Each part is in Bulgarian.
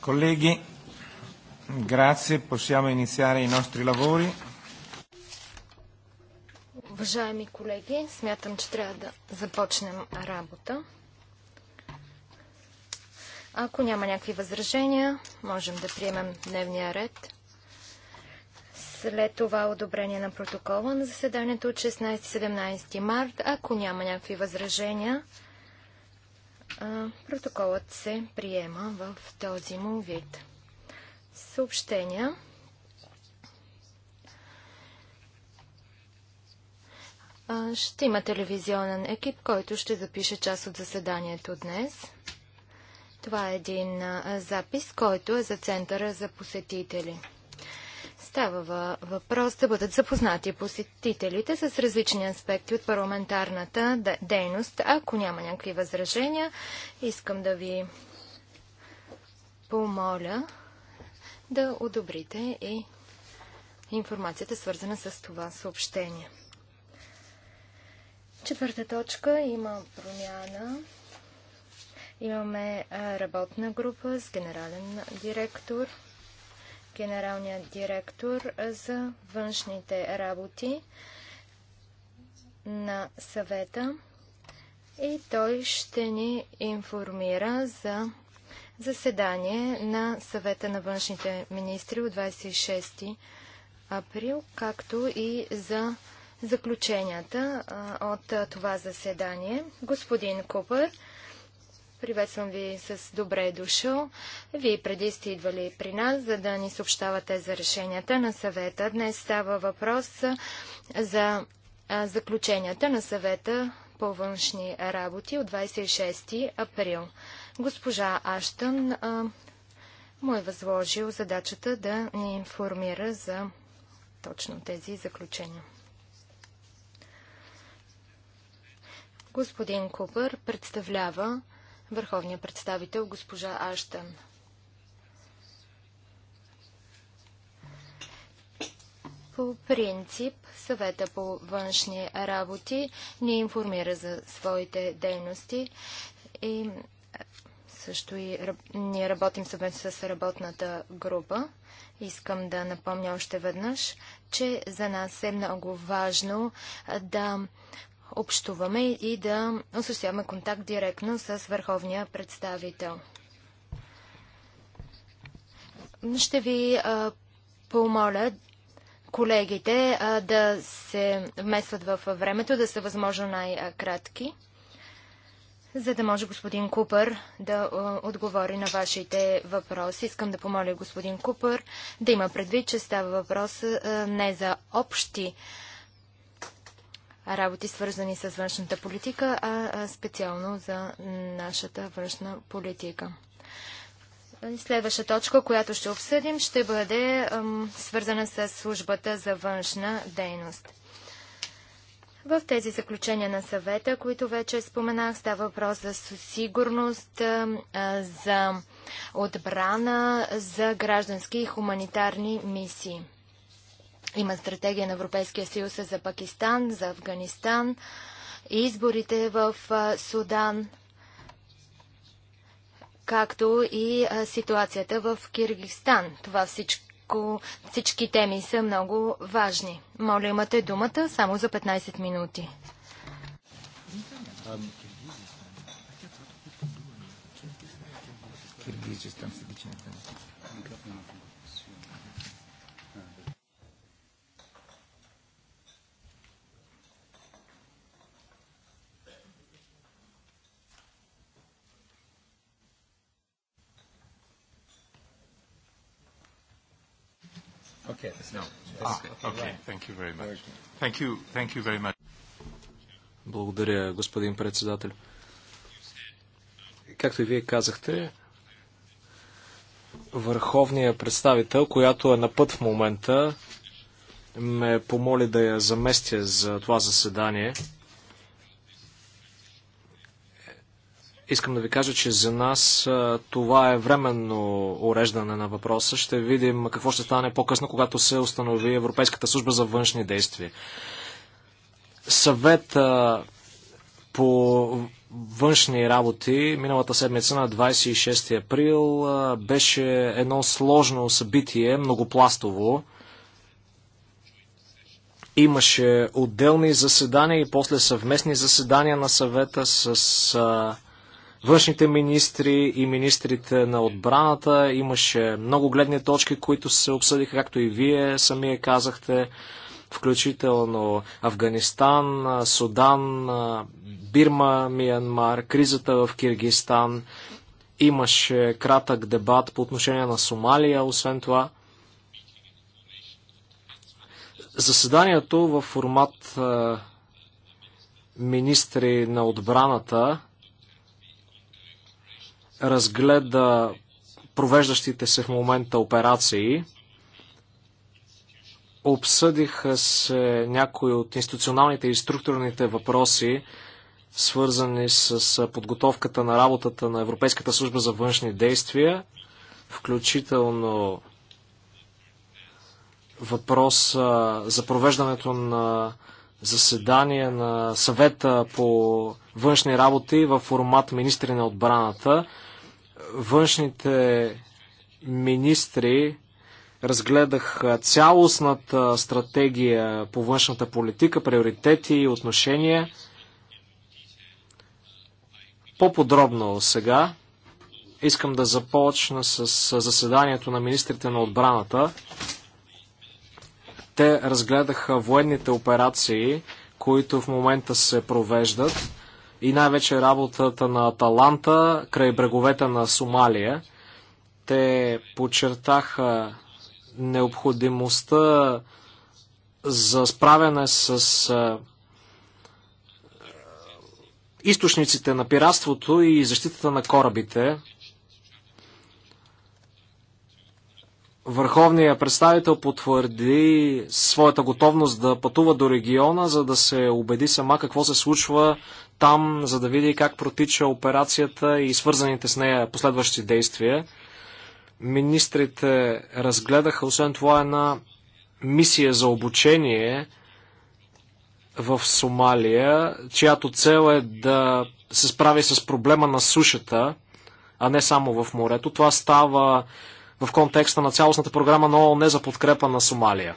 Colleghi, grazie, possiamo iniziare i nostri lavori. Уважаеми колеги, смятам, че трябва да започнем работа. Ако няма някакви възражения, можем да приемем дневния ред. След това одобрение на протокола на заседанието от 16-17 март. Ако няма някакви възражения, Протоколът се приема в този му вид. Съобщения. Ще има телевизионен екип, който ще запише част от заседанието днес. Това е един запис, който е за Центъра за посетители. Става въпрос да бъдат запознати посетителите с различни аспекти от парламентарната дейност. Ако няма някакви възражения, искам да ви помоля да одобрите и информацията свързана с това съобщение. Четвърта точка има промяна. Имаме работна група с генерален директор – генералния директор за външните работи на съвета и той ще ни информира за заседание на съвета на външните министри от 26 април, както и за заключенията от това заседание. Господин Купър, Приветствам ви с добре дошъл. Вие преди сте идвали при нас, за да ни съобщавате за решенията на съвета. Днес става въпрос за заключенията на съвета по външни работи от 26 април. Госпожа Аштън а, му е възложил задачата да ни информира за точно тези заключения. Господин Купър представлява върховния представител госпожа Аштън. По принцип, съвета по външни работи ни информира за своите дейности и също и ние работим съвместно с работната група. Искам да напомня още веднъж, че за нас е много важно да общуваме и да осъществяваме контакт директно с върховния представител. Ще ви а, помоля колегите а, да се вместват в времето, да са възможно най-кратки, за да може господин Купър да а, отговори на вашите въпроси. Искам да помоля господин Купър да има предвид, че става въпрос а, не за общи работи, свързани с външната политика, а специално за нашата външна политика. Следваща точка, която ще обсъдим, ще бъде свързана с службата за външна дейност. В тези заключения на съвета, които вече споменах, става въпрос за сигурност, за отбрана, за граждански и хуманитарни мисии. Има стратегия на Европейския съюз за Пакистан, за Афганистан, изборите в Судан, както и ситуацията в Киргизстан. Това всичко, всички теми са много важни. Моля, имате думата само за 15 минути. Киргизстан се Okay. No. Ah, okay. Thank you very much. Thank you. Thank you very much. Благодаря, господин председател. Както и вие казахте, върховният представител, която е на път в момента, ме помоли да я заместя за това заседание. Искам да ви кажа, че за нас това е временно уреждане на въпроса. Ще видим какво ще стане по-късно, когато се установи Европейската служба за външни действия. Съвет по външни работи миналата седмица на 26 април беше едно сложно събитие, многопластово. Имаше отделни заседания и после съвместни заседания на съвета с външните министри и министрите на отбраната. Имаше много гледни точки, които се обсъдиха, както и вие самия казахте, включително Афганистан, Судан, Бирма, Миянмар, кризата в Киргистан. Имаше кратък дебат по отношение на Сомалия, освен това. Заседанието в формат министри на отбраната разгледа провеждащите се в момента операции. Обсъдиха се някои от институционалните и структурните въпроси, свързани с подготовката на работата на Европейската служба за външни действия, включително въпрос за провеждането на заседание на съвета по външни работи в формат министри на отбраната външните министри разгледах цялостната стратегия по външната политика, приоритети и отношения. По-подробно сега искам да започна с заседанието на министрите на отбраната. Те разгледаха военните операции, които в момента се провеждат и най-вече работата на Аталанта край бреговете на Сомалия. Те подчертаха необходимостта за справяне с източниците на пиратството и защитата на корабите. Върховният представител потвърди своята готовност да пътува до региона, за да се убеди сама какво се случва там, за да види как протича операцията и свързаните с нея последващи действия. Министрите разгледаха, освен това, една мисия за обучение в Сомалия, чиято цел е да се справи с проблема на сушата, а не само в морето. Това става в контекста на цялостната програма на ООН за подкрепа на Сомалия.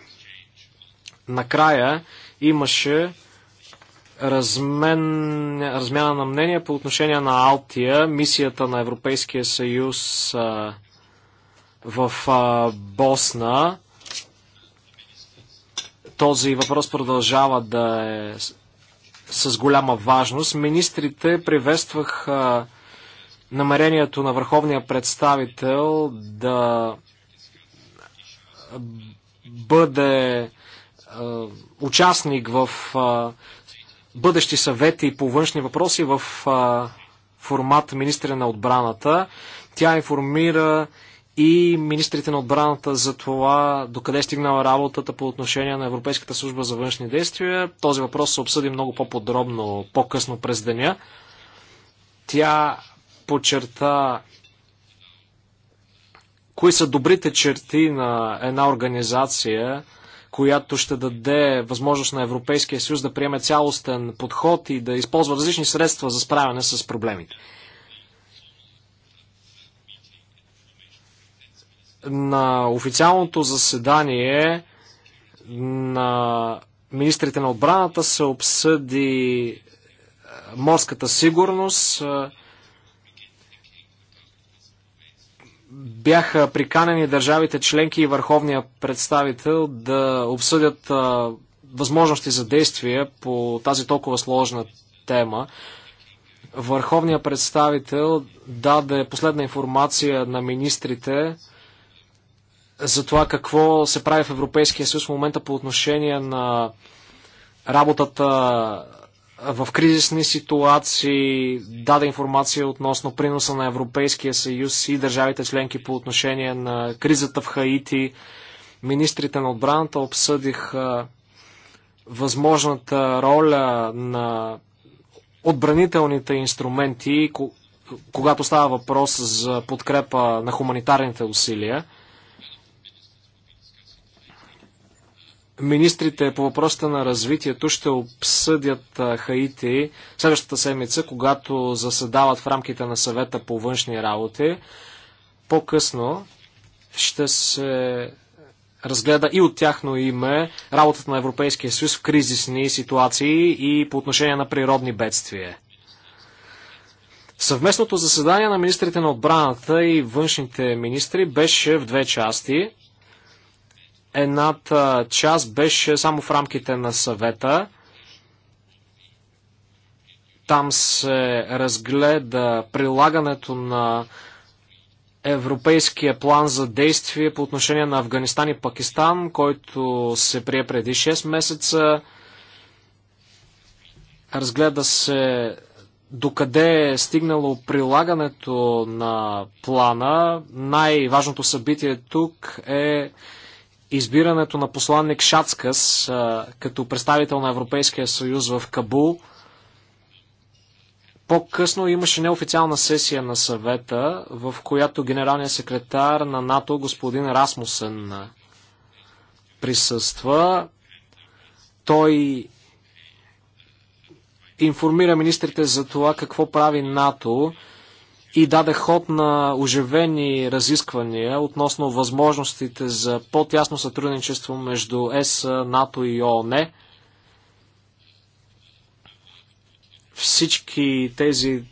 Накрая имаше размен, размяна на мнение по отношение на Алтия, мисията на Европейския съюз а, в а, Босна. Този въпрос продължава да е с голяма важност. Министрите приветстваха намерението на върховния представител да бъде а, участник в а, бъдещи съвети по външни въпроси в а, формат министре на отбраната. Тя информира и министрите на отбраната за това докъде е стигнала работата по отношение на Европейската служба за външни действия. Този въпрос се обсъди много по-подробно по-късно през деня. Тя подчерта кои са добрите черти на една организация, която ще даде възможност на Европейския съюз да приеме цялостен подход и да използва различни средства за справяне с проблемите. На официалното заседание на министрите на отбраната се обсъди е, морската сигурност. Е, бяха приканени държавите членки и върховния представител да обсъдят а, възможности за действие по тази толкова сложна тема. Върховният представител даде последна информация на министрите за това какво се прави в Европейския съюз в момента по отношение на работата в кризисни ситуации даде информация относно приноса на Европейския съюз и държавите членки по отношение на кризата в Хаити. Министрите на отбраната обсъдиха възможната роля на отбранителните инструменти, когато става въпрос за подкрепа на хуманитарните усилия. Министрите по въпросите на развитието ще обсъдят Хаити следващата седмица, когато заседават в рамките на съвета по външни работи. По-късно ще се разгледа и от тяхно име работата на Европейския съюз в кризисни ситуации и по отношение на природни бедствия. Съвместното заседание на министрите на отбраната и външните министри беше в две части – едната част беше само в рамките на съвета. Там се разгледа прилагането на Европейския план за действие по отношение на Афганистан и Пакистан, който се прие преди 6 месеца. Разгледа се докъде е стигнало прилагането на плана. Най-важното събитие тук е избирането на посланник Шацкас като представител на Европейския съюз в Кабул. По-късно имаше неофициална сесия на съвета, в която генералният секретар на НАТО господин Расмусен присъства. Той информира министрите за това какво прави НАТО и даде ход на оживени разисквания относно възможностите за по-тясно сътрудничество между ЕС, НАТО и ООН. Е. Всички тези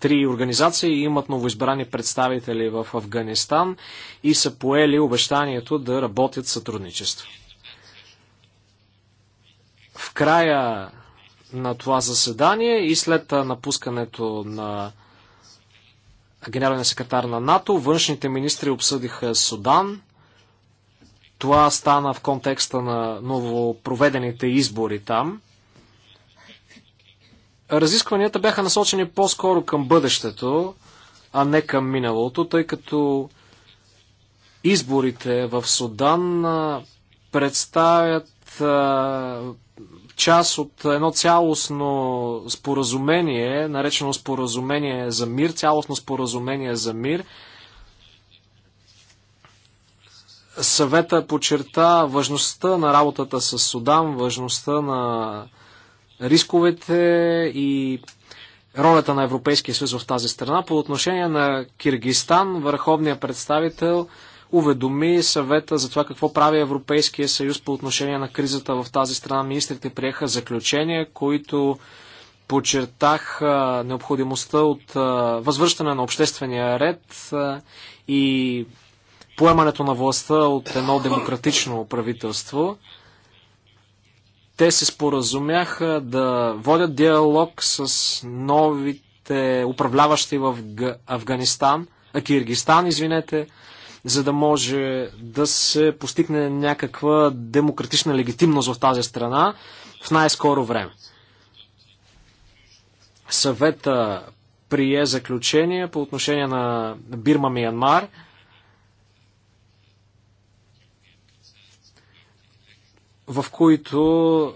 три организации имат новоизбрани представители в Афганистан и са поели обещанието да работят сътрудничество. В края на това заседание и след напускането на генерален секретар на НАТО. Външните министри обсъдиха Судан. Това стана в контекста на новопроведените избори там. Разискванията бяха насочени по-скоро към бъдещето, а не към миналото, тъй като изборите в Судан представят част от едно цялостно споразумение, наречено споразумение за мир, цялостно споразумение за мир. Съвета подчерта важността на работата с Судан, важността на рисковете и ролята на Европейския съюз в тази страна. По отношение на Киргистан, върховният представител уведоми съвета за това какво прави Европейския съюз по отношение на кризата в тази страна. Министрите приеха заключения, които подчертах необходимостта от възвръщане на обществения ред и поемането на властта от едно демократично правителство. Те се споразумяха да водят диалог с новите управляващи в Афганистан, Киргистан, извинете, за да може да се постигне някаква демократична легитимност в тази страна в най-скоро време. Съвета прие заключение по отношение на Бирма Миянмар. в които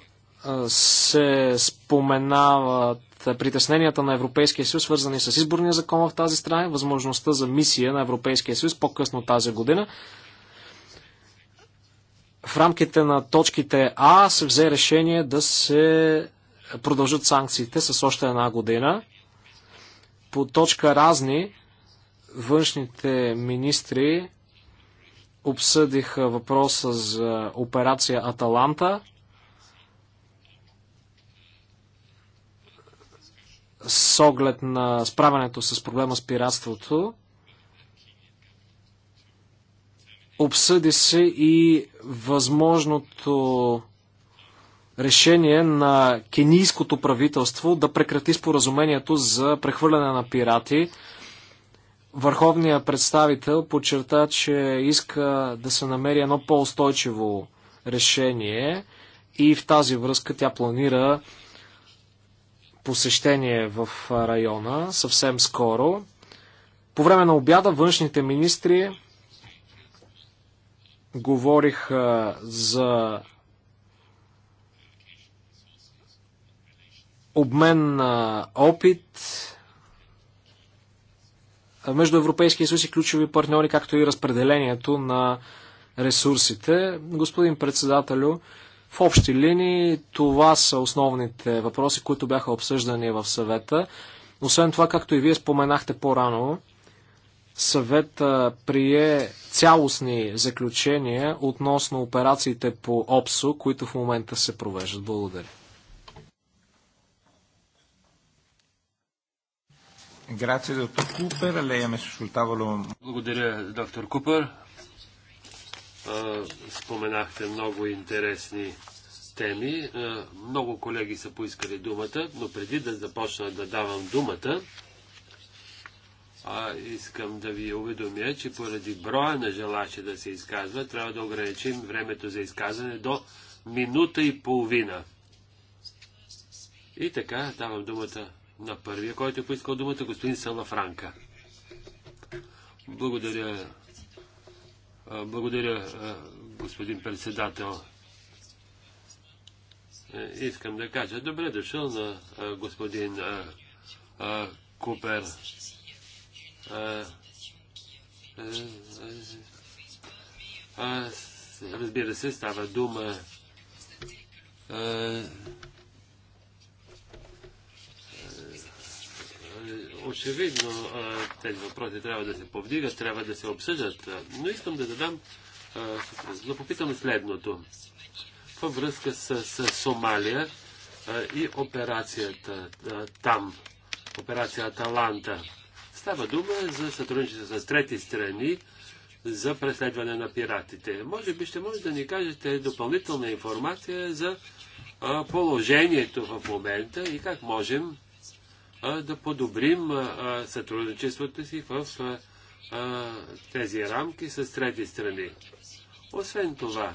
се споменават е, притесненията на Европейския съюз, свързани с изборния закон в тази страна, възможността за мисия на Европейския съюз по-късно тази година. В рамките на точките А се взе решение да се продължат санкциите с още една година. По точка разни външните министри обсъдиха въпроса за операция Аталанта – с оглед на справянето с проблема с пиратството. Обсъди се и възможното решение на кенийското правителство да прекрати споразумението за прехвърляне на пирати. Върховният представител подчерта, че иска да се намери едно по-устойчиво решение и в тази връзка тя планира посещение в района съвсем скоро. По време на обяда външните министри говориха за обмен на опит между Европейския съюз и ключови партньори, както и разпределението на ресурсите. Господин председателю, в общи линии това са основните въпроси, които бяха обсъждани в съвета. Освен това, както и вие споменахте по-рано, съвета прие цялостни заключения относно операциите по ОПСО, които в момента се провеждат. Благодаря. Е Благодаря, доктор Купер. Благодаря, доктор Купер споменахте много интересни теми. Много колеги са поискали думата, но преди да започна да давам думата, а, искам да ви уведомя, че поради броя на желачи да се изказва, трябва да ограничим времето за изказване до минута и половина. И така, давам думата на първия, който е поискал думата, господин Салафранка. Благодаря, благодаря, господин председател. Е, искам да кажа добре дошъл на господин Купер. Разбира се, става дума очевидно тези въпроси трябва да се повдигат, трябва да се обсъждат, но искам да задам, да попитам следното. Във връзка с, с Сомалия и операцията там, операция Аталанта. Става дума за сътрудничество с трети страни, за преследване на пиратите. Може би ще може да ни кажете допълнителна информация за положението в момента и как можем да подобрим сътрудничеството си в тези рамки с трети страни. Освен това,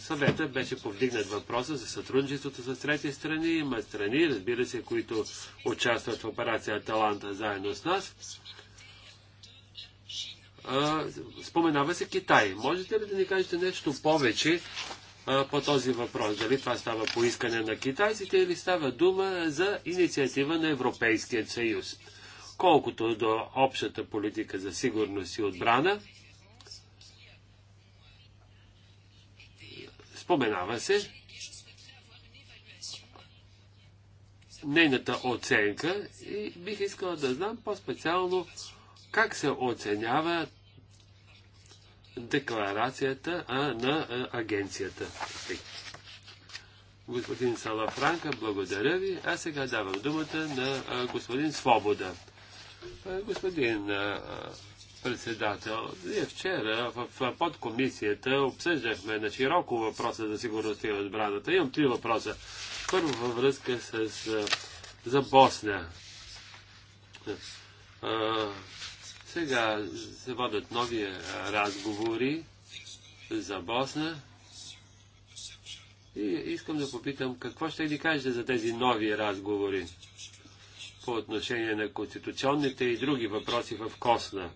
съвета беше повдигнат въпроса за сътрудничеството с трети страни. Има страни, разбира се, които участват в операция Аталанта заедно с нас. Споменава се Китай. Можете ли да ни кажете нещо повече по този въпрос. Дали това става по искане на китайците или става дума за инициатива на Европейския съюз. Колкото до общата политика за сигурност и отбрана, споменава се нейната оценка и бих искала да знам по-специално как се оценява декларацията а, на а, агенцията. Господин Салафранка, благодаря ви. А сега давам думата на а, господин Свобода. А, господин а, председател, ние вчера в, в подкомисията обсъждахме на широко въпроса за сигурността и отбраната. Имам три въпроса. Първо във връзка с а, за Босна. А, сега се водят нови разговори за Босна. И искам да попитам какво ще ви кажете за тези нови разговори по отношение на конституционните и други въпроси в Косна.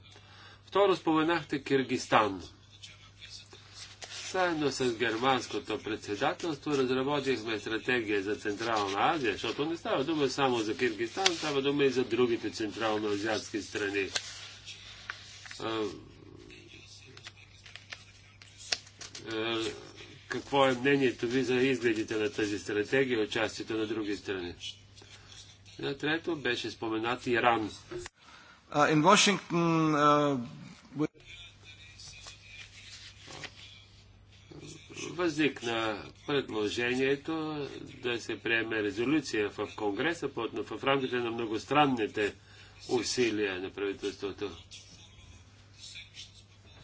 Второ споменахте Киргистан. Заедно с германското председателство разработихме стратегия за Централна Азия, защото не става дума само за Киргистан, става дума и за другите централно-азиатски страни какво е мнението ви за изгледите на тази стратегия и участието на други страни? На трето беше споменат Иран. In Washington, uh, Възникна предложението да се приеме резолюция в Конгреса в рамките на многостранните усилия на правителството.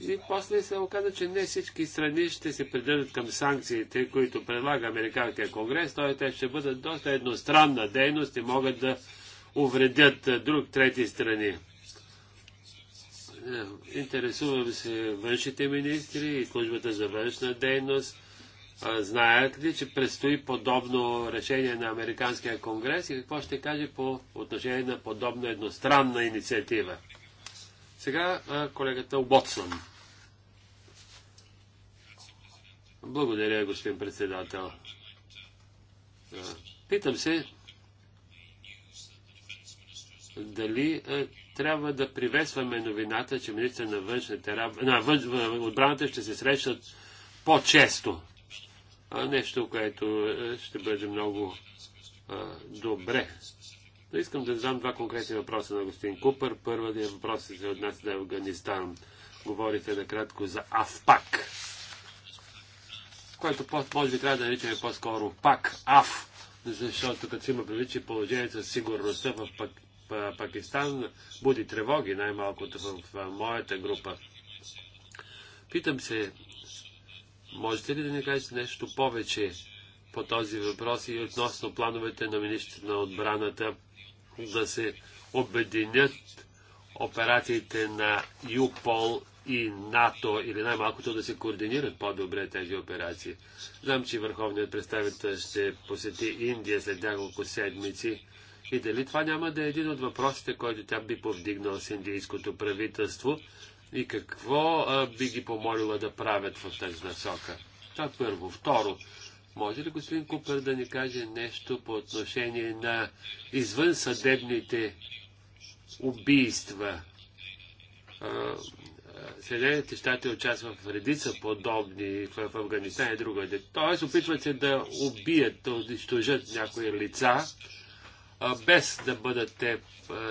И после се оказа, че не всички страни ще се придържат към санкциите, които предлага Американския конгрес, т.е. те ще бъдат доста едностранна дейност и могат да увредят е, друг трети страни. Е, интересувам се външните министри и службата за външна дейност. Знаят ли, че предстои подобно решение на Американския конгрес и какво ще каже по отношение на подобна едностранна инициатива? Сега колегата Уотсън. Благодаря, господин председател. Питам се дали трябва да приветстваме новината, че министър на външните работи, на отбраната ще се срещат по-често. Нещо, което ще бъде много добре но искам да задам два конкретни въпроса на господин Купър. Първият е въпрос за отнася до Афганистан. Говорите накратко за АВПАК, което може би трябва да наричаме по-скоро ПАК, АВ, защото като има предвид, положението с сигурността в Пак, Пакистан буди тревоги, най-малкото в, в моята група. Питам се, можете ли да ни кажете нещо повече по този въпрос и относно плановете на министр на отбраната да се обединят операциите на ЮПОЛ и НАТО или най-малкото да се координират по-добре тези операции. Знам, че върховният представител ще посети Индия след няколко седмици. И дали това няма да е един от въпросите, който тя би повдигнал с индийското правителство и какво а, би ги помолила да правят в тази насока? Това първо. Второ, може ли господин Купер да ни каже нещо по отношение на извънсъдебните убийства? Съединените щати участват в редица подобни в Афганистан и другаде. Тоест, опитват се да убият, да унищожат някои лица, без да бъдат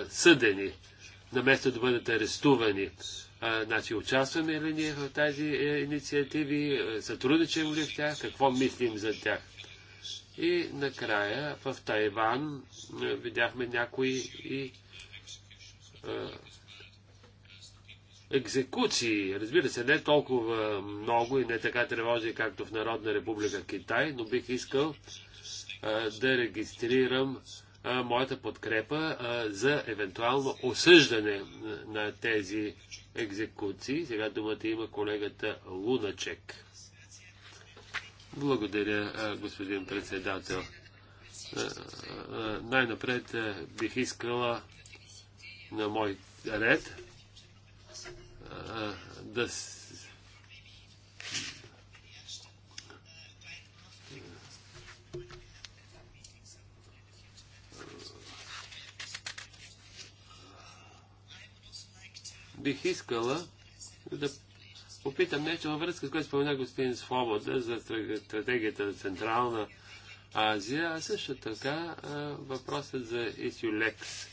съдени, наместо да бъдат арестувани значи, участваме ли ние в тази е, инициативи, е, сътрудничим ли в тях, какво мислим за тях? И накрая в Тайван е, видяхме някои и екзекуции. Разбира се, не толкова много и не така тревожи, както в Народна република Китай, но бих искал да регистрирам моята подкрепа за евентуално осъждане на тези екзекуции. Сега думата има колегата Луначек. Благодаря, господин председател. Най-напред бих искала на мой ред да бих искала да попитам нещо във връзка с което спомена господин Свобода за стратегията на Централна Азия, а също така а, въпросът за Исюлекс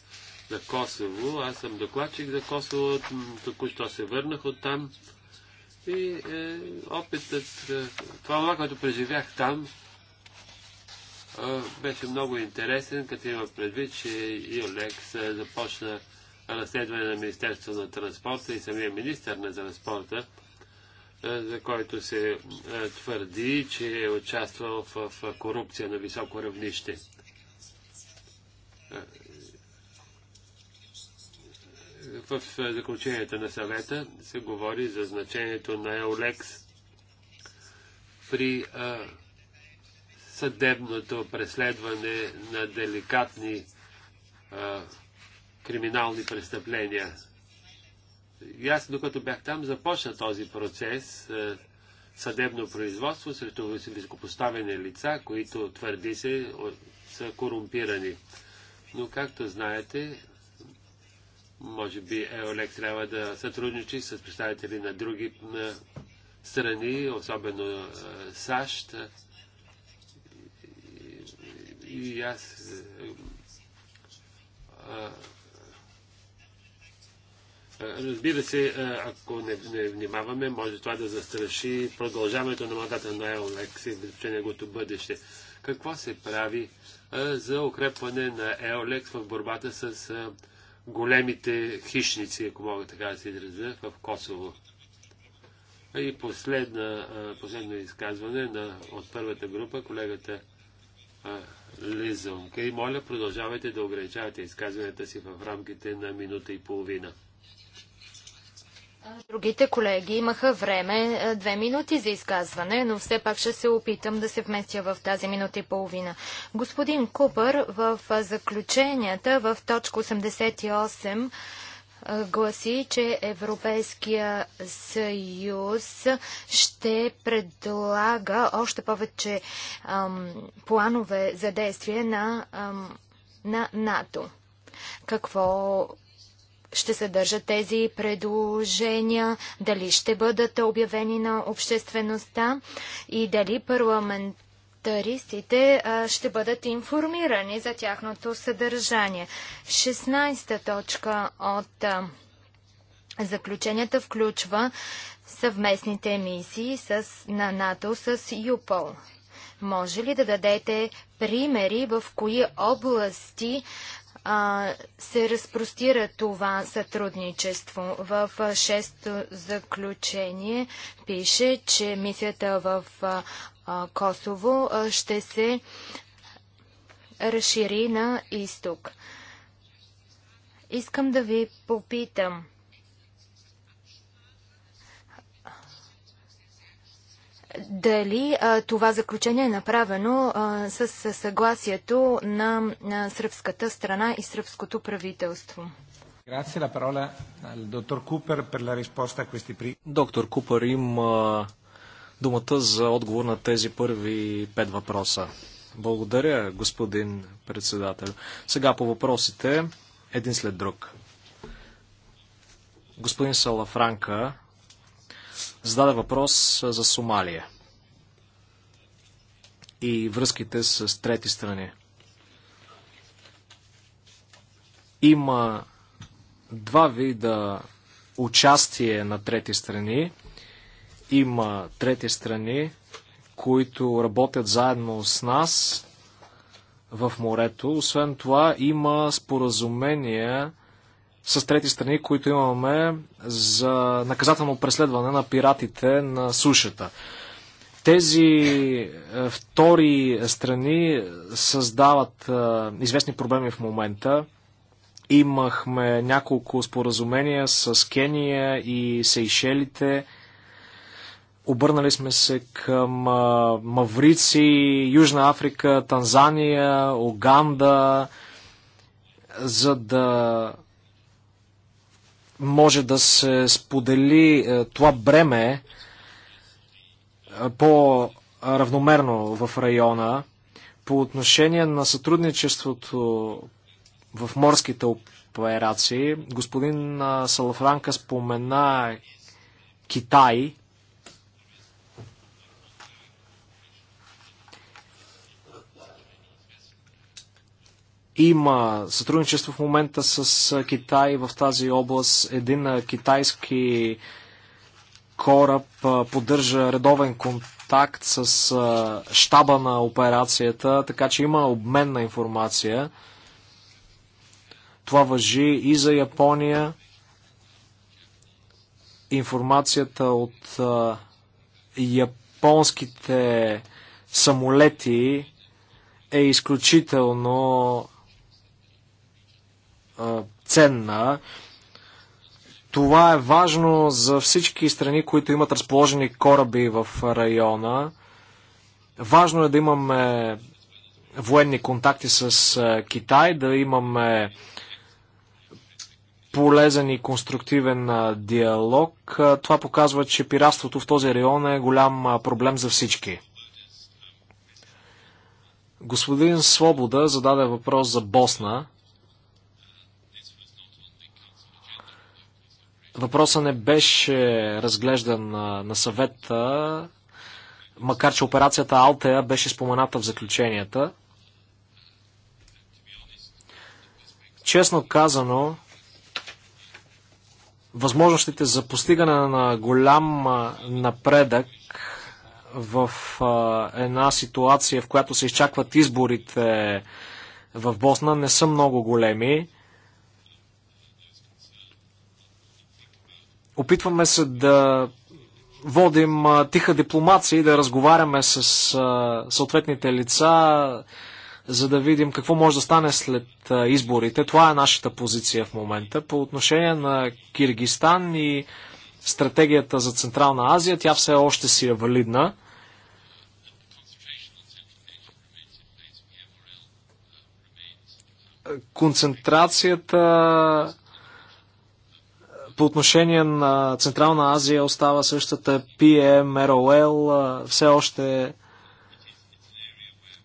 за Косово. Аз съм докладчик за Косово, току-що се върнах от там. И е, опитът, е, това, това, което преживях там, е, беше много интересен, като има предвид, че Иолекс е, започна разследване на Министерство на транспорта и самия министър на транспорта, е, за който се е, твърди, че е участвал в корупция на високо равнище. Е, в заключението на съвета се говори за значението на Еолекс при съдебното преследване на деликатни криминални престъпления. И аз, докато бях там, започна този процес, е, съдебно производство срещу високопоставени лица, които твърди се са корумпирани. Но, както знаете, може би ЕОЛЕК трябва да сътрудничи с представители на други страни, особено е, САЩ. И, аз е, Разбира се, ако не, не внимаваме, може това да застраши продължаването на мандата на ЕОЛЕКС и безпечението бъдеще. Какво се прави а, за укрепване на ЕОЛЕКС в борбата с а, големите хищници, ако мога така да се изразя, в Косово? И последна, а, последно изказване на, от първата група, колегата Лизонка. И моля, продължавайте да ограничавате изказването си в рамките на минута и половина. Другите колеги имаха време е, две минути за изказване, но все пак ще се опитам да се вместя в тази минута и половина. Господин Купър в заключенията в точка 88 е, гласи, че Европейския съюз ще предлага още повече ам, планове за действие на, ам, на НАТО. Какво ще съдържат тези предложения, дали ще бъдат обявени на обществеността и дали парламент Таристите ще бъдат информирани за тяхното съдържание. 16-та точка от заключенията включва съвместните мисии с, на НАТО с ЮПОЛ. Може ли да дадете примери в кои области а, се разпростира това сътрудничество. В шесто заключение пише, че мисията в а, Косово ще се разшири на изток. Искам да ви попитам дали а, това заключение е направено а, с съгласието на, на сръбската страна и сръбското правителство. Доктор Купер има думата за отговор на тези първи пет въпроса. Благодаря, господин председател. Сега по въпросите, един след друг. Господин Салафранка зададе въпрос за Сомалия и връзките с трети страни. Има два вида участие на трети страни. Има трети страни, които работят заедно с нас в морето. Освен това, има споразумения с трети страни, които имаме за наказателно преследване на пиратите на сушата. Тези е, втори страни създават е, известни проблеми в момента. Имахме няколко споразумения с Кения и Сейшелите. Обърнали сме се към е, Маврици, Южна Африка, Танзания, Уганда, за да може да се сподели е, това бреме е, по-равномерно в района по отношение на сътрудничеството в морските операции. Господин Салафранка спомена Китай. Има сътрудничество в момента с Китай в тази област. Един китайски кораб поддържа редовен контакт с щаба на операцията, така че има обмен на информация. Това въжи и за Япония. Информацията от японските самолети е изключително ценна. Това е важно за всички страни, които имат разположени кораби в района. Важно е да имаме военни контакти с Китай, да имаме полезен и конструктивен диалог. Това показва, че пиратството в този район е голям проблем за всички. Господин Свобода зададе въпрос за Босна. Въпросът не беше разглеждан на, на съвета, макар че операцията Алтея беше спомената в заключенията. Честно казано, възможностите за постигане на голям напредък в една ситуация, в която се изчакват изборите в Босна, не са много големи. Опитваме се да водим тиха дипломация и да разговаряме с съответните лица, за да видим какво може да стане след изборите. Това е нашата позиция в момента. По отношение на Киргистан и стратегията за Централна Азия, тя все още си е валидна. Концентрацията по отношение на Централна Азия остава същата PM, ROL, все още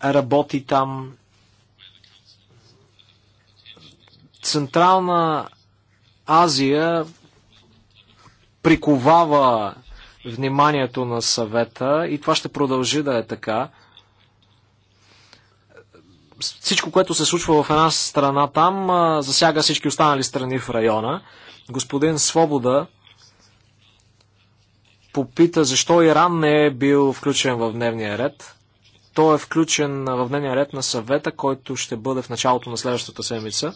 работи там. Централна Азия приковава вниманието на съвета и това ще продължи да е така. Всичко, което се случва в една страна там, засяга всички останали страни в района. Господин Свобода попита защо Иран не е бил включен в дневния ред. Той е включен в дневния ред на съвета, който ще бъде в началото на следващата седмица.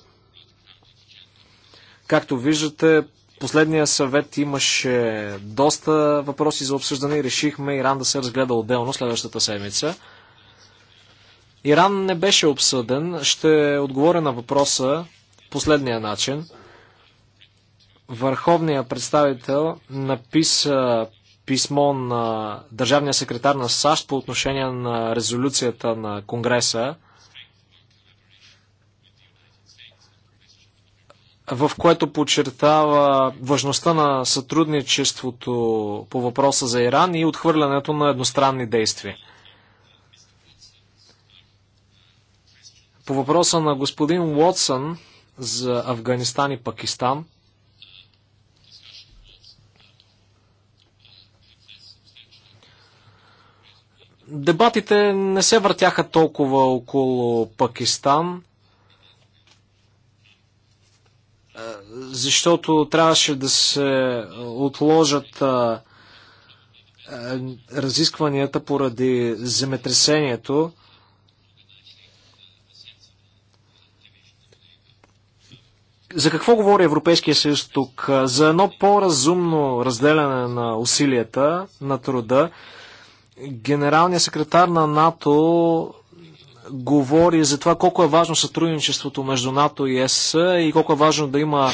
Както виждате, последния съвет имаше доста въпроси за обсъждане и решихме Иран да се разгледа отделно следващата седмица. Иран не беше обсъден. Ще отговоря на въпроса последния начин – върховният представител написа писмо на държавния секретар на САЩ по отношение на резолюцията на Конгреса, в което подчертава важността на сътрудничеството по въпроса за Иран и отхвърлянето на едностранни действия. По въпроса на господин Уотсън за Афганистан и Пакистан, Дебатите не се въртяха толкова около Пакистан, защото трябваше да се отложат разискванията поради земетресението. За какво говори Европейския съюз тук? За едно по-разумно разделяне на усилията, на труда. Генералният секретар на НАТО говори за това колко е важно сътрудничеството между НАТО и ЕС и колко е важно да има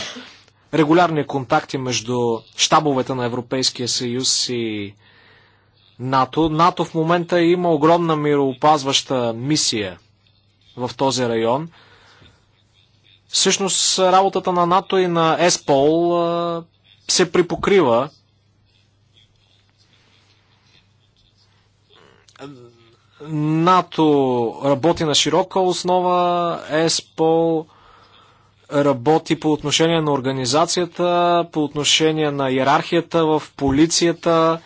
регулярни контакти между щабовете на Европейския съюз и НАТО. НАТО в момента има огромна мироопазваща мисия в този район. Всъщност работата на НАТО и на ЕСПОЛ се припокрива. НАТО работи на широка основа, ЕСПО работи по отношение на организацията, по отношение на иерархията в полицията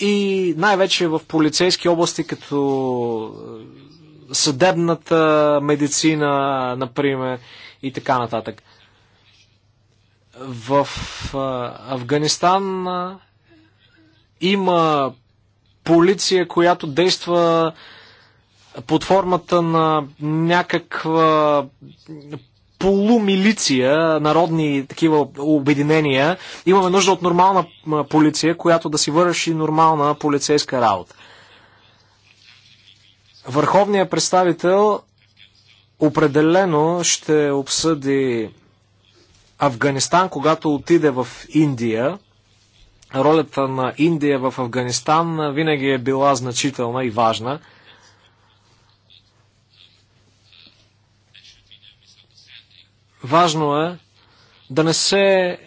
и най-вече в полицейски области, като е, съдебната медицина, например, и така нататък. В е, Афганистан е, има полиция, която действа под формата на някаква полумилиция, народни такива обединения. Имаме нужда от нормална полиция, която да си върши нормална полицейска работа. Върховният представител определено ще обсъди Афганистан, когато отиде в Индия ролята на Индия в Афганистан винаги е била значителна и важна. Важно е да не се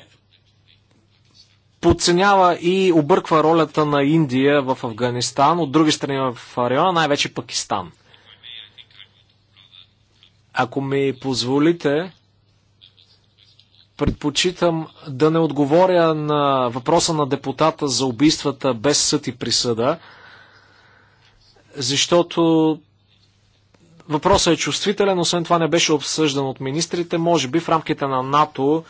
подценява и обърква ролята на Индия в Афганистан, от други страни в района, най-вече Пакистан. Ако ми позволите, предпочитам да не отговоря на въпроса на депутата за убийствата без съд и присъда, защото въпросът е чувствителен, освен това не беше обсъждан от министрите. Може би в рамките на НАТО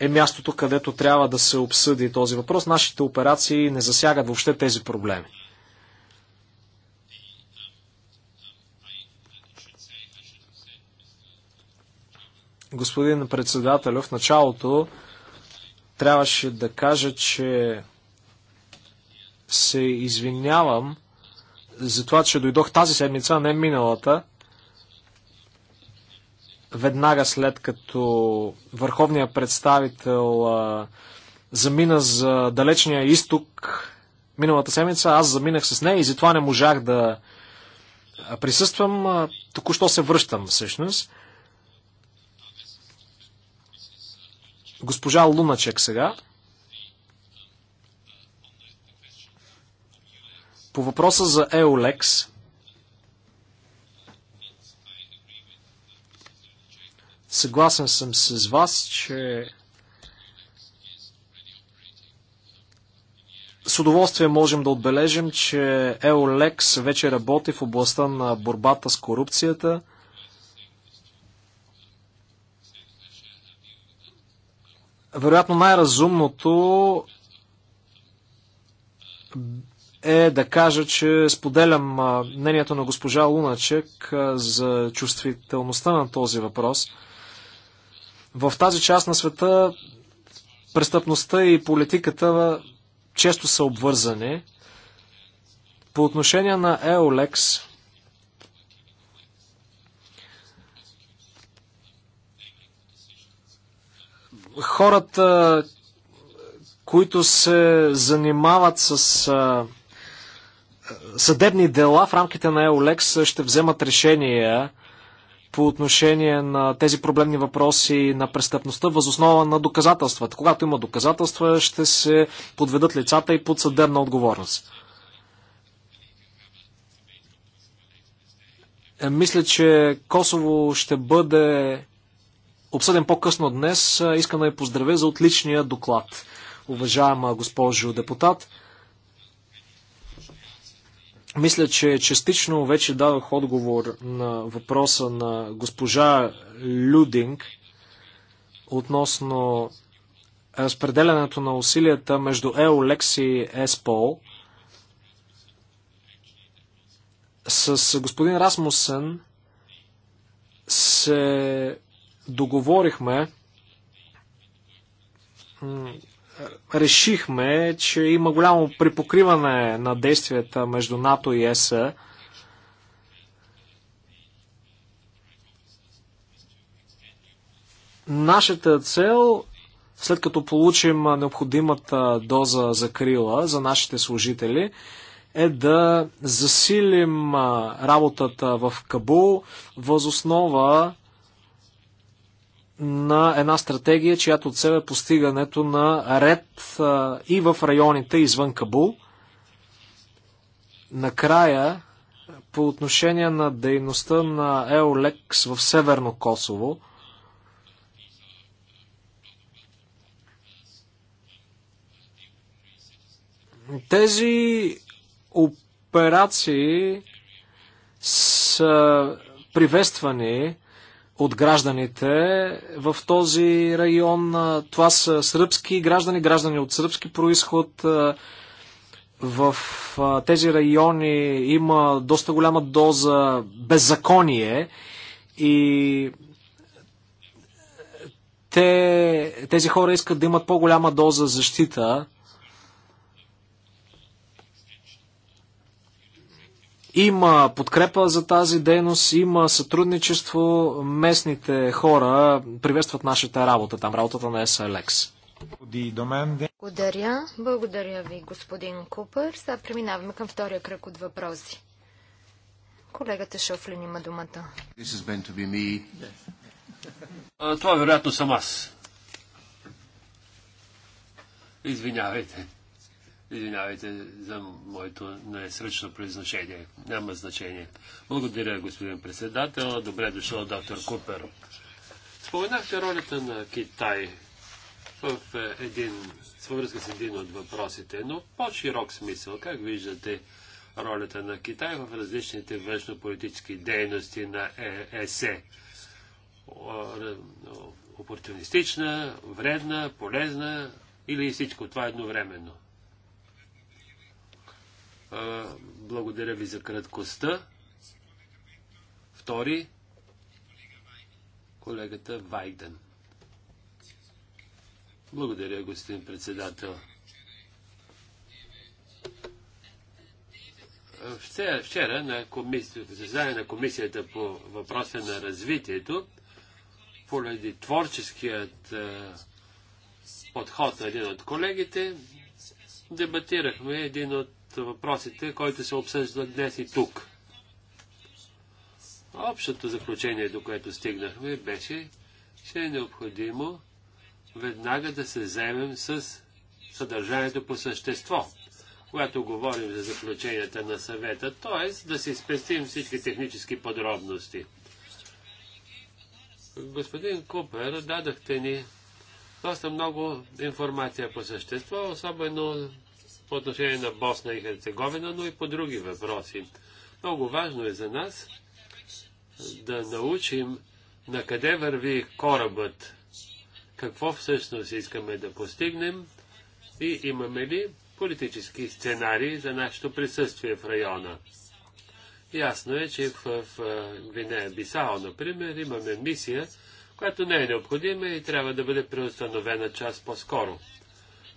е мястото, където трябва да се обсъди този въпрос. Нашите операции не засягат въобще тези проблеми. господин председател, в началото трябваше да кажа, че се извинявам за това, че дойдох тази седмица, а не миналата. Веднага след като върховният представител а, замина за далечния изток миналата седмица, аз заминах с нея и затова не можах да присъствам. Току-що се връщам всъщност. Госпожа Луначек сега. По въпроса за Еолекс, съгласен съм с вас, че с удоволствие можем да отбележим, че Еолекс вече работи в областта на борбата с корупцията – вероятно най-разумното е да кажа, че споделям мнението на госпожа Луначек за чувствителността на този въпрос. В тази част на света престъпността и политиката често са обвързани. По отношение на Еолекс, хората, които се занимават с а, съдебни дела в рамките на Еолекс, ще вземат решения по отношение на тези проблемни въпроси на престъпността възоснова на доказателствата. Когато има доказателства, ще се подведат лицата и под съдебна отговорност. Е, мисля, че Косово ще бъде обсъден по-късно днес. Искам да я поздравя за отличния доклад, уважаема госпожо депутат. Мисля, че частично вече дадох отговор на въпроса на госпожа Людинг относно разпределянето на усилията между EOLEX и ESPOL. С господин Расмусен се договорихме, решихме, че има голямо припокриване на действията между НАТО и ЕС. Нашата цел, след като получим необходимата доза за крила за нашите служители, е да засилим работата в Кабул възоснова на една стратегия, чиято цел е постигането на ред и в районите извън Кабул. Накрая, по отношение на дейността на Еолекс в Северно Косово, тези операции са приветствани от гражданите в този район. Това са сръбски граждани, граждани от сръбски происход. В тези райони има доста голяма доза беззаконие и те, тези хора искат да имат по-голяма доза защита Има подкрепа за тази дейност, има сътрудничество. Местните хора приветстват нашата работа там, работата на SLX. Е е Благодаря. Благодаря ви, господин Купър. Сега преминаваме към втория кръг от въпроси. Колегата Шофлин има думата. Това вероятно съм аз. Извинявайте. Извинявайте за моето несръчно произношение. Няма значение. Благодаря, господин председател. Добре дошъл, доктор Купер. Споменахте ролята на Китай в е, един, връзка с един от въпросите, но по-широк смисъл. Как виждате ролята на Китай в различните външнополитически дейности на ЕСЕ? Е опортунистична, вредна, полезна или всичко това едновременно? Благодаря ви за краткостта. Втори, колегата Вайден. Благодаря, господин председател. Вчера, на комисията, заседание на комисията по въпроса на развитието, поради творческият подход на един от колегите, дебатирахме един от въпросите, който се обсъжда днес и тук. Общото заключение, до което стигнахме, беше, че е необходимо веднага да се вземем с съдържанието по същество, когато говорим за заключенията на съвета, т.е. да си спестим всички технически подробности. Господин Купер, дадахте ни доста много информация по същество, особено по отношение на Босна и Херцеговина, но и по други въпроси. Много важно е за нас да научим на къде върви корабът, какво всъщност искаме да постигнем и имаме ли политически сценарии за нашето присъствие в района. Ясно е, че в, в Гвинея Бисао, например, имаме мисия, която не е необходима и трябва да бъде преустановена част по-скоро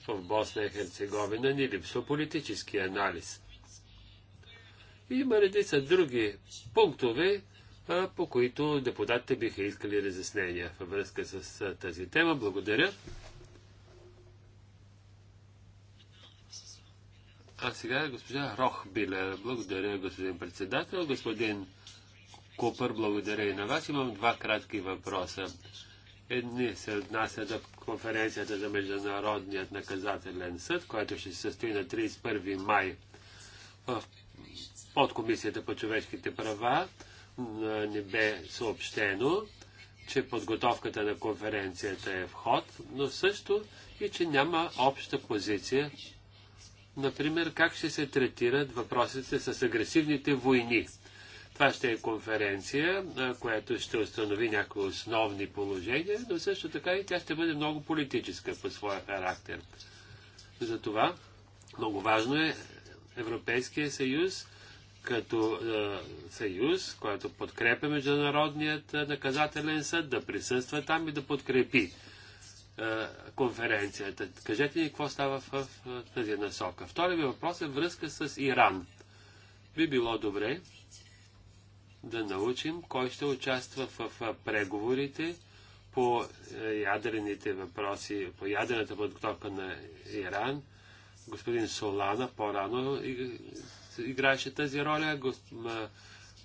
в Босна и Херцеговина ни липсва политически анализ. И има редица други пунктове, по които депутатите биха искали разяснения във връзка с тази тема. Благодаря. А сега госпожа Рохбилер. Благодаря, господин председател. Господин Купър, благодаря и на вас. Имам два кратки въпроса. Едни се отнася до конференцията за Международният наказателен съд, който ще се състои на 31 май от Комисията по човешките права. Не бе съобщено, че подготовката на конференцията е в ход, но също и че няма обща позиция. Например, как ще се третират въпросите с агресивните войни това ще е конференция, която ще установи някои основни положения, но също така и тя ще бъде много политическа по своя характер. Затова много важно е Европейския съюз като е, съюз, който подкрепя Международният наказателен съд, да присъства там и да подкрепи е, конференцията. Кажете ни какво става в, в тази насока. Втори ми въпрос е връзка с Иран. Би било добре да научим кой ще участва в, преговорите по е, ядрените въпроси, по ядрената подготовка на Иран. Господин Солана по-рано играеше тази роля.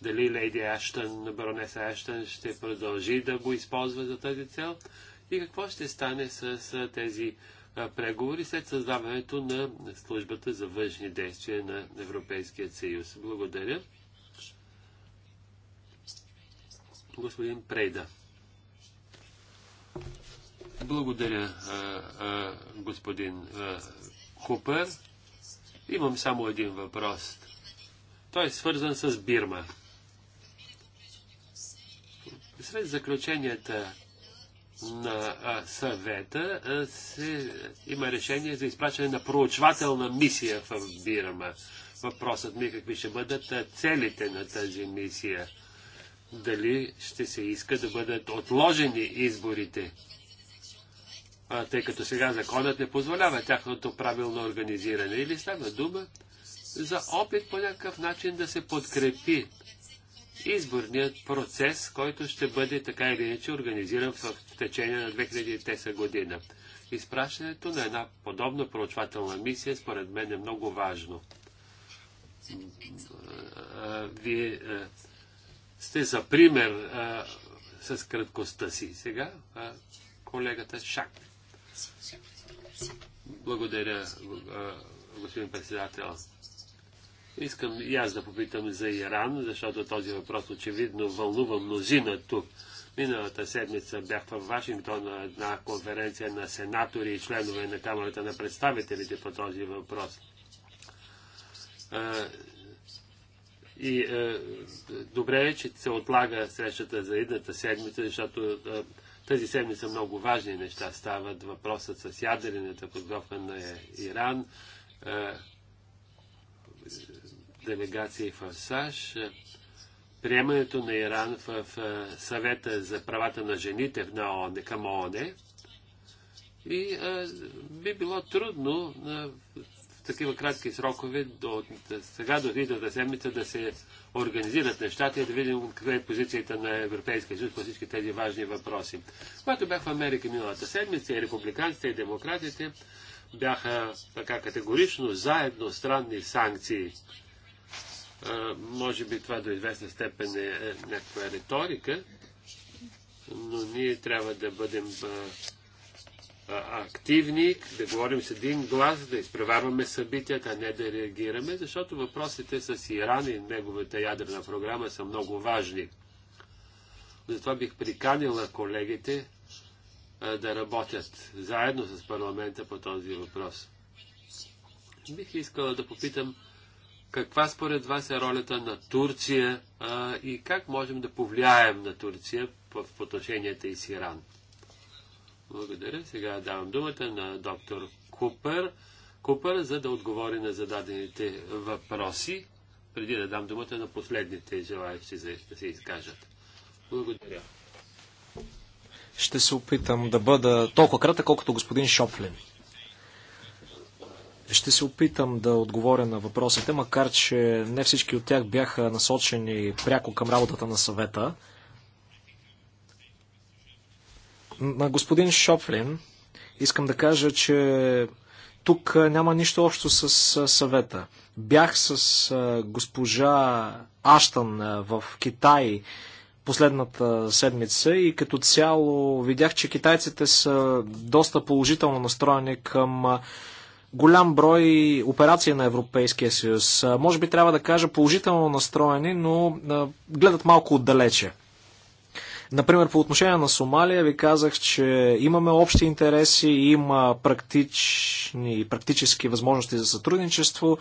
Дали леди Аштън, баронеса Аштън ще продължи да го използва за тази цел? И какво ще стане с тези преговори след създаването на службата за външни действия на Европейския съюз? Благодаря. господин Прейда. Благодаря, господин Купер. Имам само един въпрос. Той е свързан с Бирма. Сред заключенията на съвета се, има решение за изпращане на проучвателна мисия в Бирма. Въпросът ми е какви ще бъдат целите на тази мисия дали ще се иска да бъдат отложени изборите, а, тъй като сега законът не позволява тяхното правилно организиране. Или става дума за опит по някакъв начин да се подкрепи изборният процес, който ще бъде така или иначе организиран в течение на 2010 година. Изпращането на една подобна проучвателна мисия според мен е много важно. Вие сте за пример а, с краткостта си. Сега а, колегата Шак. Благодаря, господин председател. Искам и аз да попитам за Иран, защото този въпрос очевидно вълнува мнозина тук. Миналата седмица бях в Вашингтон на една конференция на сенатори и членове на Камерата на представителите по този въпрос. И е, добре е, че се отлага срещата за едната седмица, защото е, тази седмица много важни неща стават. Въпросът с ядрената подготовка на Иран, е, делегации в САЩ, е, приемането на Иран в, в е, съвета за правата на жените на ООН, към ООН. И е, би било трудно е, такива кратки срокове до, сега до идната седмица да се организират нещата и да видим каква е позицията на Европейския съюз по всички тези важни въпроси. Когато бях в Америка миналата седмица и републиканците и демократите бяха така категорично заедно странни санкции. А, може би това до известна степен е, е някаква риторика, но ние трябва да бъдем а, активни, да говорим с един глас, да изпреварваме събитията, а не да реагираме, защото въпросите с Иран и неговата ядрена програма са много важни. Затова бих приканила колегите да работят заедно с парламента по този въпрос. Бих искала да попитам каква според вас е ролята на Турция и как можем да повлияем на Турция в отношенията и с Иран. Благодаря. Сега давам думата на доктор Купер, Купер, за да отговори на зададените въпроси, преди да дам думата на последните желаящи да се изкажат. Благодаря. Ще се опитам да бъда толкова кратък, колкото господин Шоплин. Ще се опитам да отговоря на въпросите, макар че не всички от тях бяха насочени пряко към работата на съвета. На господин Шоплин искам да кажа, че тук няма нищо общо с съвета. Бях с госпожа Аштан в Китай последната седмица и като цяло видях, че китайците са доста положително настроени към голям брой операции на Европейския съюз. Може би трябва да кажа положително настроени, но гледат малко отдалече. Например, по отношение на Сомалия ви казах, че имаме общи интереси, има практични, практически възможности за сътрудничество.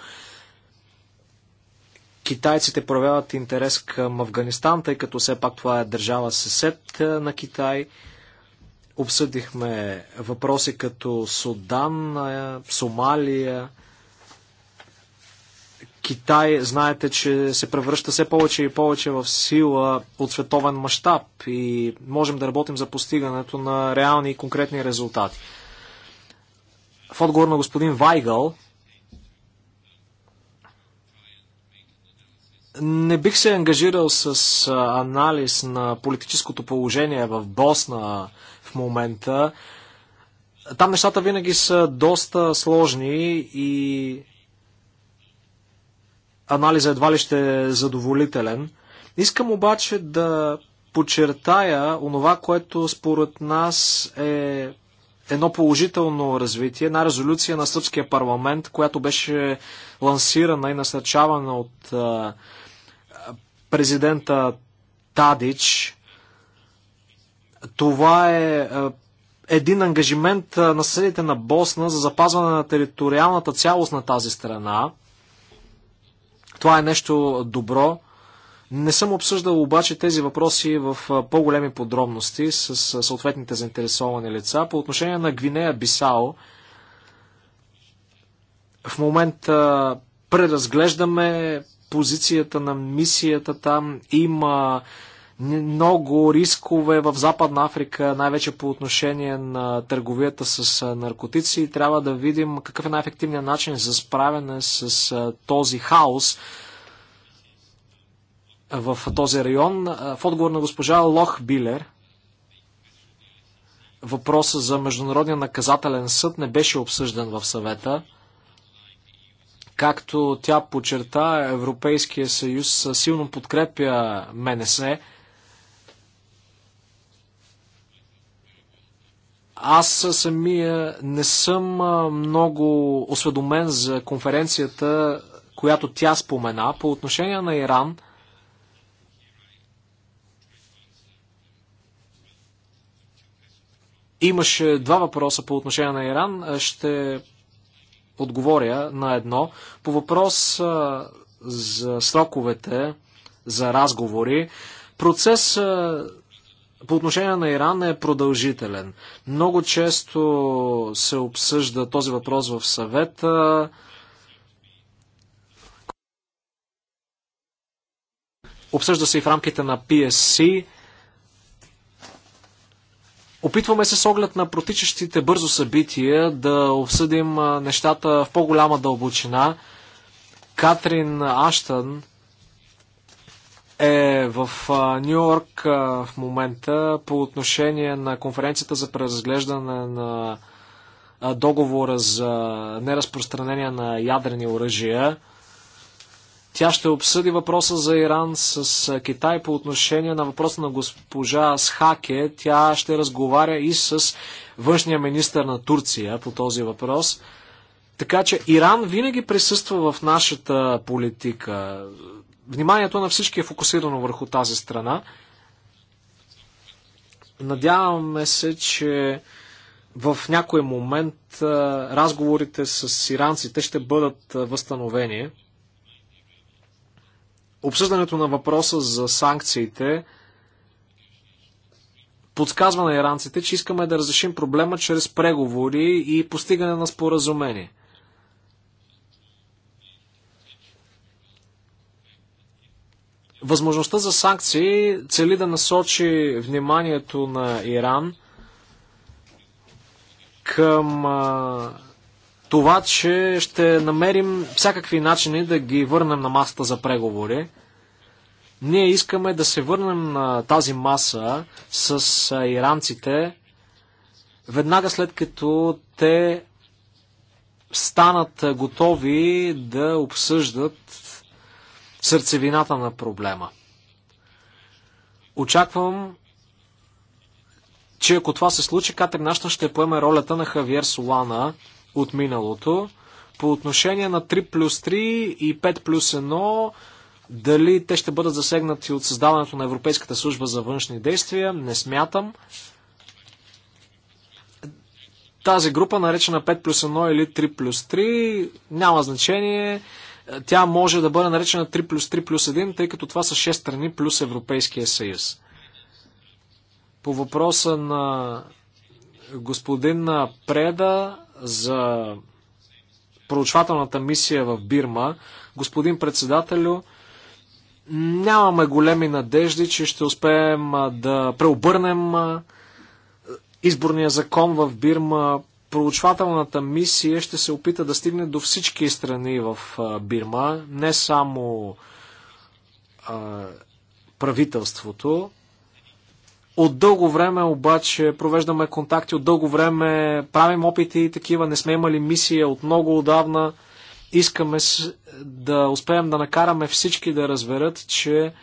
Китайците проявяват интерес към Афганистан, тъй като все пак това е държава съсед е, на Китай. Обсъдихме въпроси като Судан, е, Сомалия, Китай, знаете, че се превръща все повече и повече в сила от световен мащаб и можем да работим за постигането на реални и конкретни резултати. В отговор на господин Вайгъл, не бих се ангажирал с анализ на политическото положение в Босна в момента. Там нещата винаги са доста сложни и анализа едва ли ще е задоволителен. Искам обаче да подчертая онова, което според нас е едно положително развитие, една резолюция на Сръбския парламент, която беше лансирана и насърчавана от президента Тадич. Това е един ангажимент на съседите на Босна за запазване на териториалната цялост на тази страна. Това е нещо добро. Не съм обсъждал обаче тези въпроси в по-големи подробности с съответните заинтересовани лица. По отношение на Гвинея Бисао, в момента преразглеждаме позицията на мисията там. Има много рискове в Западна Африка, най-вече по отношение на търговията с наркотици. Трябва да видим какъв е най-ефективният начин за справяне с този хаос в този район. В отговор на госпожа Лох Билер, въпроса за Международния наказателен съд не беше обсъждан в съвета. Както тя подчерта, Европейския съюз силно подкрепя МНС. Аз самия не съм много осведомен за конференцията, която тя спомена. По отношение на Иран, имаше два въпроса по отношение на Иран. Ще отговоря на едно. По въпрос за сроковете за разговори, процес по отношение на Иран е продължителен. Много често се обсъжда този въпрос в съвета. Обсъжда се и в рамките на PSC. Опитваме се с оглед на протичащите бързо събития да обсъдим нещата в по-голяма дълбочина. Катрин Аштън е в Нью Йорк в момента по отношение на конференцията за преразглеждане на договора за неразпространение на ядрени оръжия. Тя ще обсъди въпроса за Иран с Китай по отношение на въпроса на госпожа Схаке. Тя ще разговаря и с външния министр на Турция по този въпрос. Така че Иран винаги присъства в нашата политика вниманието на всички е фокусирано върху тази страна. Надяваме се, че в някой момент разговорите с иранците ще бъдат възстановени. Обсъждането на въпроса за санкциите подсказва на иранците, че искаме да разрешим проблема чрез преговори и постигане на споразумение. Възможността за санкции цели да насочи вниманието на Иран към а, това, че ще намерим всякакви начини да ги върнем на масата за преговори. Ние искаме да се върнем на тази маса с а, иранците веднага след като те станат готови да обсъждат сърцевината на проблема. Очаквам, че ако това се случи, Катрин Аштън ще поеме ролята на Хавиер Солана от миналото. По отношение на 3 плюс 3 и 5 плюс 1, дали те ще бъдат засегнати от създаването на Европейската служба за външни действия, не смятам. Тази група, наречена 5 плюс 1 или 3 плюс 3, няма значение. Е, тя може да бъде наречена 3 плюс 3 плюс 1, тъй като това са 6 страни плюс Европейския съюз. По въпроса на господин Преда за проучвателната мисия в Бирма, господин председателю, нямаме големи надежди, че ще успеем да преобърнем изборния закон в Бирма проучвателната мисия ще се опита да стигне до всички страни в Бирма, не само а, правителството. От дълго време обаче провеждаме контакти, от дълго време правим опити и такива, не сме имали мисия от много отдавна. Искаме да успеем да накараме всички да разберат, че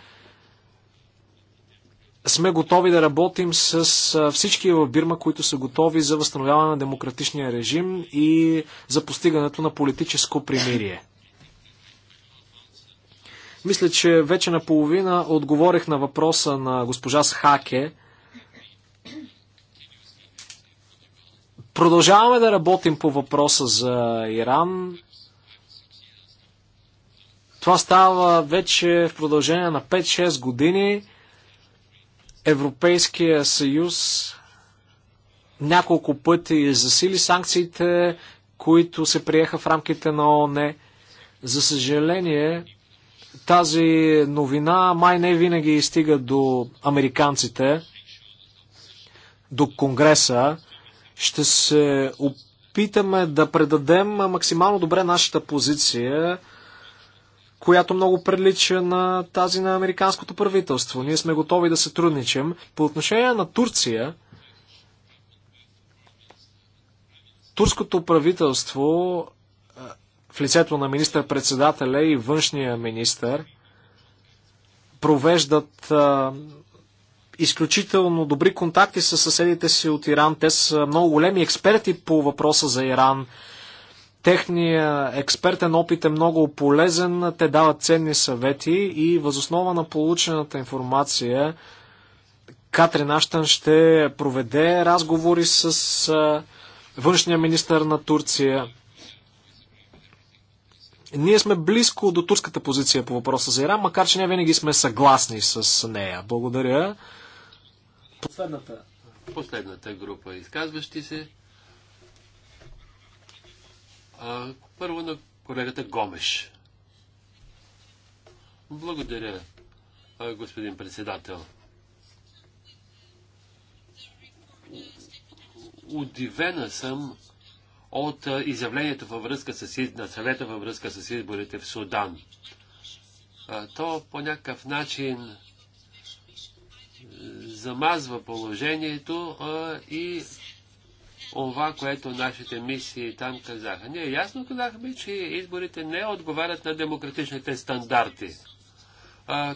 сме готови да работим с всички в Бирма, които са готови за възстановяване на демократичния режим и за постигането на политическо примирие. Мисля, че вече наполовина отговорих на въпроса на госпожа Схаке. Продължаваме да работим по въпроса за Иран. Това става вече в продължение на 5-6 години. Европейския съюз няколко пъти засили санкциите, които се приеха в рамките на ООН. За съжаление, тази новина май не винаги стига до американците, до Конгреса. Ще се опитаме да предадем максимално добре нашата позиция която много прилича на тази на американското правителство. Ние сме готови да се трудничим По отношение на Турция, турското правителство в лицето на министър-председателя и външния министър провеждат изключително добри контакти с съседите си от Иран. Те са много големи експерти по въпроса за Иран. Техният експертен опит е много полезен, те дават ценни съвети и възоснова на получената информация Катрин Аштън ще проведе разговори с външния министр на Турция. Ние сме близко до турската позиция по въпроса за Иран, макар че ние винаги сме съгласни с нея. Благодаря. Последната. Последната група изказващи се а, първо на колегата Гомеш. Благодаря, господин председател. Удивена съм от изявлението във връзка с, на съвета във връзка с изборите в Судан. То по някакъв начин замазва положението и това, което нашите мисии там казаха. Ние ясно казахме, че изборите не отговарят на демократичните стандарти. А,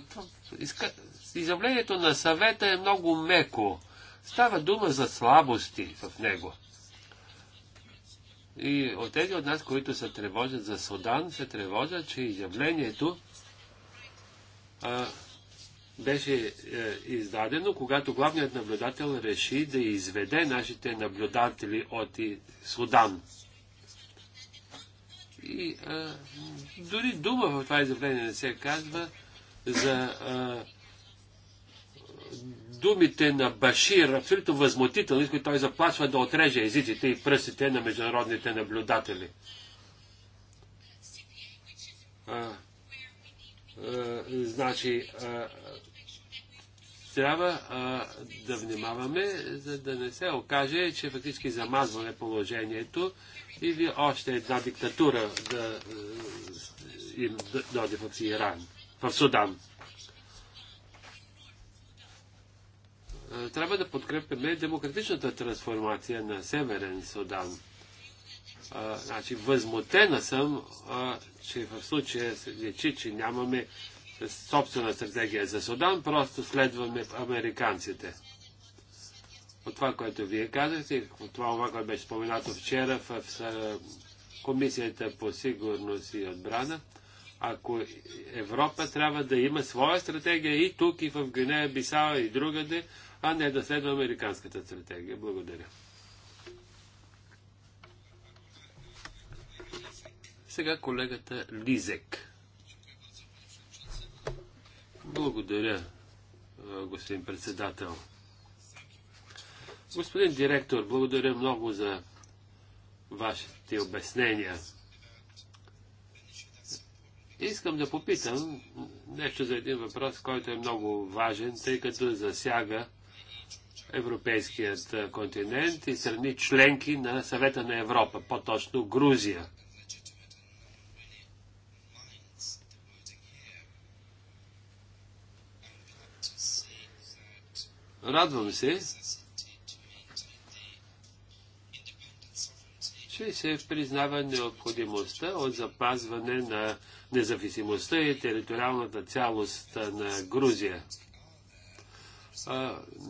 Изявлението на съвета е много меко. Става дума за слабости в него. И от тези от нас, които се тревожат за Судан, се тревожат, че изявлението а, беше е, издадено, когато главният наблюдател реши да изведе нашите наблюдатели от Судан. И а, е, дори дума в това изявление не се казва за а, е, думите на Башир, абсолютно възмутителни, с които той заплашва да отреже езиците и пръстите на международните наблюдатели. А, е, а, значи, а, трябва а, да внимаваме, за да не се окаже, че фактически замазваме положението или още една диктатура да им доди дойде в Иран, в Судан. трябва да подкрепяме демократичната трансформация на Северен Судан. А, значи, възмутена съм, а, че в случая се лечи, че нямаме собствена стратегия за Судан, просто следваме американците. От това, което вие казахте, от това, което беше споменато вчера в, в Комисията по сигурност и отбрана, ако Европа трябва да има своя стратегия и тук, и в Гвинея, Бисава и другаде, а не да следва американската стратегия. Благодаря. Сега колегата Лизек. Благодаря, господин председател. Господин директор, благодаря много за вашите обяснения. Искам да попитам нещо за един въпрос, който е много важен, тъй като засяга европейският континент и страни членки на съвета на Европа, по-точно Грузия. Радвам се, че се признава необходимостта от запазване на независимостта и териториалната цялост на Грузия.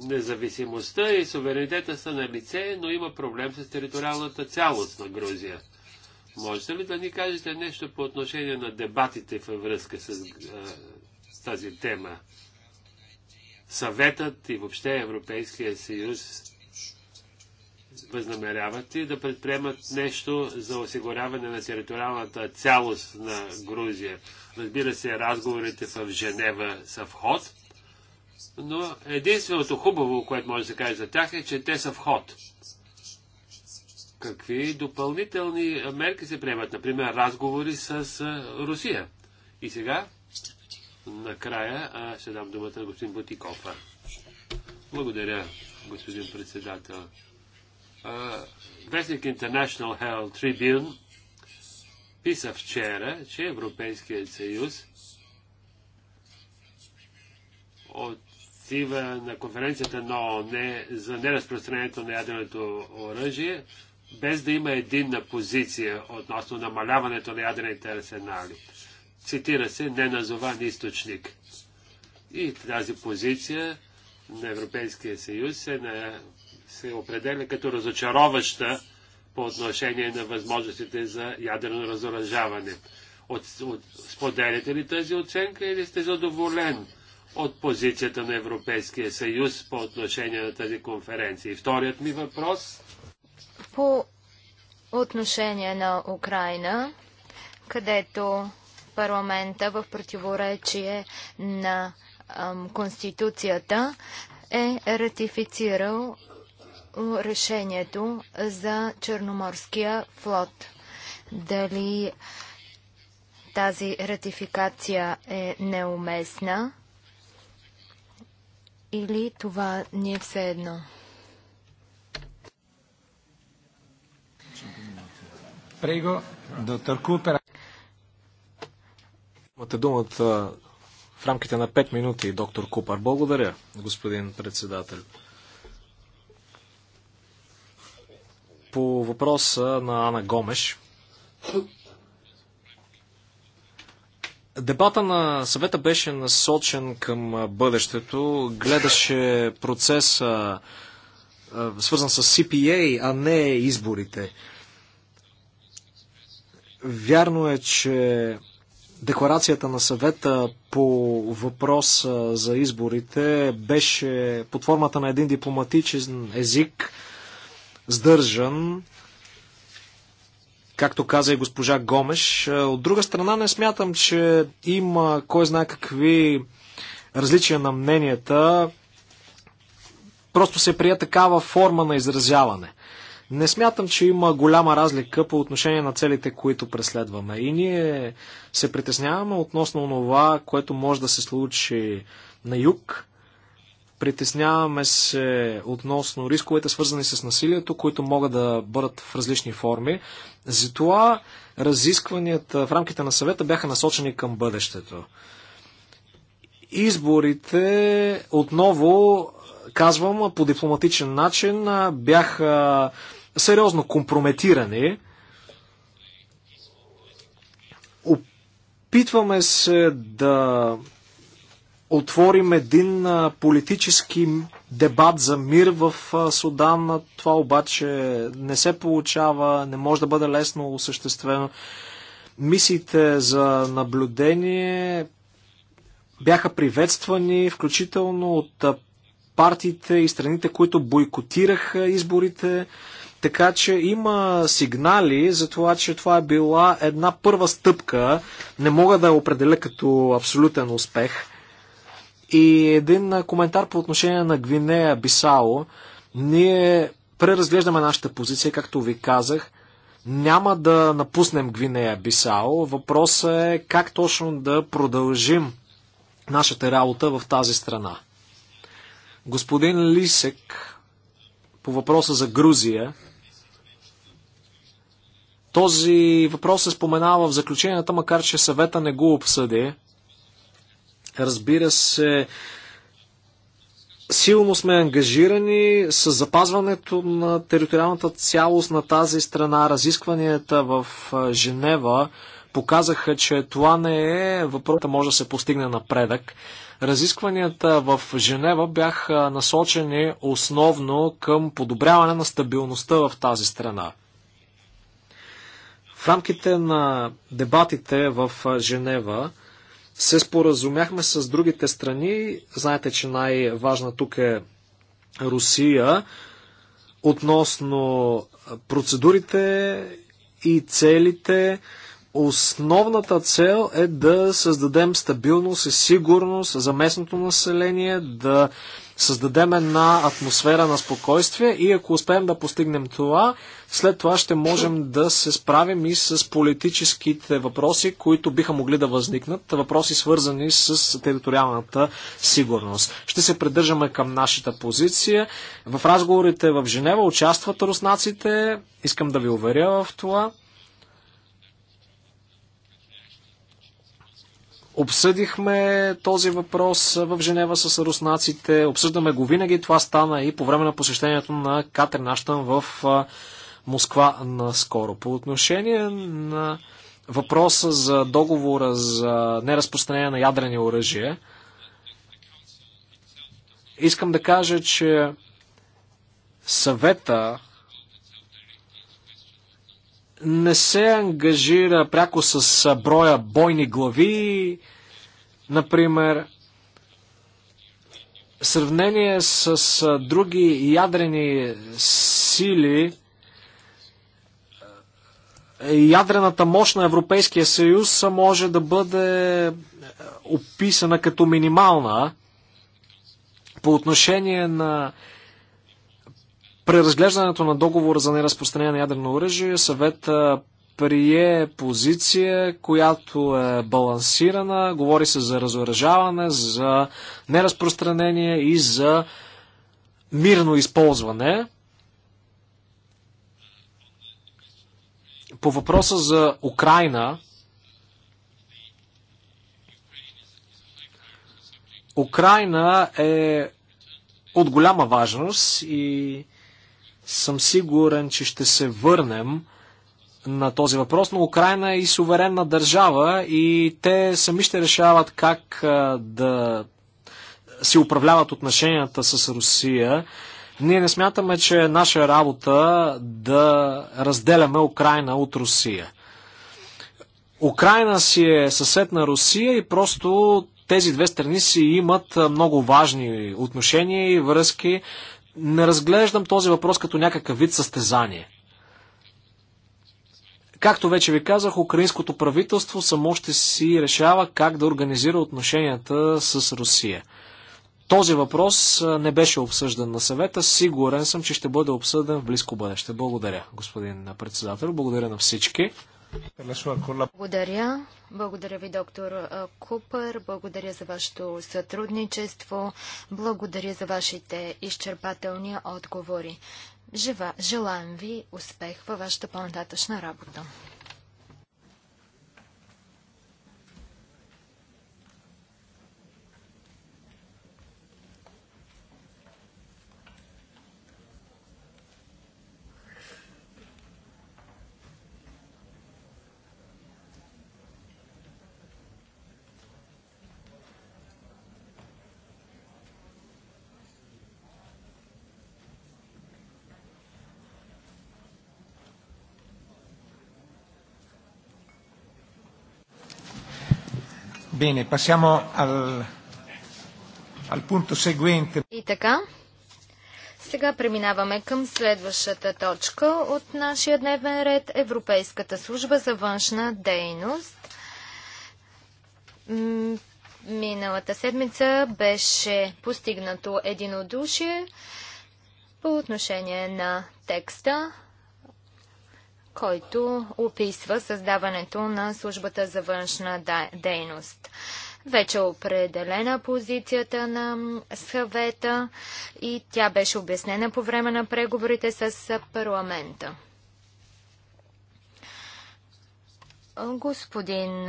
независимостта и суверенитета са на лице, но има проблем с териториалната цялост на Грузия. Можете ли да ни кажете нещо по отношение на дебатите във връзка с а, тази тема? съветът и въобще Европейския съюз възнамеряват и да предприемат нещо за осигуряване на териториалната цялост на Грузия. Разбира се, разговорите в Женева са в ход, но единственото хубаво, което може да се каже за тях е, че те са в ход. Какви допълнителни мерки се приемат? Например, разговори с Русия. И сега накрая а ще дам думата на господин Бутиков. Благодаря, господин председател. Вестник International Health Tribune писа вчера, че Европейският съюз отива на конференцията на ОНЕ за неразпространението на ядреното оръжие, без да има единна позиция относно намаляването на ядрените арсенали. Цитира се неназован източник. И тази позиция на Европейския съюз се, на, се определя като разочароваща по отношение на възможностите за ядрено разоръжаване. От, от, споделяте ли тази оценка или сте задоволен от позицията на Европейския съюз по отношение на тази конференция? И вторият ми въпрос. По отношение на Украина, където парламента в противоречие на Конституцията е ратифицирал решението за Черноморския флот. Дали тази ратификация е неуместна или това ни е все едно? Prego, dottor Cooper. Имате думата в рамките на 5 минути, доктор Купар. Благодаря, господин председател. По въпроса на Ана Гомеш. Дебата на съвета беше насочен към бъдещето. Гледаше процеса свързан с CPA, а не изборите. Вярно е, че декларацията на съвета по въпрос за изборите беше под формата на един дипломатичен език, сдържан, както каза и госпожа Гомеш. От друга страна не смятам, че има кой знае какви различия на мненията. Просто се прие такава форма на изразяване. Не смятам, че има голяма разлика по отношение на целите, които преследваме. И ние се притесняваме относно това, което може да се случи на юг. Притесняваме се относно рисковете, свързани с насилието, които могат да бъдат в различни форми. Затова разискванията в рамките на съвета бяха насочени към бъдещето. Изборите отново казвам, по дипломатичен начин бяха сериозно компрометирани. Опитваме се да отворим един политически дебат за мир в Судан. Това обаче не се получава, не може да бъде лесно осъществено. Мисиите за наблюдение бяха приветствани, включително от партиите и страните, които бойкотираха изборите. Така че има сигнали за това, че това е била една първа стъпка. Не мога да я определя като абсолютен успех. И един коментар по отношение на Гвинея Бисао. Ние преразглеждаме нашата позиция, както ви казах. Няма да напуснем Гвинея Бисао. Въпросът е как точно да продължим нашата работа в тази страна. Господин Лисек по въпроса за Грузия този въпрос се споменава в заключенията, макар че съвета не го обсъди. Разбира се, силно сме ангажирани с запазването на териториалната цялост на тази страна. Разискванията в Женева показаха, че това не е въпросът, може да се постигне напредък. Разискванията в Женева бяха насочени основно към подобряване на стабилността в тази страна. В рамките на дебатите в Женева се споразумяхме с другите страни. Знаете, че най-важна тук е Русия относно процедурите и целите Основната цел е да създадем стабилност и сигурност за местното население, да създадем една атмосфера на спокойствие и ако успеем да постигнем това, след това ще можем да се справим и с политическите въпроси, които биха могли да възникнат, въпроси свързани с териториалната сигурност. Ще се придържаме към нашата позиция. В разговорите в Женева участват руснаците, искам да ви уверя в това. Обсъдихме този въпрос в Женева с руснаците, обсъждаме го винаги. Това стана и по време на посещението на Катерин Аштън в Москва наскоро. По отношение на въпроса за договора за неразпространение на ядрени оръжия, искам да кажа, че съвета не се ангажира пряко с броя бойни глави, например, в сравнение с други ядрени сили, ядрената мощ на Европейския съюз може да бъде описана като минимална по отношение на преразглеждането на договора за неразпространение на ядрено оръжие съвет прие позиция, която е балансирана. Говори се за разоръжаване, за неразпространение и за мирно използване. По въпроса за Украина, Украина е от голяма важност и съм сигурен, че ще се върнем на този въпрос, но Украина е и суверенна държава и те сами ще решават как да си управляват отношенията с Русия. Ние не смятаме, че е наша работа да разделяме Украина от Русия. Украина си е съсед на Русия и просто тези две страни си имат много важни отношения и връзки не разглеждам този въпрос като някакъв вид състезание. Както вече ви казах, украинското правителство само ще си решава как да организира отношенията с Русия. Този въпрос не беше обсъждан на съвета. Сигурен съм, че ще бъде обсъден в близко бъдеще. Благодаря, господин председател. Благодаря на всички. Благодаря благодаря ви, доктор Купър. Благодаря за вашето сътрудничество. Благодаря за вашите изчерпателни отговори. Жива, желаем ви успех във вашата по-нататъчна работа. Bene, passiamo al, al punto seguente. И така, сега преминаваме към следващата точка от нашия дневен ред Европейската служба за външна дейност. Миналата седмица беше постигнато единодушие по отношение на текста който описва създаването на службата за външна дейност. Вече определена позицията на съвета и тя беше обяснена по време на преговорите с парламента. Господин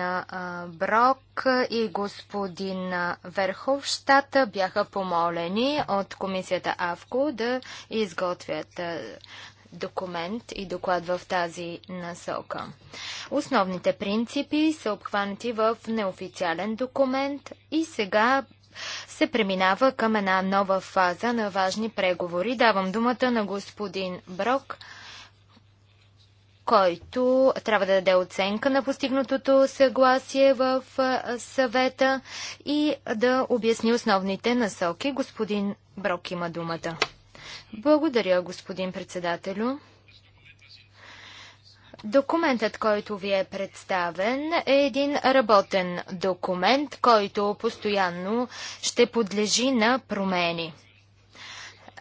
Брок и господин Верховщата бяха помолени от комисията АВКО да изготвят документ и доклад в тази насока. Основните принципи са обхванати в неофициален документ и сега се преминава към една нова фаза на важни преговори. Давам думата на господин Брок, който трябва да даде оценка на постигнатото съгласие в съвета и да обясни основните насоки. Господин Брок има думата. Благодаря, господин председателю. Документът, който ви е представен, е един работен документ, който постоянно ще подлежи на промени.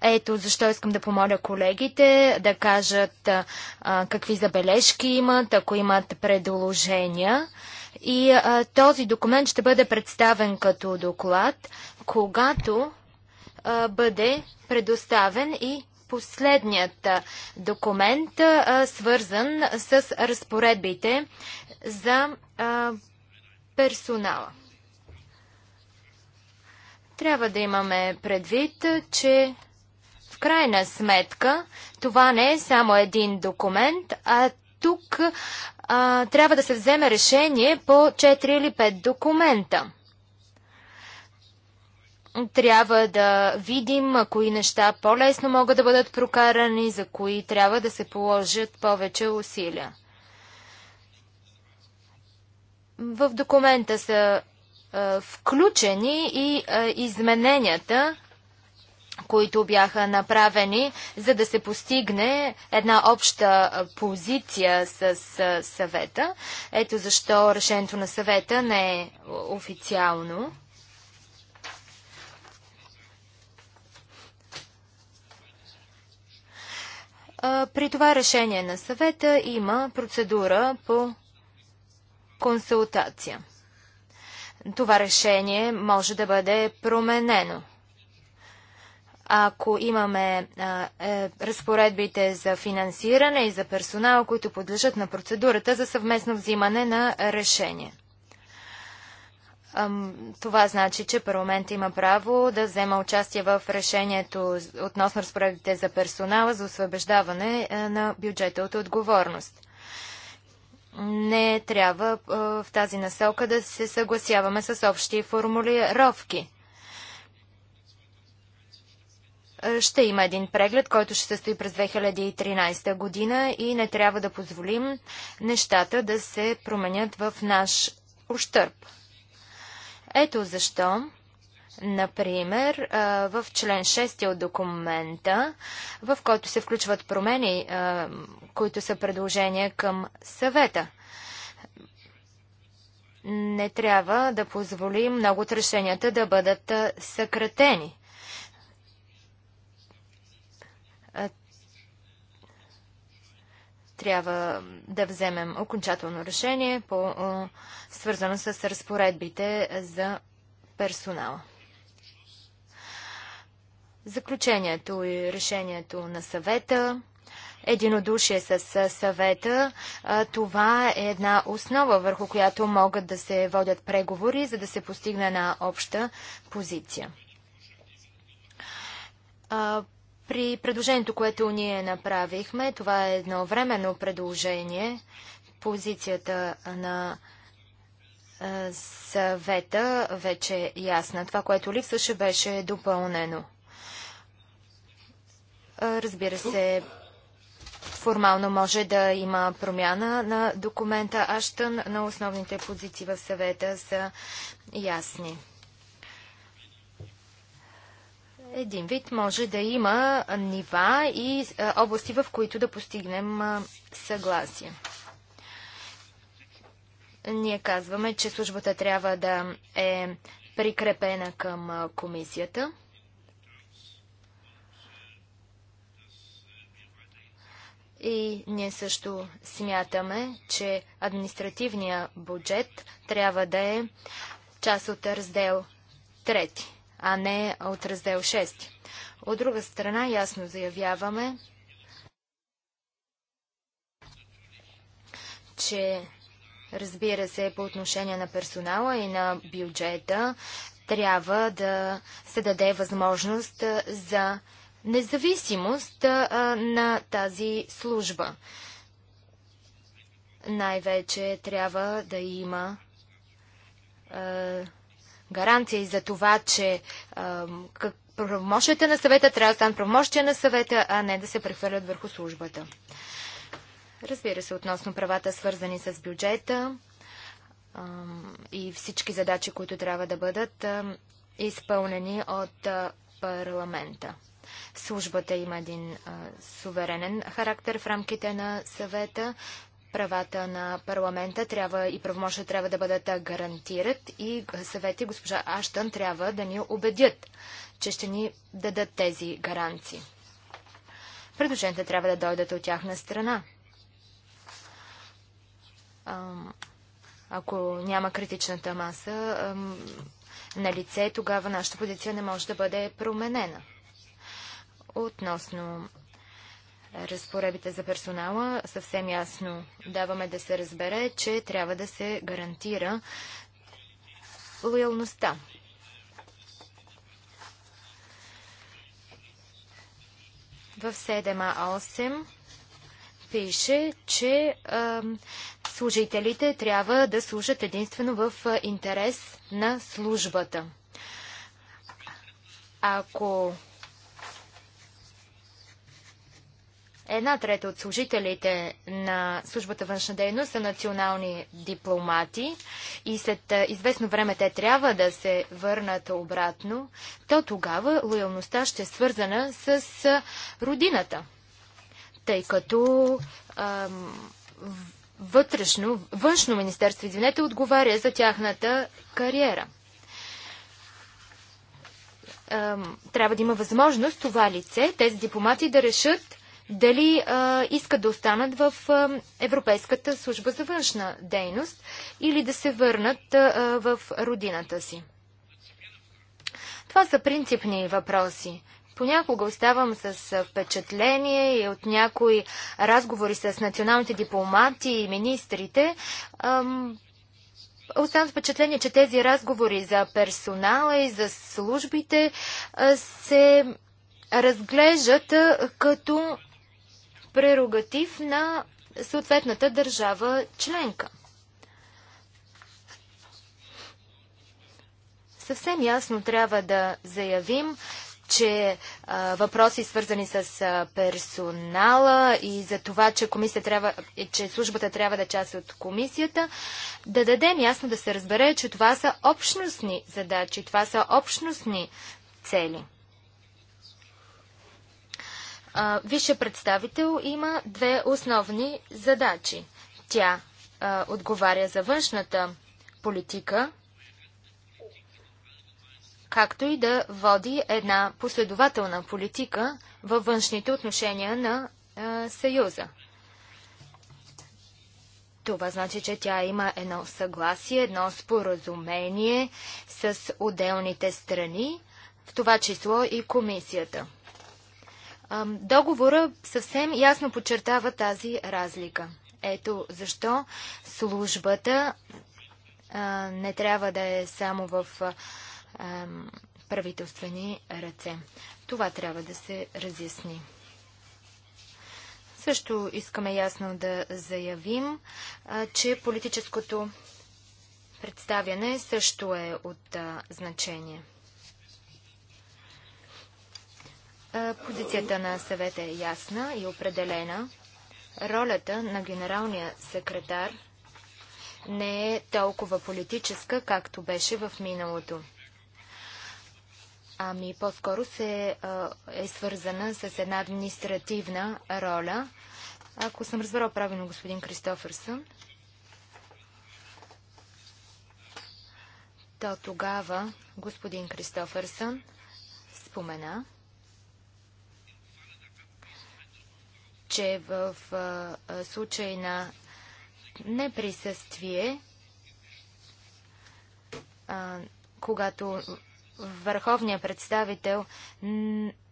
Ето защо искам да помоля колегите да кажат а, какви забележки имат, ако имат предложения. И а, този документ ще бъде представен като доклад, когато бъде предоставен и последният документ, свързан с разпоредбите за персонала. Трябва да имаме предвид, че в крайна сметка това не е само един документ, а тук а, трябва да се вземе решение по 4 или 5 документа трябва да видим кои неща по-лесно могат да бъдат прокарани, за кои трябва да се положат повече усилия. В документа са а, включени и а, измененията, които бяха направени, за да се постигне една обща позиция с съвета. Ето защо решението на съвета не е официално. При това решение на съвета има процедура по консултация. Това решение може да бъде променено. Ако имаме а, е, разпоредбите за финансиране и за персонал, които подлежат на процедурата за съвместно взимане на решение. Това значи, че парламент има право да взема участие в решението относно разпоредите за персонала за освобождаване е, на бюджета от отговорност. Не трябва е, в тази населка да се съгласяваме с общи формулировки. Е, ще има един преглед, който ще се стои през 2013 година и не трябва да позволим нещата да се променят в наш ущърп. Ето защо Например, в член 6 от документа, в който се включват промени, които са предложения към съвета. Не трябва да позволим много от решенията да бъдат съкратени. трябва да вземем окончателно решение, по, свързано с разпоредбите за персонала. Заключението и решението на съвета единодушие с съвета. Това е една основа, върху която могат да се водят преговори, за да се постигне една обща позиция. При предложението, което ние направихме, това е едно времено предложение. Позицията на съвета вече е ясна. Това, което липсваше, беше допълнено. Разбира се, формално може да има промяна на документа Аштън, но основните позиции в съвета са ясни един вид може да има нива и области, в които да постигнем съгласие. Ние казваме, че службата трябва да е прикрепена към комисията. И ние също смятаме, че административния бюджет трябва да е част от раздел трети а не от раздел 6. От друга страна, ясно заявяваме, че разбира се по отношение на персонала и на бюджета трябва да се даде възможност за независимост на тази служба. Най-вече трябва да има Гаранция и за това, че как, правомощията на съвета трябва да станат правомощия на съвета, а не да се прехвърлят върху службата. Разбира се, относно правата свързани с бюджета и всички задачи, които трябва да бъдат изпълнени от парламента. Службата има един суверенен характер в рамките на съвета правата на парламента трябва и правомощите трябва да бъдат гарантират и съвети госпожа Аштън трябва да ни убедят, че ще ни дадат тези гаранции. Предложенията трябва да дойдат от тяхна страна. Ако няма критичната маса на лице, тогава нашата позиция не може да бъде променена. Относно разпоребите за персонала, съвсем ясно даваме да се разбере, че трябва да се гарантира лоялността. В 7А8 пише, че а, служителите трябва да служат единствено в интерес на службата. Ако Една трета от служителите на службата външна дейност са национални дипломати и след известно време те трябва да се върнат обратно, то тогава лоялността ще е свързана с родината, тъй като ам, вътрешно, външно министерство, извинете, отговаря за тяхната кариера трябва да има възможност това лице, тези дипломати да решат дали а, искат да останат в а, Европейската служба за външна дейност или да се върнат а, в родината си. Това са принципни въпроси. Понякога оставам с впечатление и от някои разговори с националните дипломати и министрите. Ам, оставам с впечатление, че тези разговори за персонала и за службите а, се разглеждат а, като прерогатив на съответната държава членка. Съвсем ясно трябва да заявим, че а, въпроси свързани с а, персонала и за това, че, комисия трябва, че службата трябва да е част от комисията, да дадем ясно да се разбере, че това са общностни задачи, това са общностни цели. Висше представител има две основни задачи. Тя а, отговаря за външната политика, както и да води една последователна политика във външните отношения на а, Съюза. Това значи, че тя има едно съгласие, едно споразумение с отделните страни, в това число и комисията. Договора съвсем ясно подчертава тази разлика. Ето защо службата не трябва да е само в правителствени ръце. Това трябва да се разясни. Също искаме ясно да заявим, че политическото представяне също е от значение. Позицията на съвета е ясна и определена. Ролята на генералния секретар не е толкова политическа, както беше в миналото. Ами по-скоро се е свързана с една административна роля. Ако съм разбрал правилно господин Кристофърсън, то тогава господин Кристофърсън спомена, че в случай на неприсъствие, когато върховният представител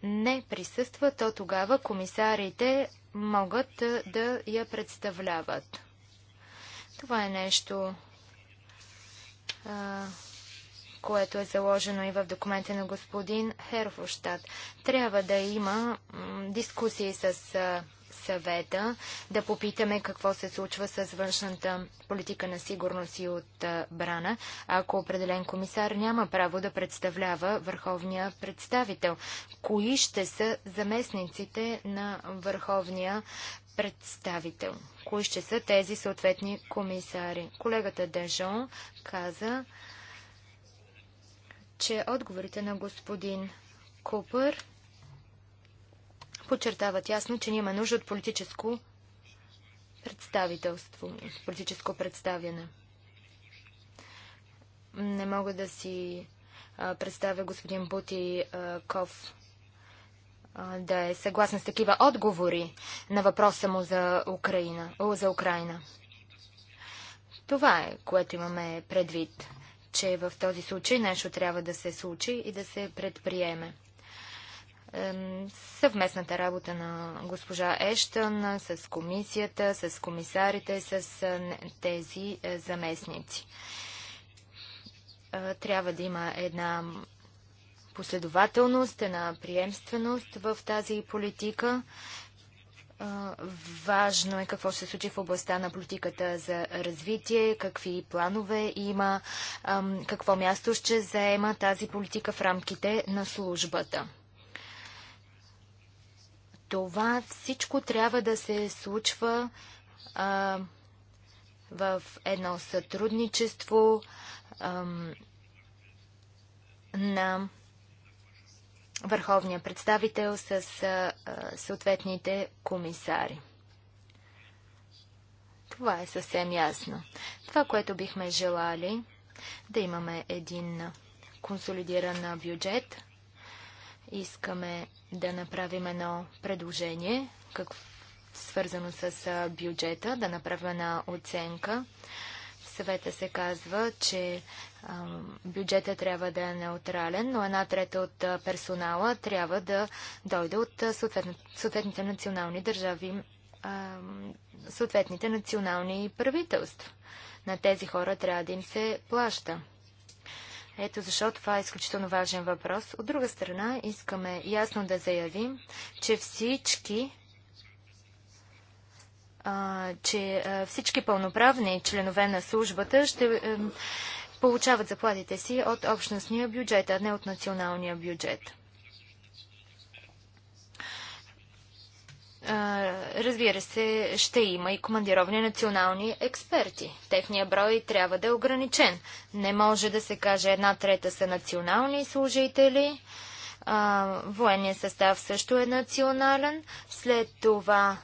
не присъства, то тогава комисарите могат да я представляват. Това е нещо, което е заложено и в документа на господин Херфоштад. Трябва да има дискусии с съвета, да попитаме какво се случва с външната политика на сигурност и отбрана, ако определен комисар няма право да представлява върховния представител. Кои ще са заместниците на върховния представител? Кои ще са тези съответни комисари? Колегата Дежон каза, че отговорите на господин Купър подчертават ясно, че няма нужда от политическо представителство, от политическо представяне. Не мога да си а, представя господин Бутиков да е съгласен с такива отговори на въпроса му за Украина. О, за Украина. Това е, което имаме предвид, че в този случай нещо трябва да се случи и да се предприеме съвместната работа на госпожа Ештън с комисията, с комисарите, с е, тези е, заместници. Е, трябва да има една последователност, една приемственост в тази политика. Важно е какво ще се случи в областта на политиката за развитие, какви планове има, какво място ще заема тази политика в рамките на службата това всичко трябва да се случва а, в едно сътрудничество а, на върховния представител с а, съответните комисари. Това е съвсем ясно. Това, което бихме желали, да имаме един консолидиран бюджет – искаме да направим едно предложение, как, свързано с бюджета, да направим една оценка. В съвета се казва, че бюджета трябва да е неутрален, но една трета от персонала трябва да дойде от съответните национални държави, съответните национални правителства. На тези хора трябва да им се плаща. Ето защо това е изключително важен въпрос. От друга страна, искаме ясно да заявим, че всички а, че а, всички пълноправни членове на службата ще а, е, получават заплатите си от общностния бюджет, а не от националния бюджет. Разбира се, ще има и командировни национални експерти. Техния брой трябва да е ограничен. Не може да се каже една трета са национални служители. Военният състав също е национален. След това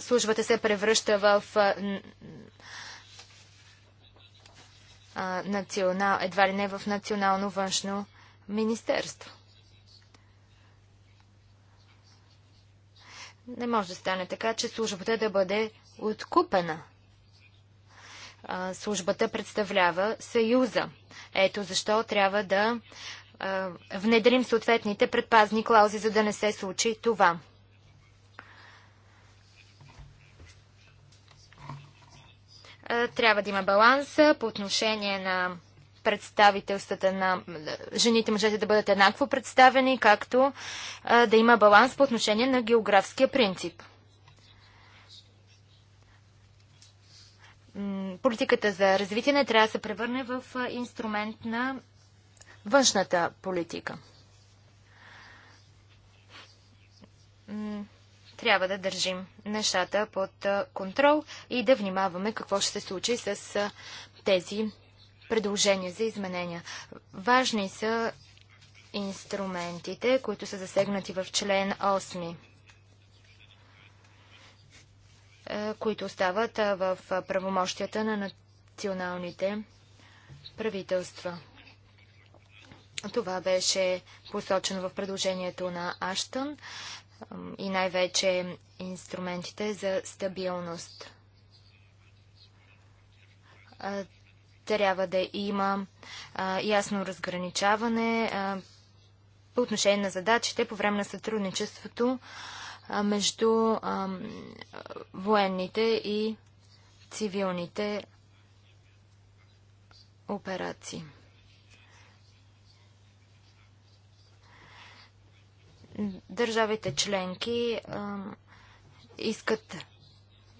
службата се превръща в едва ли не в национално външно министерство. Не може да стане така, че службата да бъде откупена. службата представлява Съюза. Ето защо трябва да внедрим съответните предпазни клаузи, за да не се случи това. трябва да има баланс по отношение на представителствата на жените и мъжете да бъдат еднакво представени, както да има баланс по отношение на географския принцип. Политиката за развитие не трябва да се превърне в инструмент на външната политика. Трябва да държим нещата под контрол и да внимаваме какво ще се случи с тези предложения за изменения. Важни са инструментите, които са засегнати в член 8 е, които остават е, в правомощията на националните правителства. Това беше посочено в предложението на Аштън е, и най-вече инструментите за стабилност. Трябва да има а, ясно разграничаване а, по отношение на задачите по време на сътрудничеството а, между а, военните и цивилните операции. Държавите членки а, искат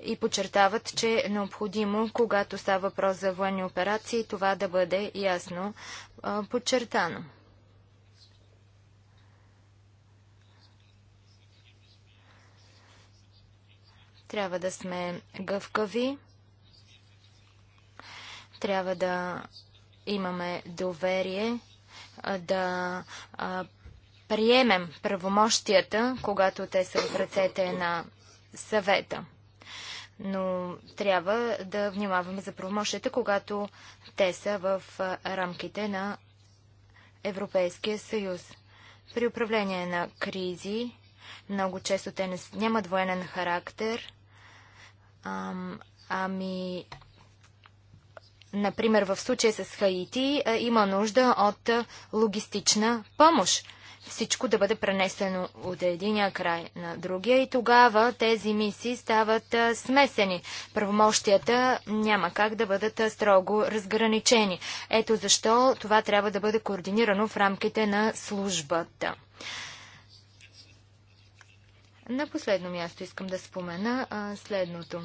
и подчертават, че е необходимо, когато става въпрос за военни операции, това да бъде ясно подчертано. Трябва да сме гъвкави, трябва да имаме доверие, да приемем правомощията, когато те са в ръцете на съвета но трябва да внимаваме за правомощите, когато те са в рамките на Европейския съюз. При управление на кризи много често те нямат военен характер. ами, например, в случая с Хаити има нужда от логистична помощ всичко да бъде пренесено от единия край на другия и тогава тези мисии стават смесени. Правомощията няма как да бъдат строго разграничени. Ето защо това трябва да бъде координирано в рамките на службата. На последно място искам да спомена а, следното.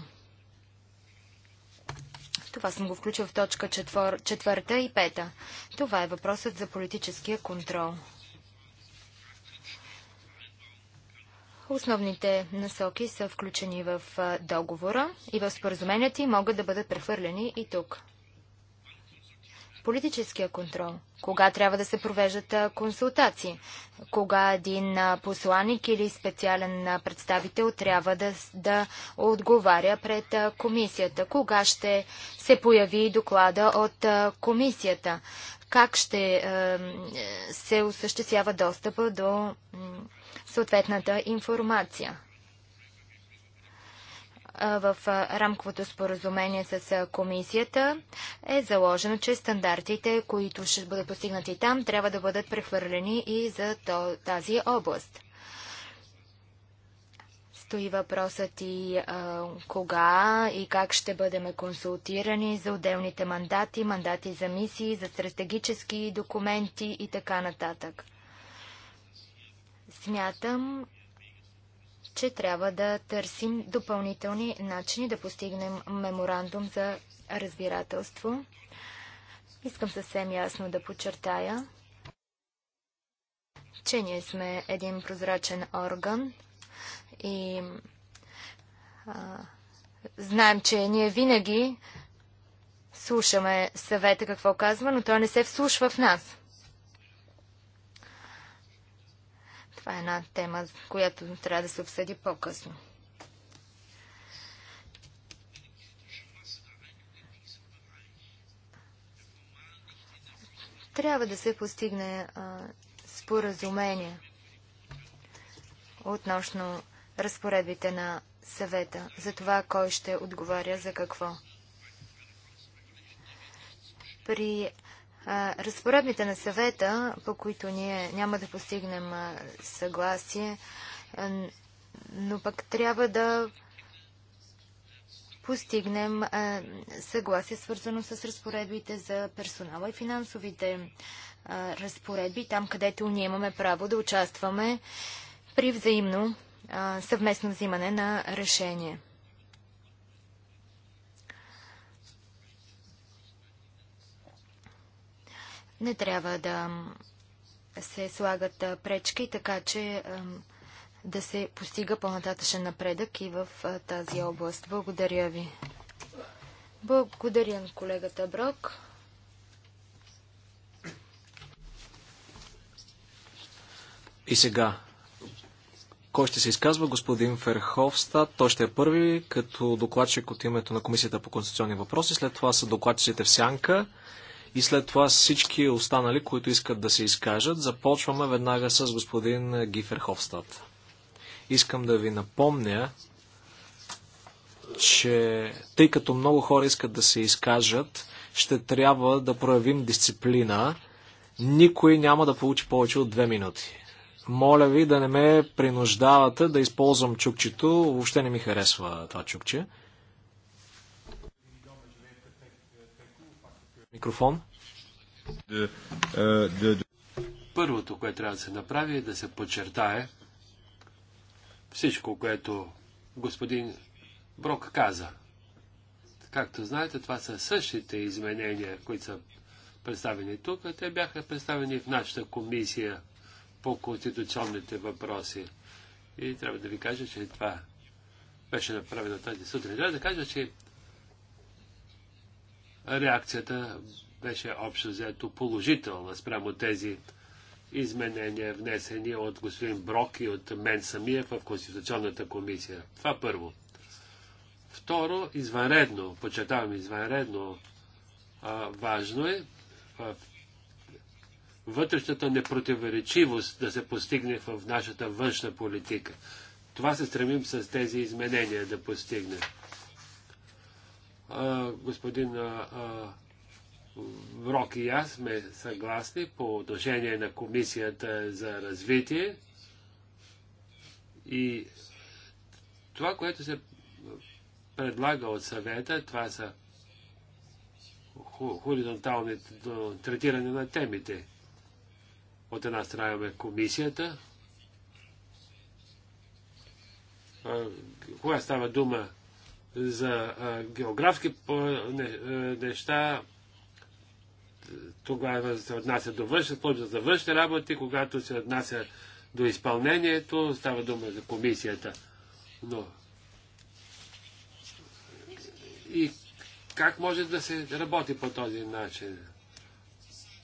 Това съм го включил в точка четвър... четвърта и пета. Това е въпросът за политическия контрол. Основните насоки са включени в договора и в споразуменията и могат да бъдат прехвърлени и тук. Политическия контрол. Кога трябва да се провеждат консултации? Кога един посланник или специален представител трябва да, да отговаря пред комисията? Кога ще се появи доклада от комисията? как ще е, се осъществява достъпа до съответната информация. В рамковото споразумение с комисията е заложено, че стандартите, които ще бъдат постигнати там, трябва да бъдат прехвърлени и за тази област стои въпросът и а, кога и как ще бъдем консултирани за отделните мандати, мандати за мисии, за стратегически документи и така нататък. Смятам, че трябва да търсим допълнителни начини да постигнем меморандум за разбирателство. Искам съвсем ясно да подчертая, че ние сме един прозрачен орган, и а, знаем, че ние винаги слушаме съвета какво казва, но той не се вслушва в нас. Това е една тема, която трябва да се обсъди по-късно. Трябва да се постигне а, споразумение относно разпоредбите на съвета за това кой ще отговаря за какво. При разпоредбите на съвета, по които ние няма да постигнем съгласие, но пък трябва да постигнем съгласие, свързано с разпоредбите за персонала и финансовите разпоредби, там където ние имаме право да участваме при взаимно съвместно взимане на решение. Не трябва да се слагат пречки, така че да се постига по-нататъчен напредък и в тази област. Благодаря ви. Благодаря на колегата Брок. И сега кой ще се изказва? Господин Ферховста. Той ще е първи като докладчик от името на Комисията по конституционни въпроси. След това са докладчиците в сянка и след това всички останали, които искат да се изкажат. Започваме веднага с господин Гиферховстат. Искам да ви напомня, че тъй като много хора искат да се изкажат, ще трябва да проявим дисциплина. Никой няма да получи повече от две минути. Моля ви да не ме принуждавате да използвам чукчето. Въобще не ми харесва това чукче. Микрофон. Първото, което трябва да се направи е да се подчертае всичко, което господин Брок каза. Както знаете, това са същите изменения, които са представени тук. Те бяха представени в нашата комисия по конституционните въпроси. И трябва да ви кажа, че това беше направено тази сутрин. Трябва да кажа, че реакцията беше общо взето положителна спрямо тези изменения, внесени от господин Брок и от мен самия в Конституционната комисия. Това първо. Второ, извънредно, подчертавам извънредно, а, важно е в вътрешната непротиворечивост да се постигне в нашата външна политика. Това се стремим с тези изменения да постигне. А, господин а, а, Рок и аз сме съгласни по отношение на Комисията за развитие и това, което се предлага от съвета, това са хоризонтални третиране на темите. От една страна имаме комисията, кога става дума за географски неща, тогава се отнася до външна служба за външни работи, когато се отнася до изпълнението, става дума за комисията. Но и как може да се работи по този начин?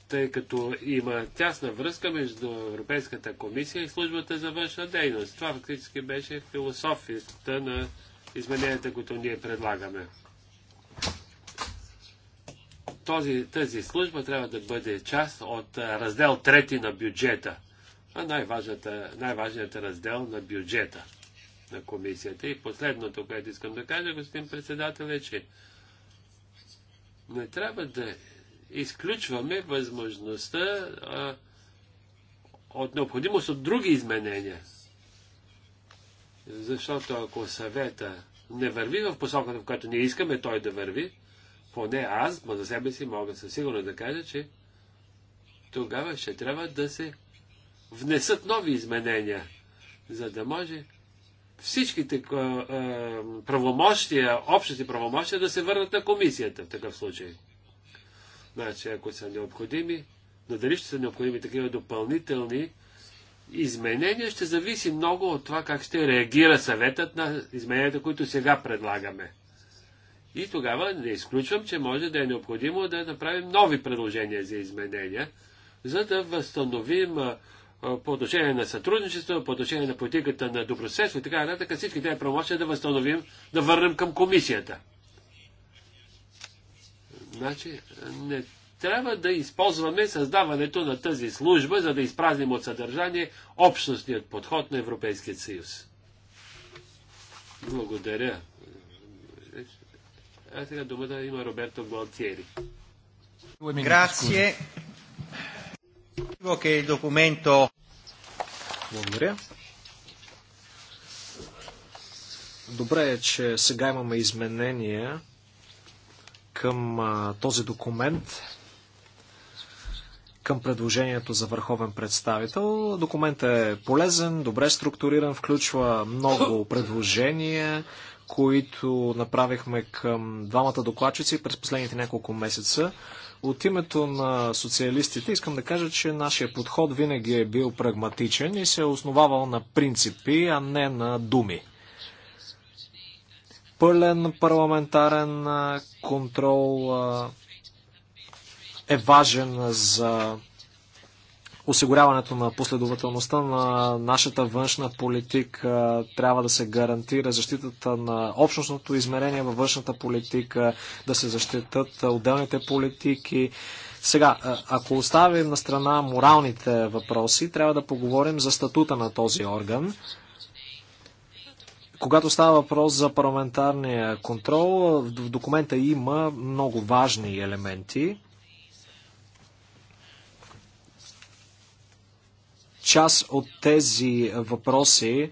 тъй като има тясна връзка между Европейската комисия и службата за външна дейност. Това фактически беше философията на измененията, които ние предлагаме. Този, тази служба трябва да бъде част от раздел трети на бюджета, а най-важният най раздел на бюджета на комисията. И последното, което искам да кажа, господин председател, е, че не трябва да изключваме възможността а, от необходимост от други изменения. Защото ако съвета не върви в посоката, в която ние искаме той да върви, поне аз, ма за себе си мога със сигурност да кажа, че тогава ще трябва да се внесат нови изменения, за да може всичките правомощия, общите правомощия да се върнат на комисията в такъв случай. Значи, ако са необходими, но дали ще са необходими такива допълнителни изменения, ще зависи много от това как ще реагира съветът на измененията, които сега предлагаме. И тогава не изключвам, че може да е необходимо да направим нови предложения за изменения, за да възстановим по отношение на сътрудничество, по отношение на политиката на добросъседство и така нататък, всички тези промощи да възстановим, да върнем към комисията. Значи, не трябва да използваме създаването на тази служба, за да изпразним от съдържание общностният подход на Европейския съюз. Благодаря. А сега думата има Роберто Гуалтиери. Е Благодаря. Добре е, че сега имаме изменения към този документ, към предложението за върховен представител. Документът е полезен, добре структуриран, включва много предложения, които направихме към двамата докладчици през последните няколко месеца. От името на социалистите искам да кажа, че нашия подход винаги е бил прагматичен и се е основавал на принципи, а не на думи пълен парламентарен контрол е важен за осигуряването на последователността на нашата външна политика. Трябва да се гарантира защитата на общностното измерение във външната политика, да се защитат отделните политики. Сега, ако оставим на страна моралните въпроси, трябва да поговорим за статута на този орган. Когато става въпрос за парламентарния контрол, в документа има много важни елементи. Част от тези въпроси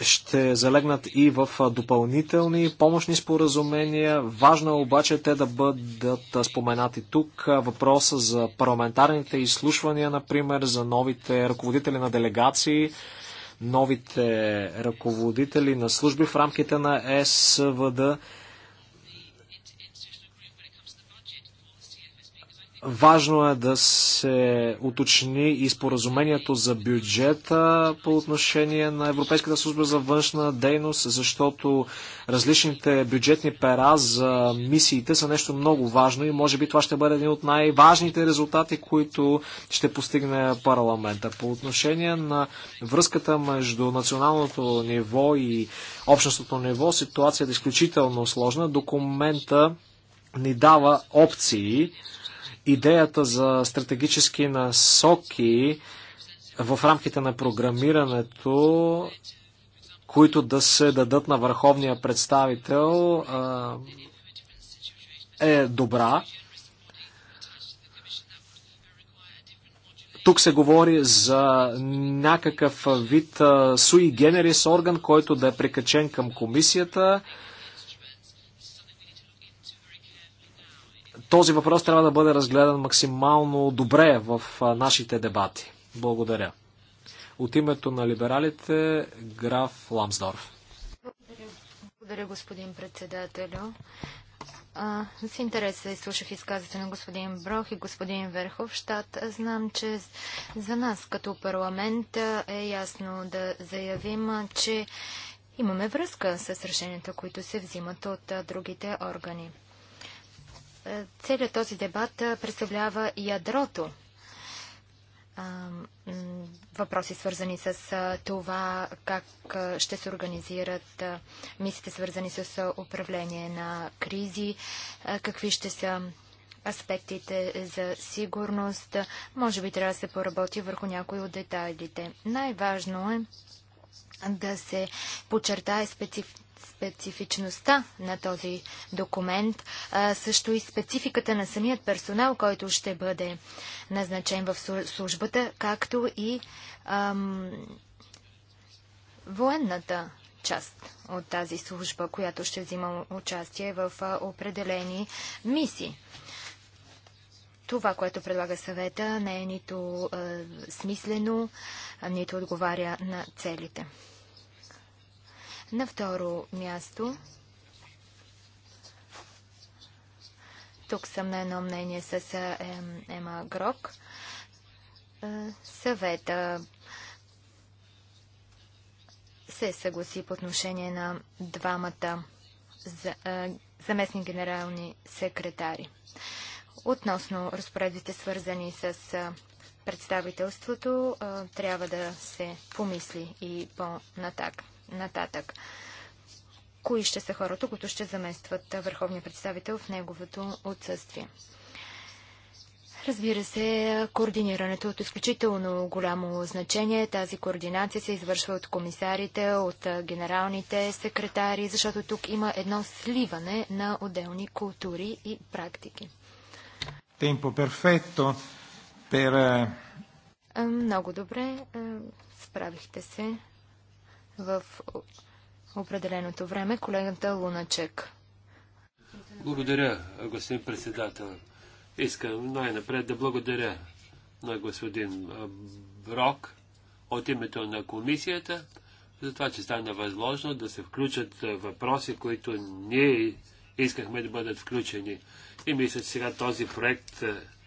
ще залегнат и в допълнителни помощни споразумения. Важно е обаче те да бъдат споменати тук. Въпроса за парламентарните изслушвания, например, за новите ръководители на делегации – новите ръководители на служби в рамките на СВД. Важно е да се уточни и споразумението за бюджета по отношение на Европейската служба за външна дейност, защото различните бюджетни пера за мисиите са нещо много важно и може би това ще бъде един от най-важните резултати, които ще постигне парламента. По отношение на връзката между националното ниво и общностното ниво, ситуацията е изключително сложна. Документа ни дава опции, идеята за стратегически насоки в рамките на програмирането, които да се дадат на върховния представител, е добра. Тук се говори за някакъв вид суи генерис орган, който да е прикачен към комисията. този въпрос трябва да бъде разгледан максимално добре в нашите дебати. Благодаря. От името на либералите, граф Ламсдорф. Благодаря, Благодаря господин председателю. А, с интерес се изслушах изказите на господин Брох и господин Верховщад. Знам, че за нас като парламент е ясно да заявим, че имаме връзка с решенията, които се взимат от другите органи. Целият този дебат представлява ядрото. Въпроси свързани с това как ще се организират мисите, свързани с управление на кризи, какви ще са аспектите за сигурност. Може би трябва да се поработи върху някои от детайлите. Най-важно е да се подчертае специфично специфичността на този документ, а, също и спецификата на самият персонал, който ще бъде назначен в службата, както и ам, военната част от тази служба, която ще взима участие в определени мисии. Това, което предлага съвета, не е нито е, смислено, нито отговаря на целите. На второ място, тук съм на едно мнение с Ема Грок, съвета се съгласи по отношение на двамата за, заместни генерални секретари. Относно разпоредбите, свързани с представителството, трябва да се помисли и по-натак нататък. Кои ще са хората, които ще заместват върховния представител в неговото отсъствие? Разбира се, координирането е от изключително голямо значение. Тази координация се извършва от комисарите, от генералните секретари, защото тук има едно сливане на отделни култури и практики. Темпо перфетто. Е, е, много добре. Справихте се в определеното време. Колегата Луначек. Благодаря, господин председател. Искам най-напред да благодаря на господин Брок от името на комисията за това, че стана възможно да се включат въпроси, които ние искахме да бъдат включени. И мисля, че сега този проект,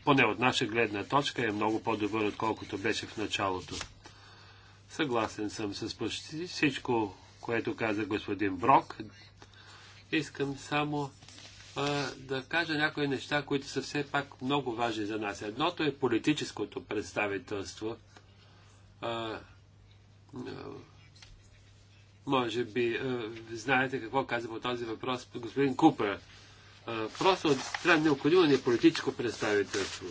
поне от наша гледна точка, е много по-добър, отколкото беше в началото. Съгласен съм с почти всичко, което каза господин Брок. Искам само а, да кажа някои неща, които са все пак много важни за нас. Едното е политическото представителство. А, може би а, знаете какво каза по този въпрос господин Купер. А, просто трябва необходимо ни е политическо представителство.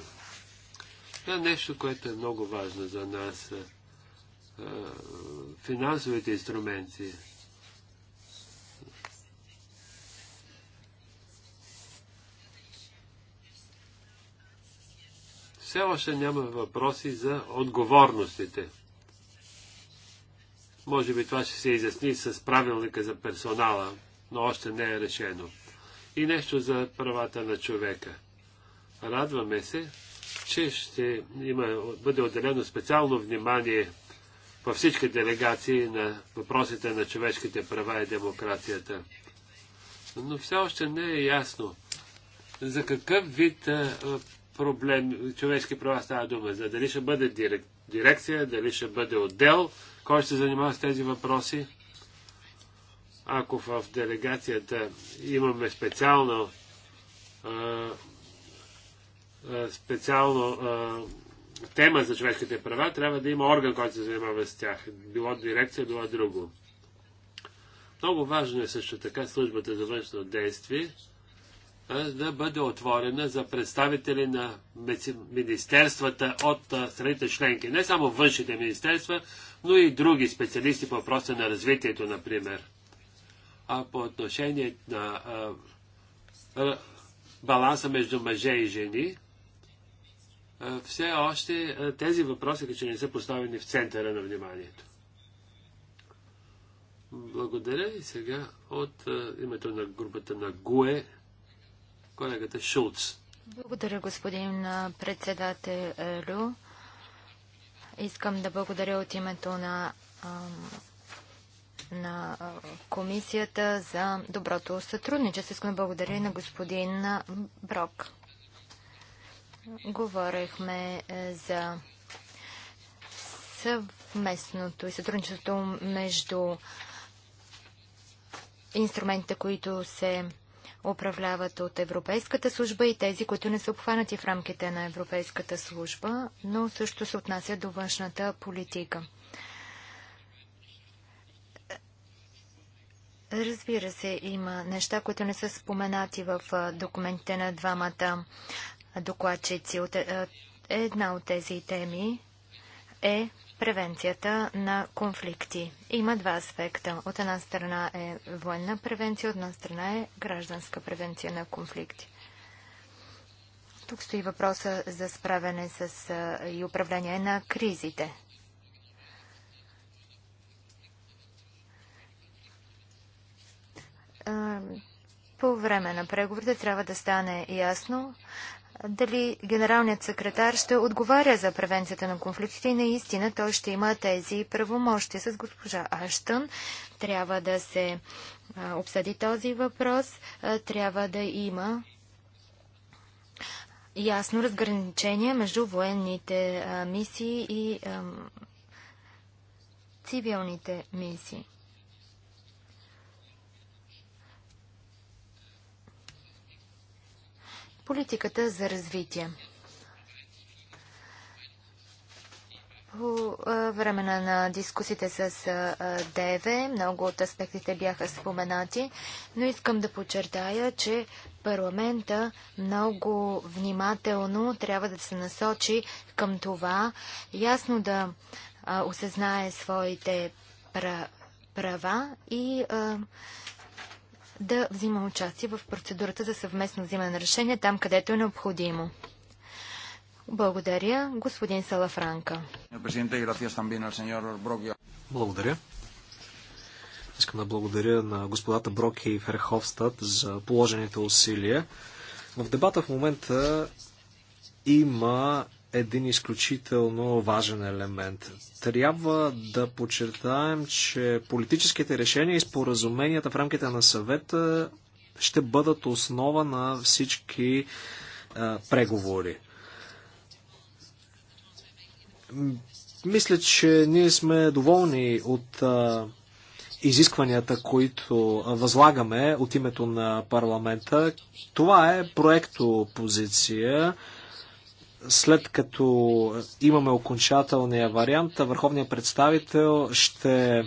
Това е нещо, което е много важно за нас финансовите инструменти. Все още няма въпроси за отговорностите. Може би това ще се изясни с правилника за персонала, но още не е решено. И нещо за правата на човека. Радваме се, че ще има, бъде отделено специално внимание във всички делегации на въпросите на човешките права и демокрацията. Но все още не е ясно за какъв вид проблем човешки права става дума. За дали ще бъде дирек, дирекция, дали ще бъде отдел, кой ще се занимава с тези въпроси. Ако в делегацията имаме специално специално тема за човешките права, трябва да има орган, който се занимава с тях. Било дирекция, било друго. Много важно е също така службата за външно действие да бъде отворена за представители на министерствата от страните членки. Не само външните министерства, но и други специалисти по въпроса на развитието, например. А по отношение на а, баланса между мъже и жени, все още тези въпроси, като не са поставени в центъра на вниманието. Благодаря и сега от името на групата на ГУЕ, колегата Шулц. Благодаря, господин председателю. Искам да благодаря от името на, на комисията за доброто сътрудничество. Искам да благодаря и на господин Брок. Говорихме е, за съвместното и сътрудничеството между инструментите, които се управляват от Европейската служба и тези, които не са обхванати в рамките на Европейската служба, но също се отнася до външната политика. Разбира се, има неща, които не са споменати в документите на двамата докладчици от е, е, една от тези теми е превенцията на конфликти. Има два аспекта. От една страна е военна превенция, от една страна е гражданска превенция на конфликти. Тук стои въпроса за справяне с е, и управление на кризите. По време на преговорите трябва да стане ясно дали генералният секретар ще отговаря за превенцията на конфликтите и наистина той ще има тези правомощи с госпожа Аштън. Трябва да се обсъди този въпрос. трябва да има ясно разграничение между военните мисии и цивилните мисии. Политиката за развитие. По време на дискусите с ДВ много от аспектите бяха споменати, но искам да подчертая, че парламента много внимателно трябва да се насочи към това, ясно да осъзнае своите права и права да взима участие в процедурата за съвместно взимане на решение там, където е необходимо. Благодаря, господин Салафранка. Благодаря. Искам да благодаря на господата Броки и Ферховстад за положените усилия. В дебата в момента има един изключително важен елемент. Трябва да подчертаем, че политическите решения и споразуменията в рамките на съвета ще бъдат основа на всички а, е, преговори. Мисля, че ние сме доволни от а, е, изискванията, които възлагаме от името на парламента. Това е проекто позиция след като имаме окончателния вариант, върховният представител ще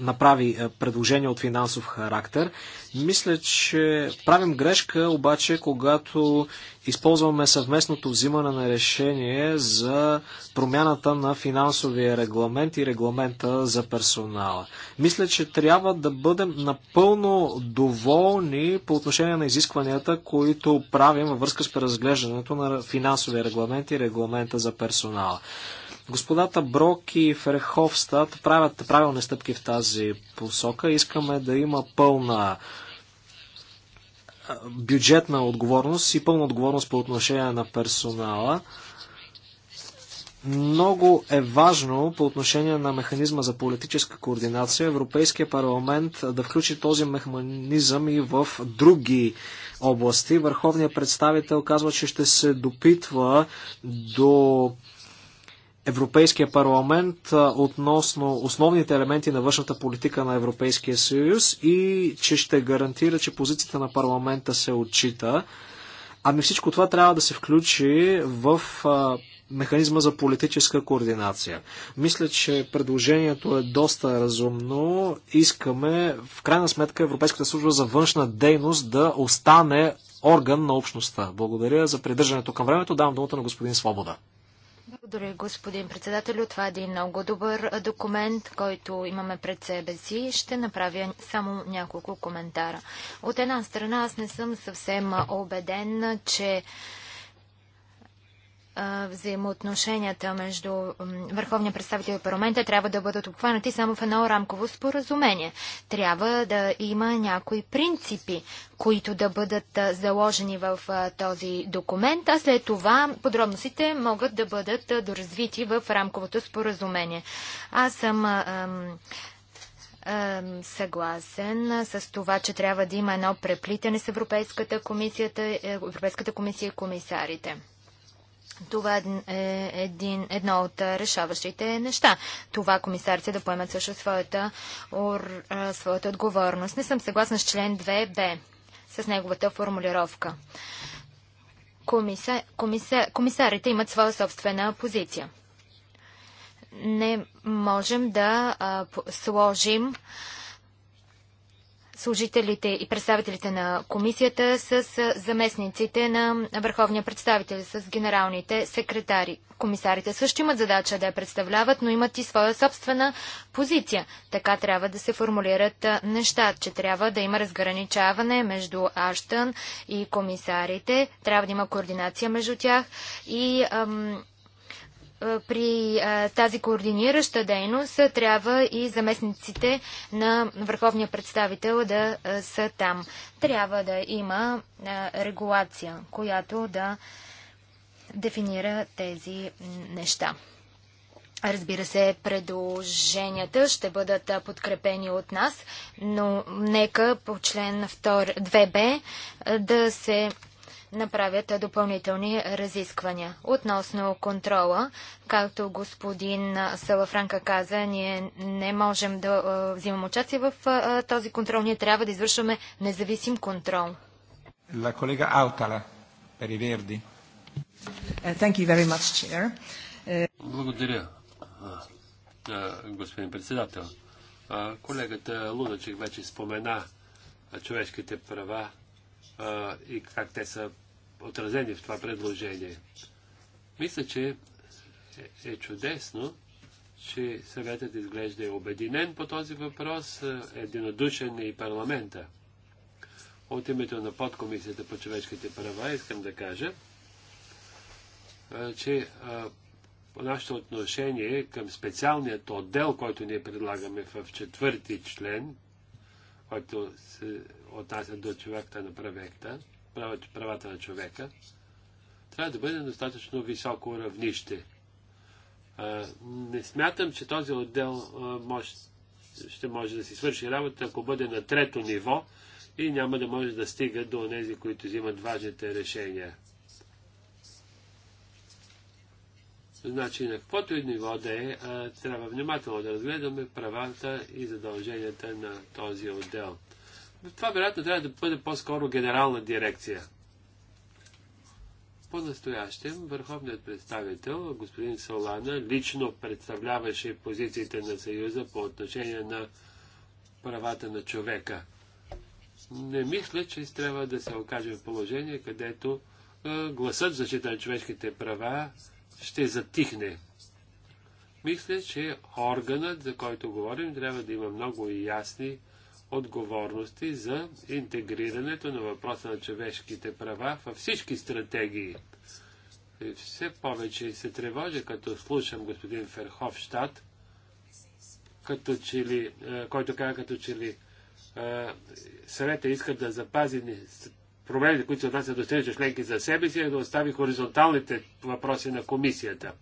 направи е, предложение от финансов характер. Мисля, че правим грешка, обаче, когато използваме съвместното взимане на решение за промяната на финансовия регламент и регламента за персонала. Мисля, че трябва да бъдем напълно доволни по отношение на изискванията, които правим във връзка с преразглеждането на финансовия регламент и регламента за персонала. Господата Брок и Ферховстат правят правилни стъпки в тази посока. Искаме да има пълна бюджетна отговорност и пълна отговорност по отношение на персонала. Много е важно по отношение на механизма за политическа координация Европейския парламент да включи този механизъм и в други области. Върховният представител казва, че ще се допитва до Европейския парламент относно основните елементи на външната политика на Европейския съюз и че ще гарантира, че позицията на парламента се отчита. Ами всичко това трябва да се включи в механизма за политическа координация. Мисля, че предложението е доста разумно. Искаме, в крайна сметка, Европейската служба за външна дейност да остане орган на общността. Благодаря за придържането към времето. Давам думата на господин Свобода. Благодаря, господин председател. Това е един много добър документ, който имаме пред себе си. Ще направя само няколко коментара. От една страна, аз не съм съвсем убеден, че взаимоотношенията между върховния представител и парламента трябва да бъдат обхванати само в едно рамково споразумение. Трябва да има някои принципи, които да бъдат заложени в този документ, а след това подробностите могат да бъдат доразвити в рамковото споразумение. Аз съм съгласен с това, че трябва да има едно преплитане с Европейската комисия, е, Европейската комисия и комисарите. Това е, е един, едно от решаващите неща. Това комисарите да поемат също своята, ур, своята отговорност. Не съм съгласна с член 2б, с неговата формулировка. Комиса, комиса, комисарите имат своя собствена позиция. Не можем да а, сложим а, служителите и представителите на комисията с заместниците на върховния представител, с генералните секретари. Комисарите също имат задача да я представляват, но имат и своя собствена позиция. Така трябва да се формулират неща, че трябва да има разграничаване между Аштън и комисарите, трябва да има координация между тях и ам, е, при е, тази координираща дейност е, трябва и заместниците на върховния представител да са там. Трябва да има регулация, която да дефинира тези неща. Разбира се, предложенията ще бъдат подкрепени от нас, но нека по член 2б да се направят допълнителни разисквания. Относно контрола, както господин Салафранка каза, ние не можем да взимам участие в този контрол. Ние трябва да извършваме независим контрол. La collega Autala, per i Verdi. Uh, thank you very much, Chair. Uh, Благодаря, господин председател. Колегата Лудачек вече спомена човешките права а, и как те са отразени в това предложение. Мисля, че е, е чудесно, че съветът изглежда е обединен по този въпрос, единодушен е и парламента. От името на подкомисията по човешките права искам да кажа, че нашето отношение към специалният отдел, който ние предлагаме в четвърти член, който се отнася до човекта на правекта, правата на човека, трябва да бъде достатъчно високо равнище. Не смятам, че този отдел може, ще може да си свърши работа, ако бъде на трето ниво и няма да може да стига до тези, които взимат важните решения. Значи на каквото и ниво да е, трябва внимателно да разгледаме правата и задълженията на този отдел. Това вероятно трябва да бъде по-скоро генерална дирекция. По-настоящем върховният представител, господин Солана, лично представляваше позициите на Съюза по отношение на правата на човека. Не мисля, че трябва да се окаже в положение, където гласът за защита на човешките права ще затихне. Мисля, че органът, за който говорим, трябва да има много ясни отговорности за интегрирането на въпроса на човешките права във всички стратегии. И все повече се тревожа, като слушам господин Ферховщад, като че ли, е, който каза като че ли е, съвета иска да запази Проблемите, които се отнасят до страните членки за себе си, е да остави хоризонталните въпроси на комисията.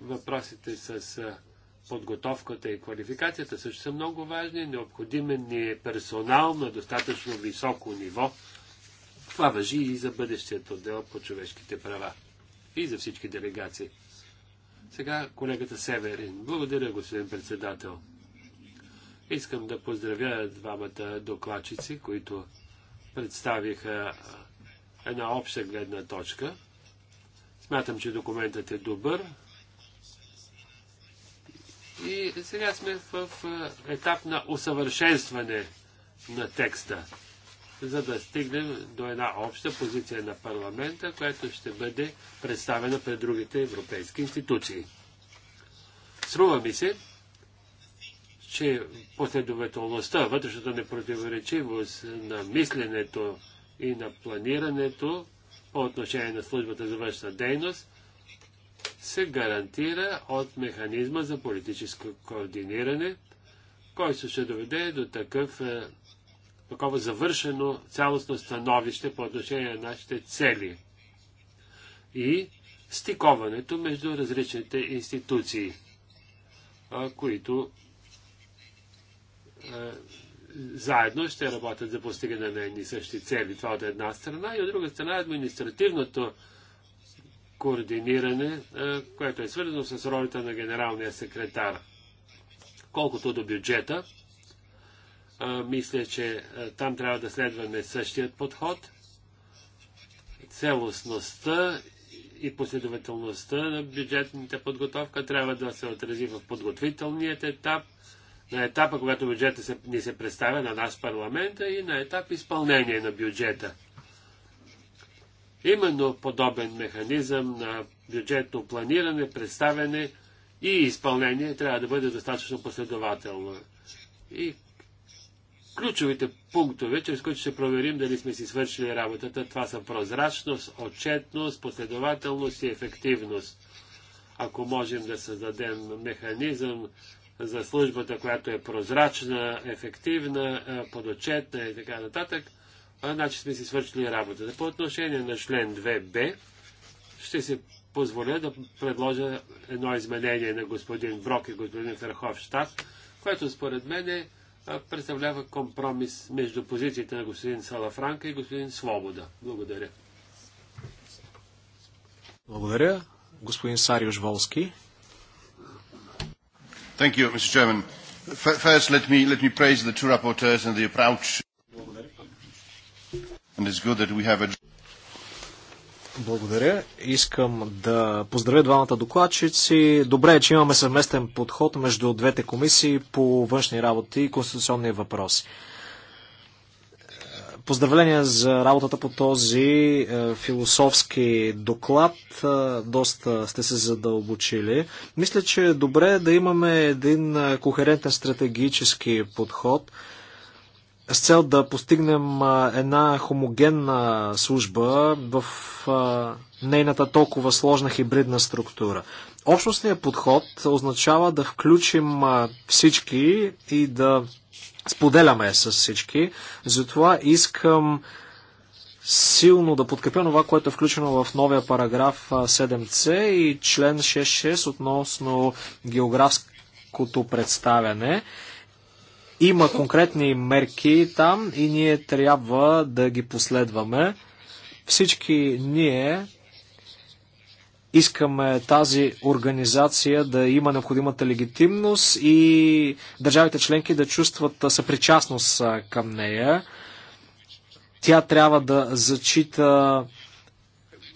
Въпросите с подготовката и квалификацията също са много важни. Необходимен ни е персонал на достатъчно високо ниво. Това въжи и за бъдещият отдел по човешките права. И за всички делегации. Сега колегата Северин. Благодаря, господин председател. Искам да поздравя двамата докладчици, които представиха една обща гледна точка. Смятам, че документът е добър. И сега сме в е, етап на усъвършенстване на текста, за да стигнем до една обща позиция на парламента, която ще бъде представена пред другите европейски институции. Струва ми се, че последователността, вътрешната непротиворечивост на мисленето и на планирането по отношение на службата за външна дейност се гарантира от механизма за политическо координиране, който ще доведе до такъв, е, такова завършено цялостно становище по отношение на нашите цели и стиковането между различните институции, които заедно ще работят за постигане на едни същи цели. Това от една страна и от друга страна е административното координиране, което е свързано с ролята на генералния секретар. Колкото до бюджета, мисля, че там трябва да следваме същият подход. Целостността и последователността на бюджетната подготовка трябва да се отрази в подготвителният етап – на етапа, когато бюджета се, ни се представя на нас парламента и на етап изпълнение на бюджета. Именно подобен механизъм на бюджетно планиране, представяне и изпълнение трябва да бъде достатъчно последователно. И ключовите пунктове, чрез които ще проверим дали сме си свършили работата, това са прозрачност, отчетност, последователност и ефективност. Ако можем да създадем механизъм за службата, която е прозрачна, ефективна, е, подотчетна и така нататък, значи сме си свършили работата. По отношение на член 2б, ще си позволя да предложа едно изменение на господин Брок и господин Ферховщад, което според мен е, представлява компромис между позициите на господин Салафранка и господин Свобода. Благодаря. Благодаря. Господин Сариош Волски. Thank you, Mr. Chairman. First, let me, let me praise the two rapporteurs and the approach. And it's good that we have a... Благодаря. Искам да поздравя двамата докладчици. Добре е, че имаме съвместен подход между двете комисии по външни работи и конституционни въпроси. Поздравления за работата по този е, философски доклад. Е, доста сте се задълбочили. Мисля, че е добре да имаме един е, кохерентен стратегически подход с цел да постигнем е, една хомогенна служба в е, нейната толкова сложна хибридна структура. Общностният подход означава да включим всички и да споделяме с всички. Затова искам силно да подкрепя това, което е включено в новия параграф 7c и член 6.6 относно географското представяне. Има конкретни мерки там и ние трябва да ги последваме. Всички ние искаме тази организация да има необходимата легитимност и държавите членки да чувстват съпричастност към нея. Тя трябва да зачита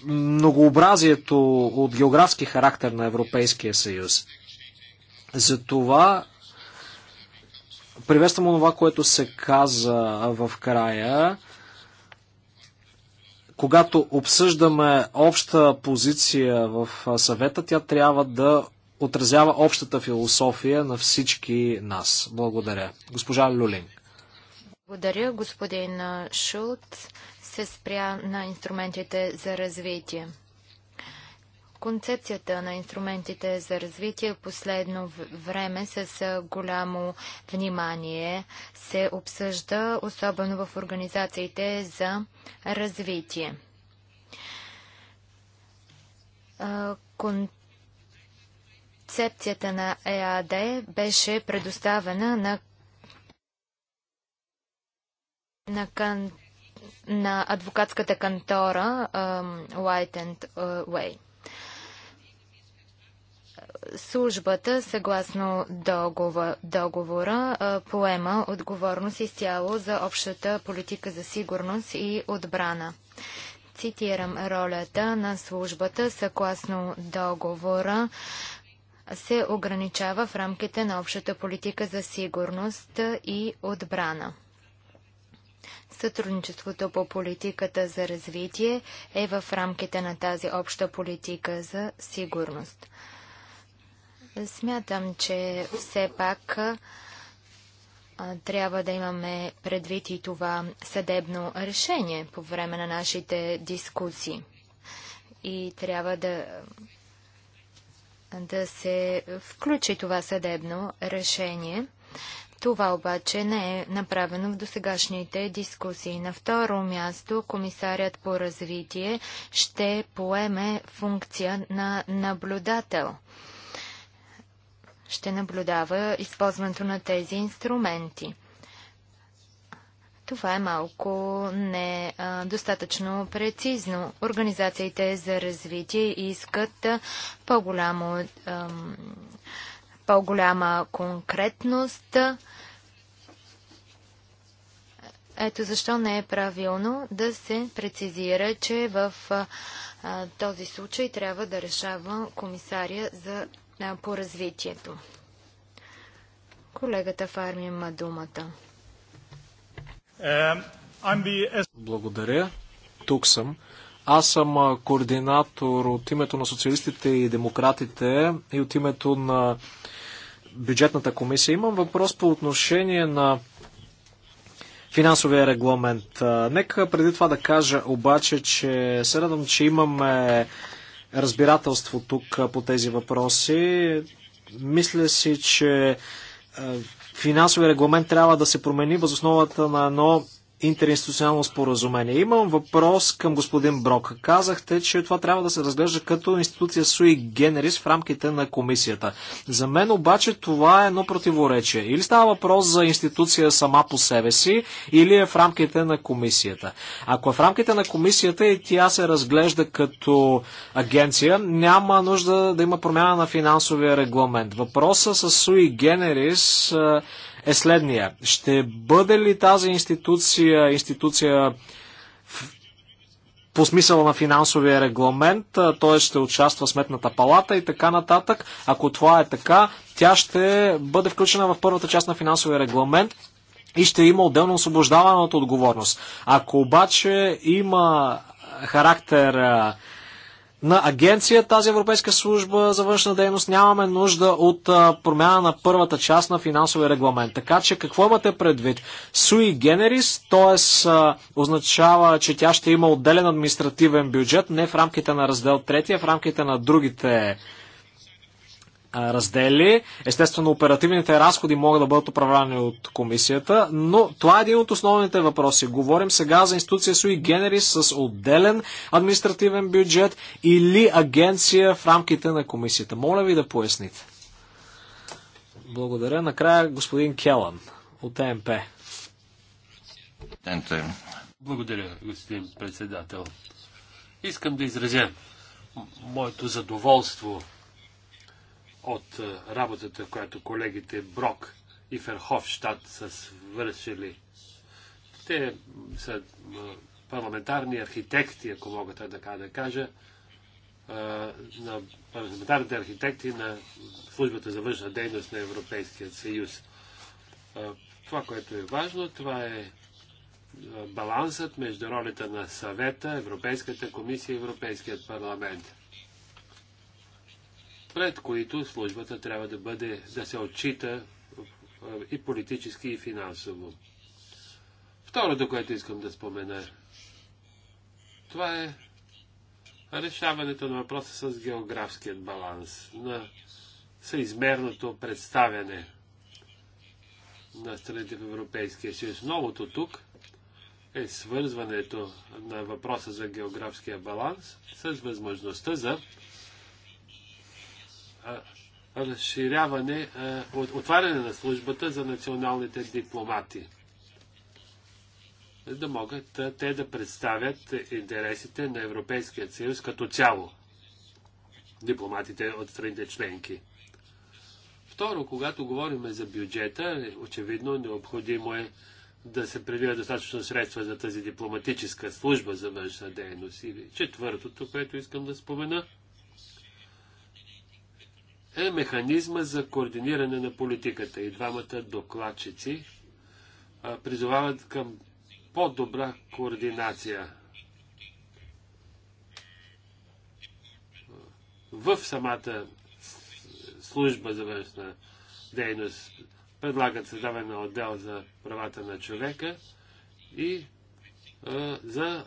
многообразието от географски характер на Европейския съюз. Затова приветствам това, което се каза в края когато обсъждаме обща позиция в съвета, тя трябва да отразява общата философия на всички нас. Благодаря. Госпожа Люлин. Благодаря, господин Шулт. Се спря на инструментите за развитие. Концепцията на инструментите за развитие последно време с голямо внимание се обсъжда, особено в организациите за развитие. Концепцията на ЕАД беше предоставена на, на кан... на адвокатската кантора um, White and Way службата, съгласно договора, поема отговорност изцяло за общата политика за сигурност и отбрана. Цитирам ролята на службата, съгласно договора, се ограничава в рамките на общата политика за сигурност и отбрана. Сътрудничеството по политиката за развитие е в рамките на тази обща политика за сигурност. Смятам, че все пак трябва да имаме предвид и това съдебно решение по време на нашите дискусии. И трябва да, да се включи това съдебно решение. Това обаче не е направено в досегашните дискусии. На второ място комисарят по развитие ще поеме функция на наблюдател ще наблюдава използването на тези инструменти. Това е малко недостатъчно прецизно. Организациите за развитие искат по-голямо, по-голяма конкретност. Ето защо не е правилно да се прецизира, че в този случай трябва да решава комисария за по развитието. Колегата Фарми има думата. Благодаря. Тук съм. Аз съм координатор от името на социалистите и демократите и от името на бюджетната комисия. Имам въпрос по отношение на финансовия регламент. Нека преди това да кажа обаче, че се радвам, че имаме разбирателство тук по тези въпроси. Мисля си, че финансовия регламент трябва да се промени възосновата на едно интеринституционално споразумение. Имам въпрос към господин Брок. Казахте, че това трябва да се разглежда като институция суи генерис в рамките на комисията. За мен обаче това е едно противоречие. Или става въпрос за институция сама по себе си, или е в рамките на комисията. Ако е в рамките на комисията и тя се разглежда като агенция, няма нужда да има промяна на финансовия регламент. Въпроса с суи генерис е следния. Ще бъде ли тази институция, институция по смисъла на финансовия регламент, т.е. ще участва Сметната палата и така нататък. Ако това е така, тя ще бъде включена в първата част на финансовия регламент и ще има отделно освобождаване от отговорност. Ако обаче има характер на агенция, тази Европейска служба за външна дейност, нямаме нужда от а, промяна на първата част на финансовия регламент. Така че какво имате предвид? Суи генерис, т.е. означава, че тя ще има отделен административен бюджет, не в рамките на раздел 3, а в рамките на другите раздели. Естествено, оперативните разходи могат да бъдат управлявани от комисията, но това е един от основните въпроси. Говорим сега за институция Суи Генери с отделен административен бюджет или агенция в рамките на комисията. Моля ви да поясните. Благодаря. Накрая господин Келан от ЕМП. Благодаря, господин председател. Искам да изразя моето задоволство от е, работата, която колегите Брок и Ферховщад са свършили. Те са е, парламентарни архитекти, ако мога така да кажа, е, на парламентарните архитекти на службата за външна дейност на Европейския съюз. Това, което е важно, това е балансът между ролята на съвета, Европейската комисия и Европейският парламент пред които службата трябва да бъде, да се отчита и политически, и финансово. Второто, което искам да спомена, това е решаването на въпроса с географският баланс, на съизмерното представяне на страните в Европейския съюз. Новото тук е свързването на въпроса за географския баланс с възможността за разширяване, отваряне на службата за националните дипломати. Да могат те да представят интересите на Европейския съюз като цяло. Дипломатите от страните членки. Второ, когато говорим за бюджета, очевидно необходимо е да се предвидят достатъчно средства за тази дипломатическа служба за външна дейност. И четвъртото, което искам да спомена – е механизма за координиране на политиката. И двамата докладчици призовават към по-добра координация в самата служба за външна дейност. Предлагат създаване на отдел за правата на човека и за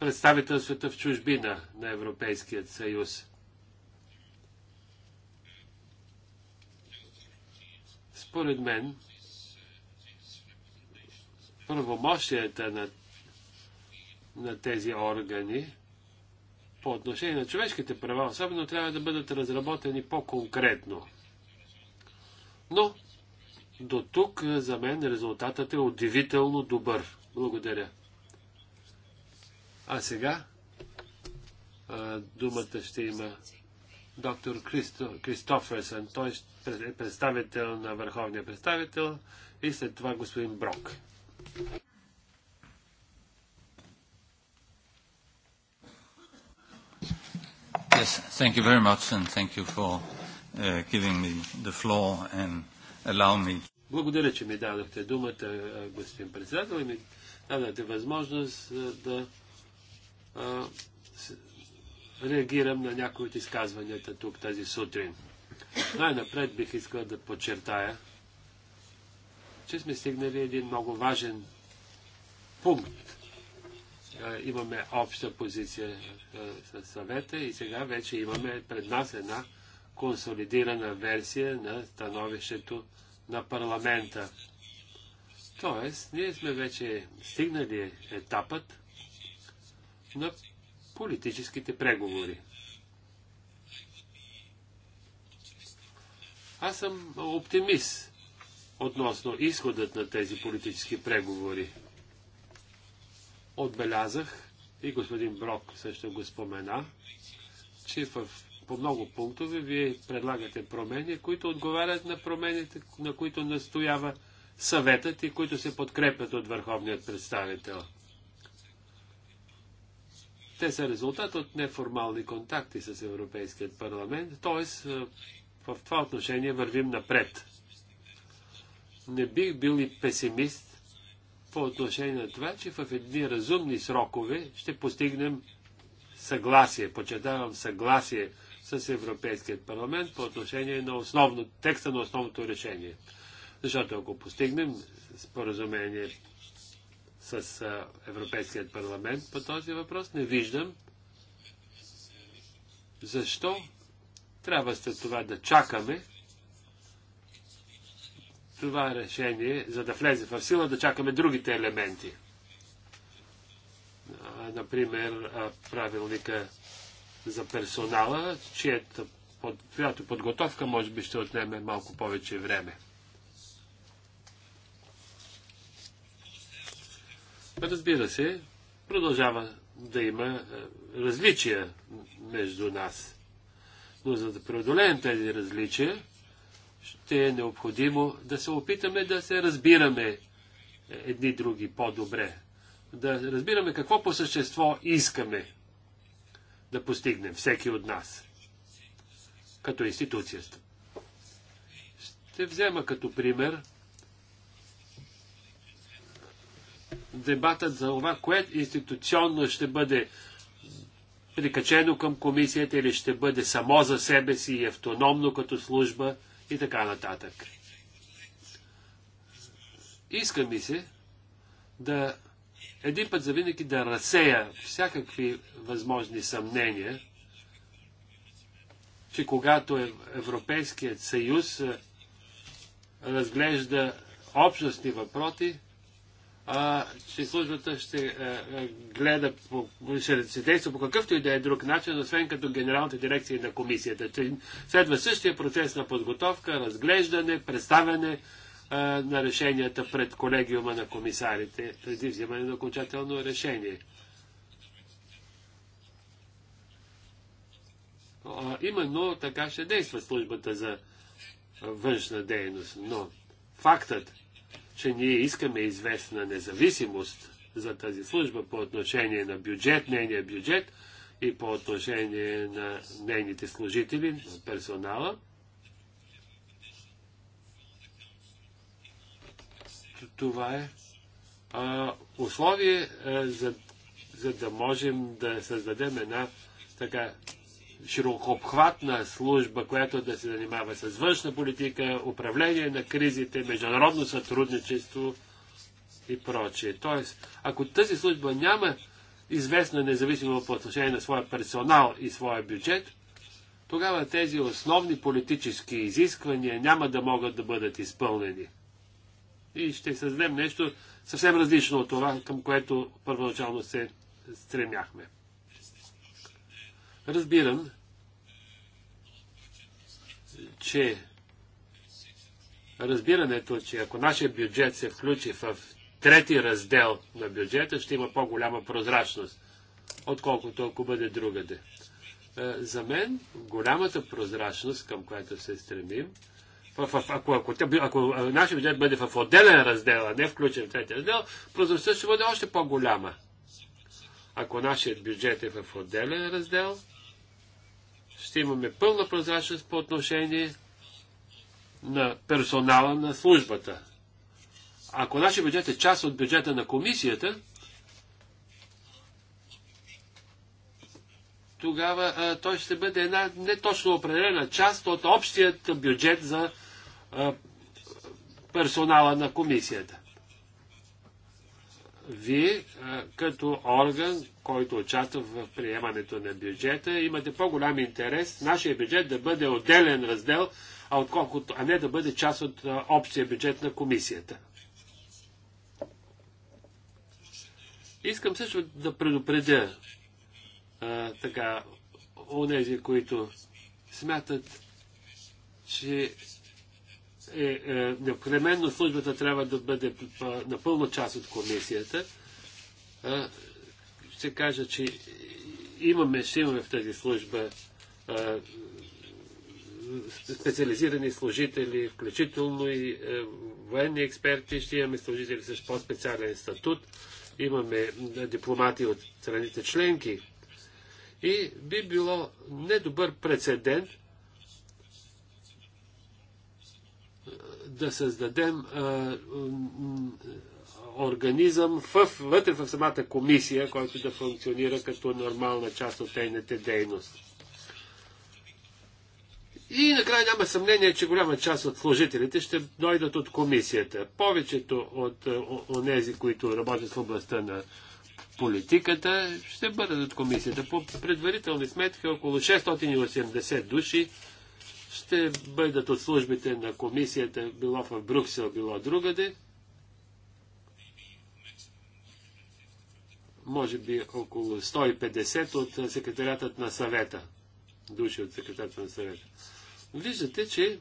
представителството представителствата в чужбина на Европейският съюз. Според мен, правомощията на, на тези органи по отношение на човешките права, особено трябва да бъдат разработени по-конкретно. Но до тук е, за мен резултатът е удивително добър. Благодаря. А сега а, думата ще има доктор Кристо, Кристоферсън. Той ще представител на върховния представител и след това господин Брок. Yes, thank you very much and thank you for uh, giving me the floor and allow me. Благодаря, че ми дадохте думата, господин председател, и ми дадохте възможност да а, реагирам на някои от изказванията тук тази сутрин. Най-напред бих искал да подчертая, че сме стигнали един много важен пункт. Имаме обща позиция с съвета и сега вече имаме пред нас една консолидирана версия на становището на парламента. Тоест, ние сме вече стигнали етапът на политическите преговори. Аз съм оптимист относно изходът на тези политически преговори. Отбелязах, и господин Брок също го спомена, че в, по много пунктове вие предлагате промени, които отговарят на промените, на които настоява съветът и които се подкрепят от върховният представител. Те са резултат от неформални контакти с Европейският парламент, т.е в това отношение вървим напред. Не бих бил и песимист по отношение на това, че в едни разумни срокове ще постигнем съгласие, почетавам съгласие с Европейският парламент по отношение на основно, текста на основното решение. Защото ако постигнем споразумение с Европейският парламент по този въпрос, не виждам защо трябва след това да чакаме това решение, за да влезе в сила, да чакаме другите елементи. Например, правилника за персонала, чието, под, чиято подготовка може би ще отнеме малко повече време. Разбира се, продължава да има различия между нас. Но за да преодолеем тези различия, ще е необходимо да се опитаме да се разбираме е, едни други по-добре. Да разбираме какво по същество искаме да постигнем всеки от нас като институцията. Ще взема като пример дебатът за това, кое институционно ще бъде прикачено към комисията или ще бъде само за себе си и автономно като служба и така нататък. Иска ми се да един път завинаги да разсея всякакви възможни съмнения, че когато Европейският съюз разглежда общностни въпроси, а, че службата ще а, е, е, гледа, по, ще се действа по какъвто и да е друг начин, освен като генералните дирекции на комисията. Че следва същия процес на подготовка, разглеждане, представяне а, е, на решенията пред колегиума на комисарите, преди взимане на окончателно решение. А, именно така ще действа службата за външна дейност. Но фактът, че ние искаме известна независимост за тази служба по отношение на бюджет, нейния бюджет и по отношение на нейните служители, на персонала. Това е а, условие, а, за, за да можем да създадем една така широкообхватна служба, която да се занимава с външна политика, управление на кризите, международно сътрудничество и прочее. Тоест, ако тази служба няма известна независимо по отношение на своя персонал и своя бюджет, тогава тези основни политически изисквания няма да могат да бъдат изпълнени. И ще създадем нещо съвсем различно от това, към което първоначално се стремяхме. Разбирам, че разбирането, че ако нашия бюджет се включи в трети раздел на бюджета, ще има по-голяма прозрачност, отколкото ако бъде другаде. Е, за мен голямата прозрачност, към която се стремим, в, в, ако, ако, ако, ако нашия бюджет бъде в отделен раздел, а не включен в третия раздел, прозрачността ще бъде още по-голяма. Ако нашият бюджет е в отделен раздел, ще имаме пълна прозрачност по отношение на персонала на службата. Ако нашия бюджет е част от бюджета на комисията, тогава а, той ще бъде една неточно определена част от общият бюджет за а, персонала на комисията вие като орган, който участва в приемането на бюджета, имате по-голям интерес нашия бюджет да бъде отделен раздел, а, отколкото, а не да бъде част от общия бюджет на комисията. Искам също да предупредя а, така, нези, които смятат, че е, е, непременно службата трябва да бъде напълно част от комисията, а, ще кажа, че имаме, ще имаме в тази служба а, специализирани служители, включително и е, военни експерти, ще имаме служители с по-специален статут, имаме е, дипломати от страните членки. И би било недобър прецедент да създадем а, организъм в, вътре в самата комисия, който да функционира като нормална част от тейните дейност. И накрая няма съмнение, че голяма част от служителите ще дойдат от комисията. Повечето от онези, които работят в областта на политиката, ще бъдат от комисията. По предварителни сметки около 680 души ще бъдат от службите на комисията, било в Брюксел, било другаде. Може би около 150 от секретарятът на съвета. Души от секретарята на съвета. Виждате, че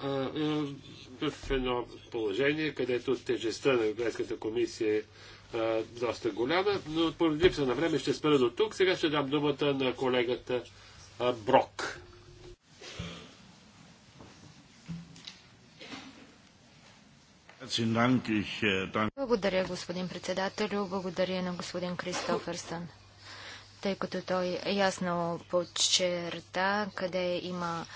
а, а, е, в едно положение, където тежестта на Европейската комисия е доста голяма, но поради липса на време ще спра до тук. Сега ще дам думата на колегата Брок. Äh, Благодаря, господин председател, Благодаря на господин Кристоферсън. Тъй като той ясно подчерта къде има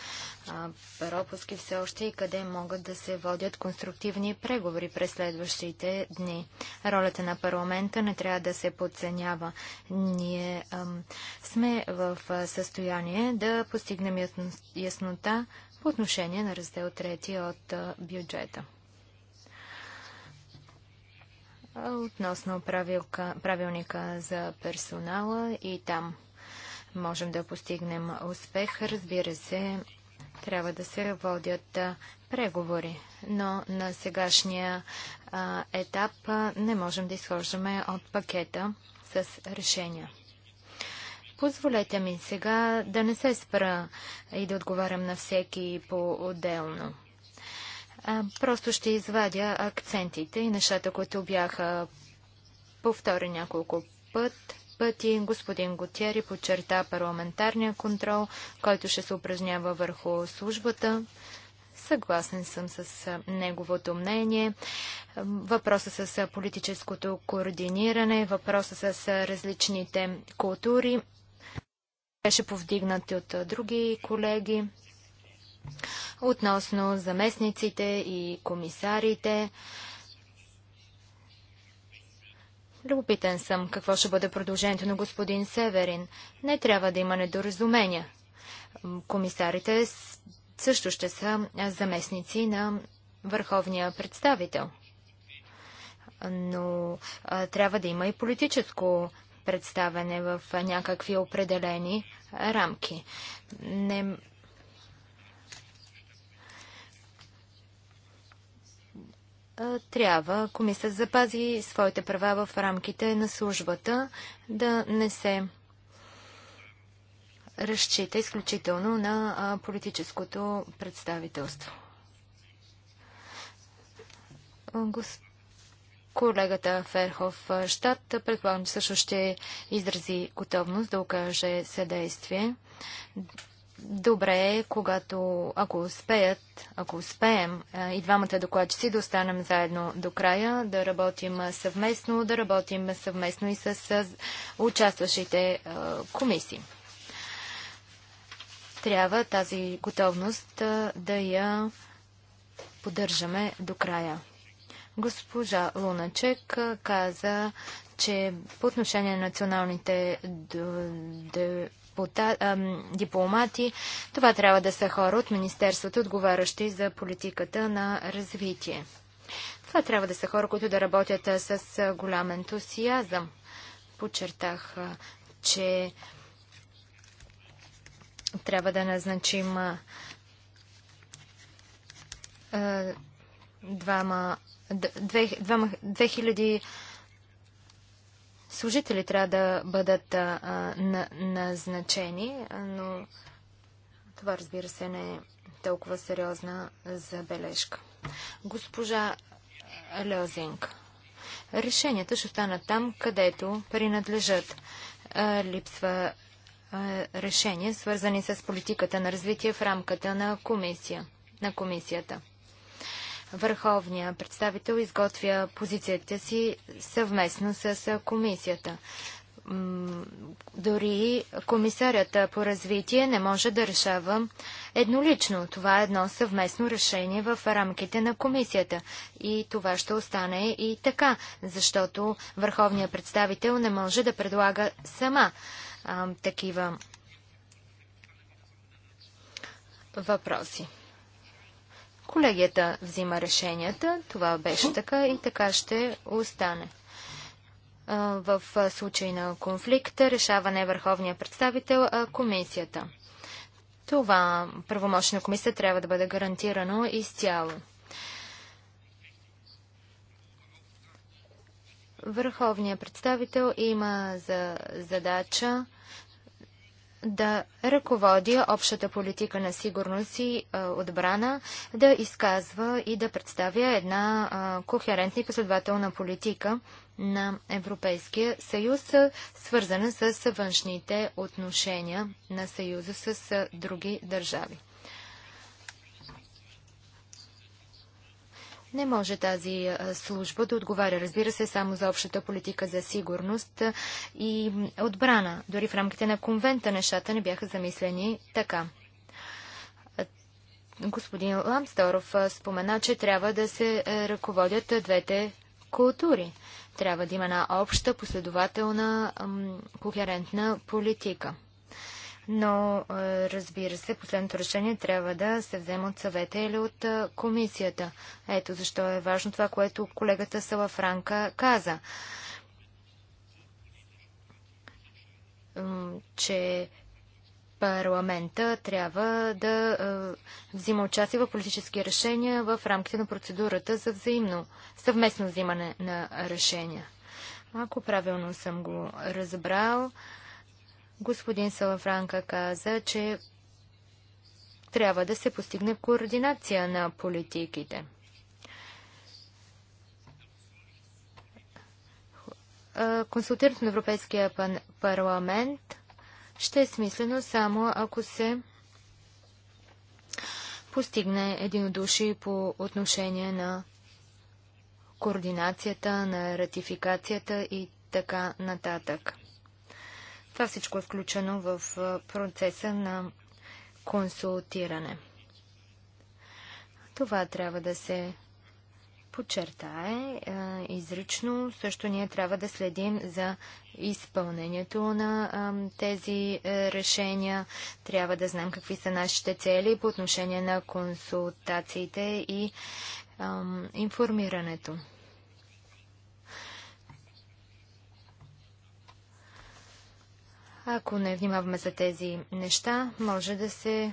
пропуски все още и къде могат да се водят конструктивни преговори през следващите дни. Ролята на парламента не трябва да се подценява. Ние ам, сме в състояние да постигнем яснота по отношение на раздел 3 от бюджета. Относно правилка, правилника за персонала и там можем да постигнем успех. Разбира се, трябва да се водят преговори. Но на сегашния етап не можем да изхождаме от пакета с решения. Позволете ми сега да не се спра и да отговарям на всеки по-отделно. Просто ще извадя акцентите и нещата, които бяха повтори няколко път пъти господин Готери подчерта парламентарния контрол, който ще се упражнява върху службата. Съгласен съм с неговото мнение. Въпроса с политическото координиране, въпроса с различните култури беше повдигнат от други колеги. Относно заместниците и комисарите, Любопитен съм какво ще бъде продължението на господин Северин. Не трябва да има недоразумения. Комисарите също ще са заместници на върховния представител. Но а, трябва да има и политическо представене в някакви определени рамки. Не трябва комисията се запази своите права в рамките на службата, да не се разчита изключително на политическото представителство. колегата Ферхов Штат. Предполагам, че също ще изрази готовност да окаже съдействие добре е, когато, ако успеят, ако успеем и двамата докладчици да останем заедно до края, да работим съвместно, да работим съвместно и с, с участващите комисии. Трябва тази готовност да я поддържаме до края. Госпожа Луначек каза, че по отношение на националните диспута, ам, дипломати. Това трябва да са хора от Министерството, отговарящи за политиката на развитие. Това трябва да са хора, които да работят с голям ентусиазъм. Почертах, че трябва да назначим двама, две, двама, служители трябва да бъдат а, на, назначени, но това разбира се не е толкова сериозна забележка. Госпожа Леозинг. Решенията ще останат там, където принадлежат. А, липсва а, решения, свързани с политиката на развитие в рамката на, комисия, на комисията. Върховния представител изготвя позицията си съвместно с комисията. Дори комисарята по развитие не може да решава еднолично. Това е едно съвместно решение в рамките на комисията. И това ще остане и така, защото върховният представител не може да предлага сама а, такива въпроси. Колегията взима решенията, това беше така и така ще остане. В случай на конфликта решава не върховния представител, а комисията. Това правомощна комисия трябва да бъде гарантирано изцяло. Върховният представител има за задача да ръководи общата политика на сигурност и а, отбрана, да изказва и да представя една а, кохерентна и последователна политика на Европейския съюз, свързана с външните отношения на съюза с други държави. Не може тази служба да отговаря, разбира се, само за общата политика за сигурност и отбрана. Дори в рамките на конвента нещата не бяха замислени така. Господин Ламсторов спомена, че трябва да се ръководят двете култури. Трябва да има една обща, последователна, кохерентна политика но е, разбира се, последното решение трябва да се вземе от съвета или от е, комисията. Ето защо е важно това, което колегата Салафранка каза. Че парламента трябва да е, взима участие в политически решения в рамките на процедурата за взаимно съвместно взимане на решения. Ако правилно съм го разбрал, Господин Салафранка каза, че трябва да се постигне координация на политиките. Е, консултирането на Европейския парламент ще е смислено само ако се постигне единодушие по отношение на координацията, на ратификацията и така нататък. Това всичко е включено в процеса на консултиране. Това трябва да се подчертае изрично. Също ние трябва да следим за изпълнението на тези решения. Трябва да знаем какви са нашите цели по отношение на консултациите и информирането. Ако не внимаваме за тези неща, може да се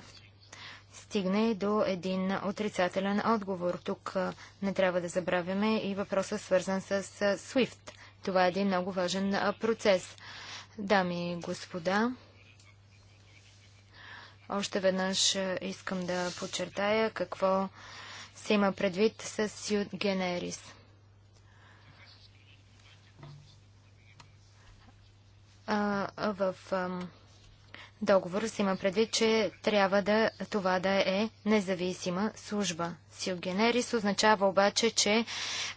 стигне до един отрицателен отговор. Тук не трябва да забравяме и въпроса свързан с SWIFT. Това е един много важен процес. Дами и господа, още веднъж искам да подчертая какво се има предвид с Юд Генерис. в договора се има предвид, че трябва да, това да е независима служба. Силгенерис означава обаче, че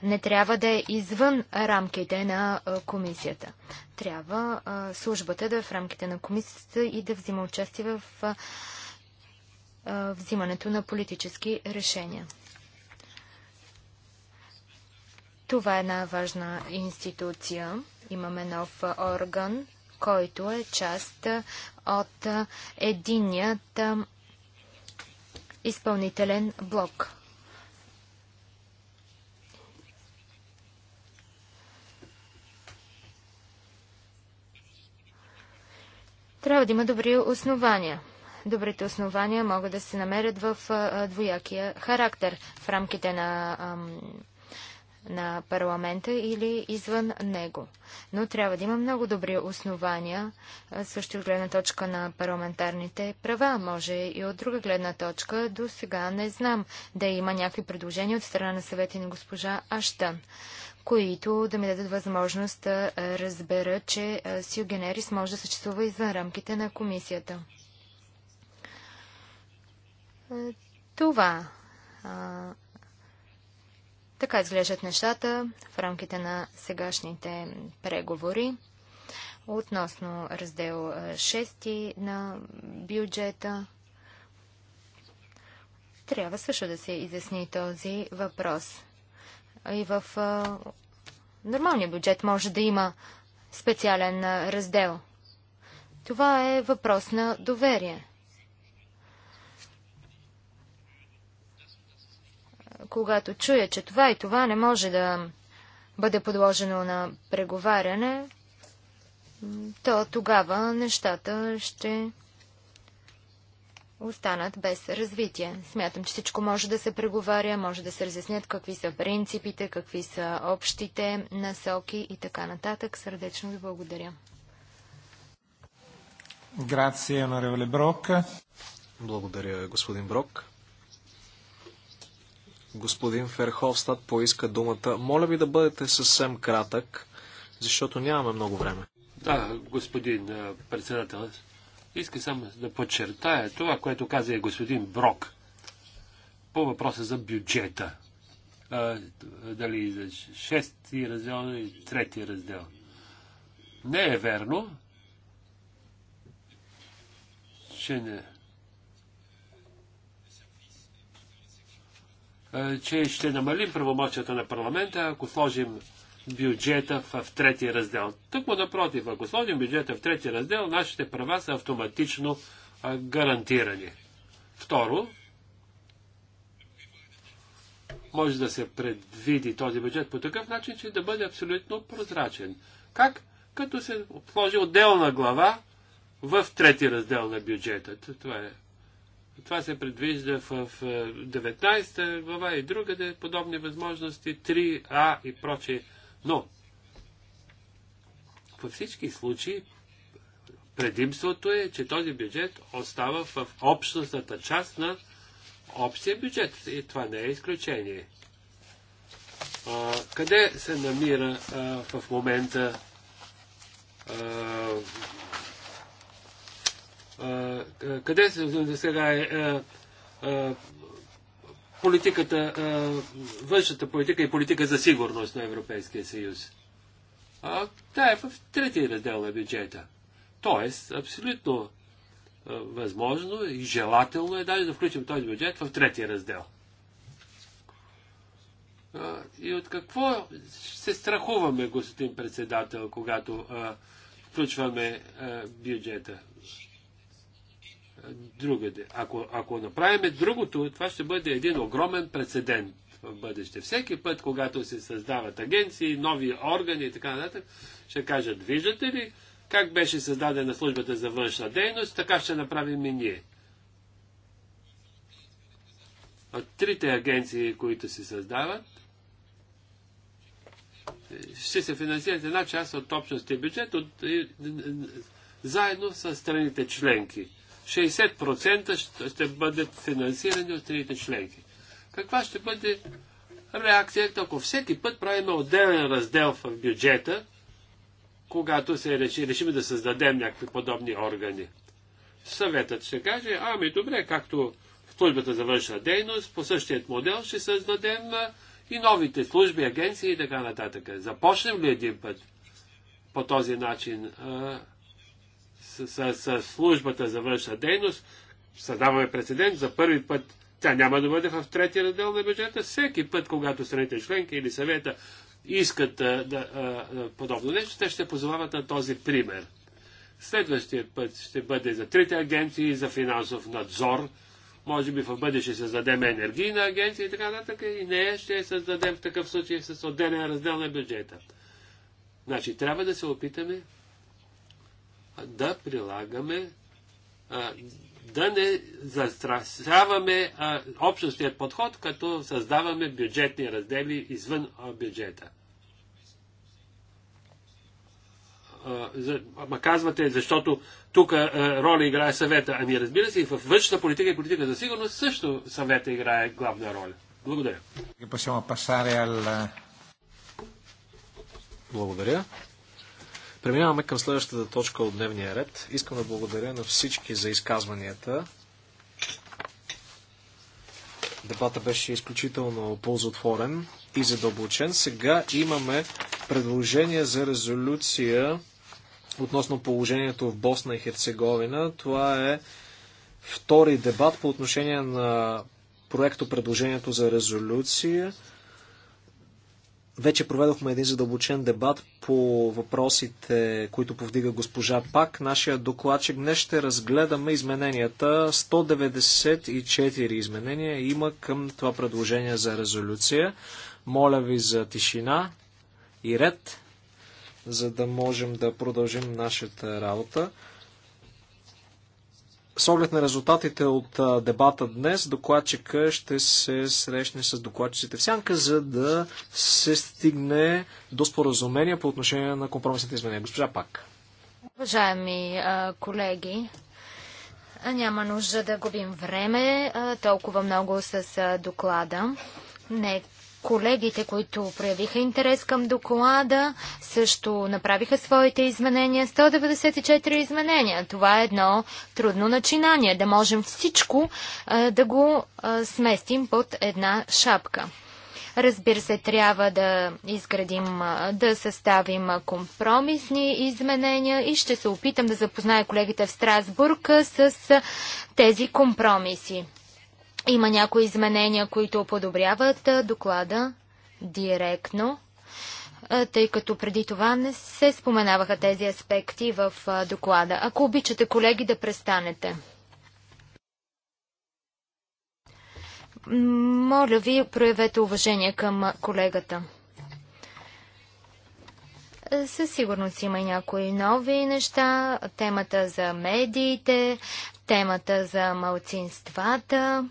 не трябва да е извън рамките на комисията. Трябва службата да е в рамките на комисията и да взима участие в взимането на политически решения. Това е една важна институция. Имаме нов орган който е част от единият изпълнителен блок. Трябва да има добри основания. Добрите основания могат да се намерят в двоякия характер в рамките на на парламента или извън него. Но трябва да има много добри основания, също от гледна точка на парламентарните права. Може и от друга гледна точка. До сега не знам да има някакви предложения от страна на съвети на госпожа Аштан които да ми дадат възможност да разбера, че Сиогенерис може да съществува извън рамките на комисията. Това така изглеждат нещата в рамките на сегашните преговори относно раздел 6 на бюджета. Трябва също да се изясни този въпрос. И в нормалния бюджет може да има специален раздел. Това е въпрос на доверие. когато чуя, че това и това не може да бъде подложено на преговаряне, то тогава нещата ще останат без развитие. Смятам, че всичко може да се преговаря, може да се разяснят какви са принципите, какви са общите насоки и така нататък. Сърдечно ви благодаря. Грация, Брок. Благодаря, господин Брок господин Ферховстад поиска думата. Моля ви да бъдете съвсем кратък, защото нямаме много време. Да, господин председател, иска само да подчертая това, което каза и господин Брок по въпроса за бюджета. А, дали за шести раздел и трети раздел. Не е верно, че не Е, че ще намалим правомочията на парламента, ако сложим бюджета в третия раздел. Тъкмо напротив, ако сложим бюджета в третия раздел, нашите права са автоматично е, гарантирани. Второ, може да се предвиди този бюджет по такъв начин, че да бъде абсолютно прозрачен. Как? Като се сложи отделна глава в трети раздел на бюджета. Това е това се предвижда в 19 глава и другаде, подобни възможности, 3А и прочие. Но, във всички случаи, предимството е, че този бюджет остава в общностната част на общия бюджет. И това не е изключение. А, къде се намира а, в момента а, къде сега е политиката, външната политика и политика за сигурност на Европейския съюз? А, тя е в третия раздел на бюджета. Тоест, абсолютно а, възможно и желателно е даже да включим този бюджет в третия раздел. А, и от какво се страхуваме, господин председател, когато а, включваме а, бюджета? другаде. Ако, ако направим другото, това ще бъде един огромен прецедент в бъдеще. Всеки път, когато се създават агенции, нови органи и така нататък, ще кажат, виждате ли как беше създадена службата за външна дейност, така ще направим и ние. От трите агенции, които се създават, ще се финансират една част от общностния бюджет от, заедно с страните членки. 60% ще, бъдат финансирани от трите членки. Каква ще бъде реакцията, ако всеки път правим отделен раздел в бюджета, когато се реши, решим да създадем някакви подобни органи? Съветът ще каже, ами добре, както службата за външна дейност, по същият модел ще създадем и новите служби, агенции и така нататък. Започнем ли един път по този начин? с, с службата за външна дейност, създаваме прецедент, за първи път тя няма да бъде в третия раздел на бюджета. Всеки път, когато страните членки или съвета искат а, да, а, подобно нещо, те ще позовават на този пример. Следващия път ще бъде за трите агенции, за финансов надзор. Може би в бъдеще ще създадем енергийна агенция и така нататък. И не ще създадем в такъв случай с отделен раздел на бюджета. Значи трябва да се опитаме да прилагаме, а, да не застрашаваме общностният подход, като създаваме бюджетни раздели извън а, бюджета. За, ама казвате, защото тук роля играе съвета. Ами разбира се, и във външна политика и политика за сигурност също съвета играе главна роля. Благодаря. Благодаря. Преминаваме към следващата точка от дневния ред. Искам да благодаря на всички за изказванията. Дебата беше изключително ползотворен и задълбочен. Сега имаме предложение за резолюция относно положението в Босна и Херцеговина. Това е втори дебат по отношение на проекто предложението за резолюция. Вече проведохме един задълбочен дебат по въпросите, които повдига госпожа Пак. Нашия докладчик днес ще разгледаме измененията. 194 изменения има към това предложение за резолюция. Моля ви за тишина и ред, за да можем да продължим нашата работа. С оглед на резултатите от дебата днес, докладчика ще се срещне с докладчиците в сянка, за да се стигне до споразумение по отношение на компромисните изменения. Госпожа Пак. Уважаеми колеги, няма нужда да губим време толкова много с доклада. Нека колегите, които проявиха интерес към доклада, също направиха своите изменения. 194 изменения. Това е едно трудно начинание, да можем всичко а, да го а, сместим под една шапка. Разбира се, трябва да изградим, да съставим компромисни изменения и ще се опитам да запозная колегите в Страсбург с тези компромиси. Има някои изменения, които подобряват доклада директно, тъй като преди това не се споменаваха тези аспекти в доклада. Ако обичате, колеги, да престанете. Моля ви, проявете уважение към колегата. Със сигурност има и някои нови неща. Темата за медиите, темата за малцинствата.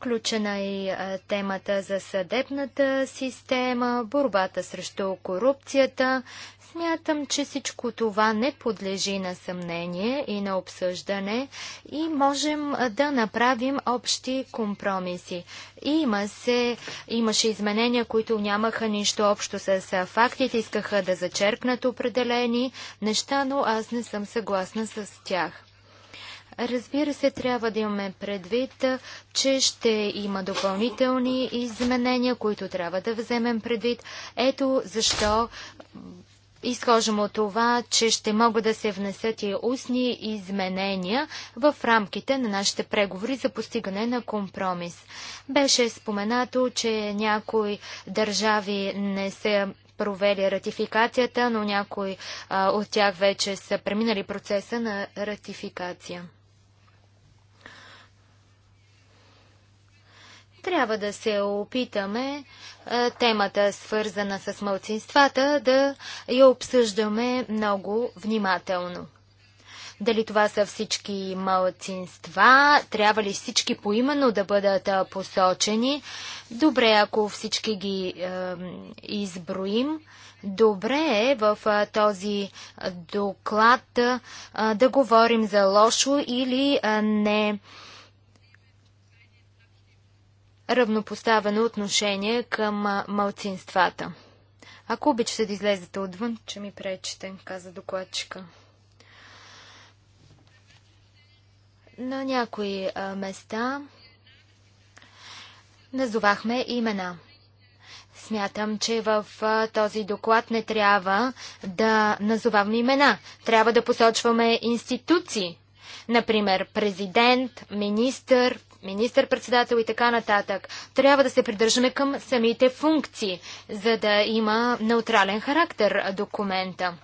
Включена и е, темата за съдебната система, борбата срещу корупцията. Смятам, че всичко това не подлежи на съмнение и на обсъждане и можем да направим общи компромиси. Има се, имаше изменения, които нямаха нищо общо с фактите, искаха да зачеркнат определени неща, но аз не съм съгласна с тях. Разбира се, трябва да имаме предвид, че ще има допълнителни изменения, които трябва да вземем предвид. Ето защо изхождам от това, че ще могат да се внесат и устни изменения в рамките на нашите преговори за постигане на компромис. Беше споменато, че някои държави не се провели ратификацията, но някои а, от тях вече са преминали процеса на ратификация. Трябва да се опитаме темата, свързана с мълцинствата, да я обсъждаме много внимателно. Дали това са всички мълцинства? трябва ли всички поименно да бъдат посочени? Добре, ако всички ги е, изброим, добре е в този доклад да говорим за лошо или не равнопоставено отношение към малцинствата. Ако обичате да излезете отвън, че ми пречите, каза докладчика. На някои а, места назовахме имена. Смятам, че в а, този доклад не трябва да назоваваме имена. Трябва да посочваме институции. Например, президент, министър, министър-председател и така нататък. Трябва да се придържаме към самите функции, за да има неутрален характер документа.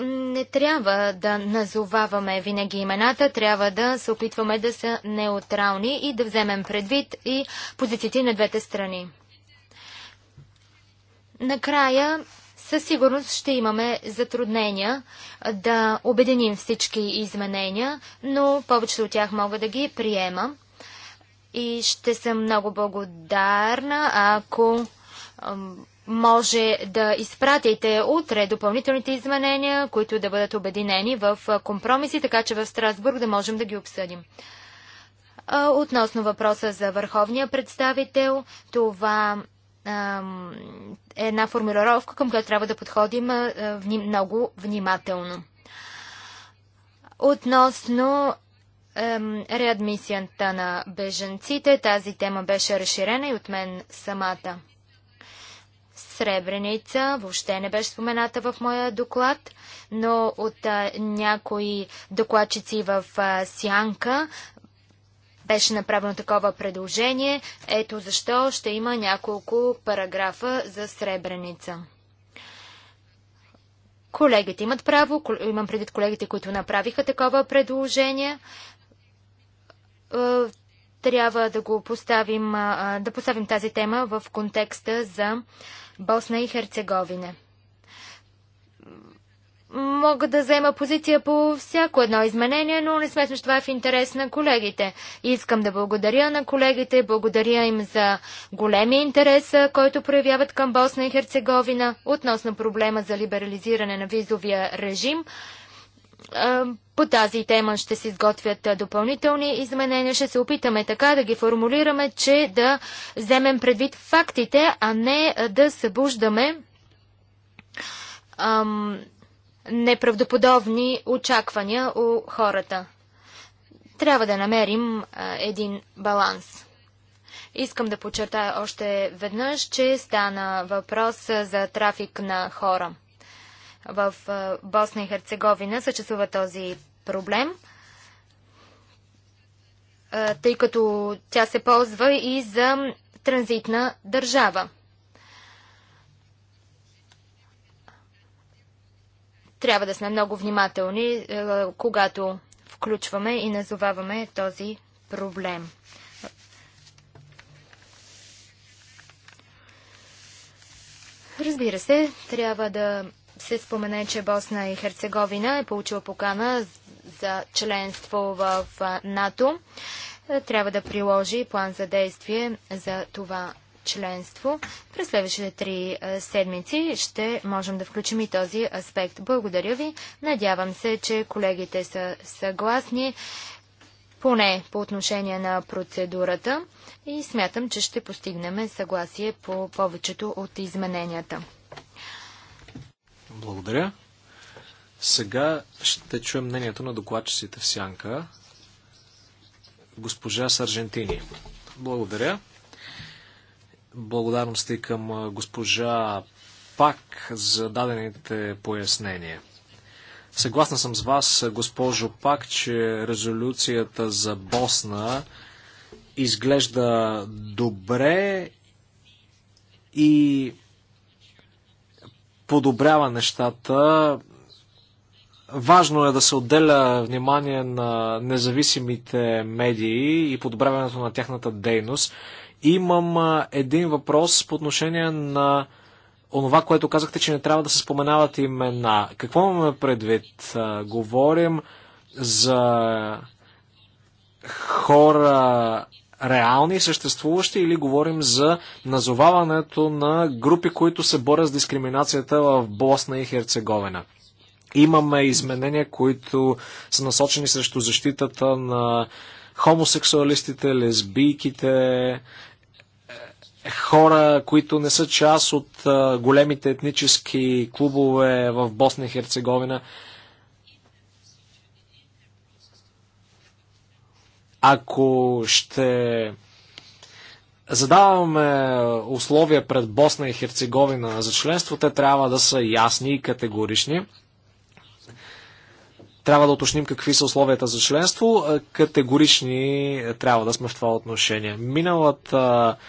не трябва да назоваваме винаги имената, трябва да се опитваме да са неутрални и да вземем предвид и позициите на двете страни. Накрая със сигурност ще имаме затруднения да обединим всички изменения, но повечето от тях мога да ги приема. И ще съм много благодарна, ако може да изпратите утре допълнителните изменения, които да бъдат обединени в компромиси, така че в Страсбург да можем да ги обсъдим. Относно въпроса за върховния представител, това е една формулировка, към която трябва да подходим много внимателно. Относно реадмисията на беженците, тази тема беше разширена и от мен самата. Сребреница въобще не беше спомената в моя доклад, но от а, някои докладчици в а, Сянка беше направено такова предложение. Ето защо ще има няколко параграфа за Сребреница. Колегите имат право, имам предвид колегите, които направиха такова предложение. Е, трябва да го поставим, да поставим тази тема в контекста за Босна и Херцеговина мога да взема позиция по всяко едно изменение, но не сме че това е в интерес на колегите. Искам да благодаря на колегите, благодаря им за големия интерес, който проявяват към Босна и Херцеговина относно проблема за либерализиране на визовия режим. По тази тема ще се изготвят допълнителни изменения. Ще се опитаме така да ги формулираме, че да вземем предвид фактите, а не да събуждаме ам, неправдоподобни очаквания у хората. Трябва да намерим един баланс. Искам да подчертая още веднъж, че стана въпрос за трафик на хора. В Босна и Херцеговина съществува този проблем, тъй като тя се ползва и за транзитна държава. Трябва да сме много внимателни, е, когато включваме и назоваваме този проблем. Разбира се, трябва да се спомене, че Босна и Херцеговина е получила покана за членство в НАТО. Е, трябва да приложи план за действие за това членство. През следващите три седмици ще можем да включим и този аспект. Благодаря ви. Надявам се, че колегите са съгласни поне по отношение на процедурата и смятам, че ще постигнем съгласие по повечето от измененията. Благодаря. Сега ще чуем мнението на докладчиците в Сянка. Госпожа Саржентини. Благодаря. Благодарности към госпожа Пак за дадените пояснения. Съгласна съм с вас, госпожо Пак, че резолюцията за Босна изглежда добре и подобрява нещата. Важно е да се отделя внимание на независимите медии и подобряването на тяхната дейност. Имам един въпрос по отношение на онова, което казахте, че не трябва да се споменават имена. Какво имаме предвид? Говорим за хора реални, съществуващи или говорим за назоваването на групи, които се борят с дискриминацията в Босна и Херцеговина. Имаме изменения, които са насочени срещу защитата на хомосексуалистите, лесбийките, хора, които не са част от големите етнически клубове в Босна и Херцеговина. Ако ще задаваме условия пред Босна и Херцеговина за членство, те трябва да са ясни и категорични. Трябва да уточним какви са условията за членство. Е, категорични е, трябва да сме в това отношение. Миналата е,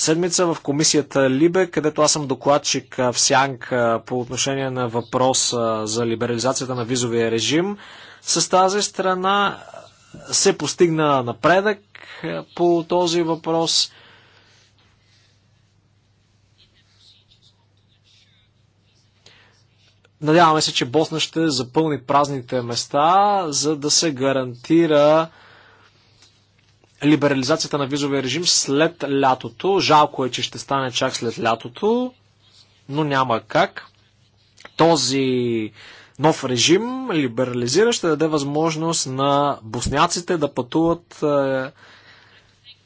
седмица в комисията Либе, където аз съм докладчик в Сянка по отношение на въпрос за либерализацията на визовия режим, с тази страна се постигна напредък по този въпрос – Надяваме се, че Босна ще запълни празните места, за да се гарантира либерализацията на визовия режим след лятото. Жалко е, че ще стане чак след лятото, но няма как. Този нов режим, либерализира, ще даде възможност на босняците да пътуват е,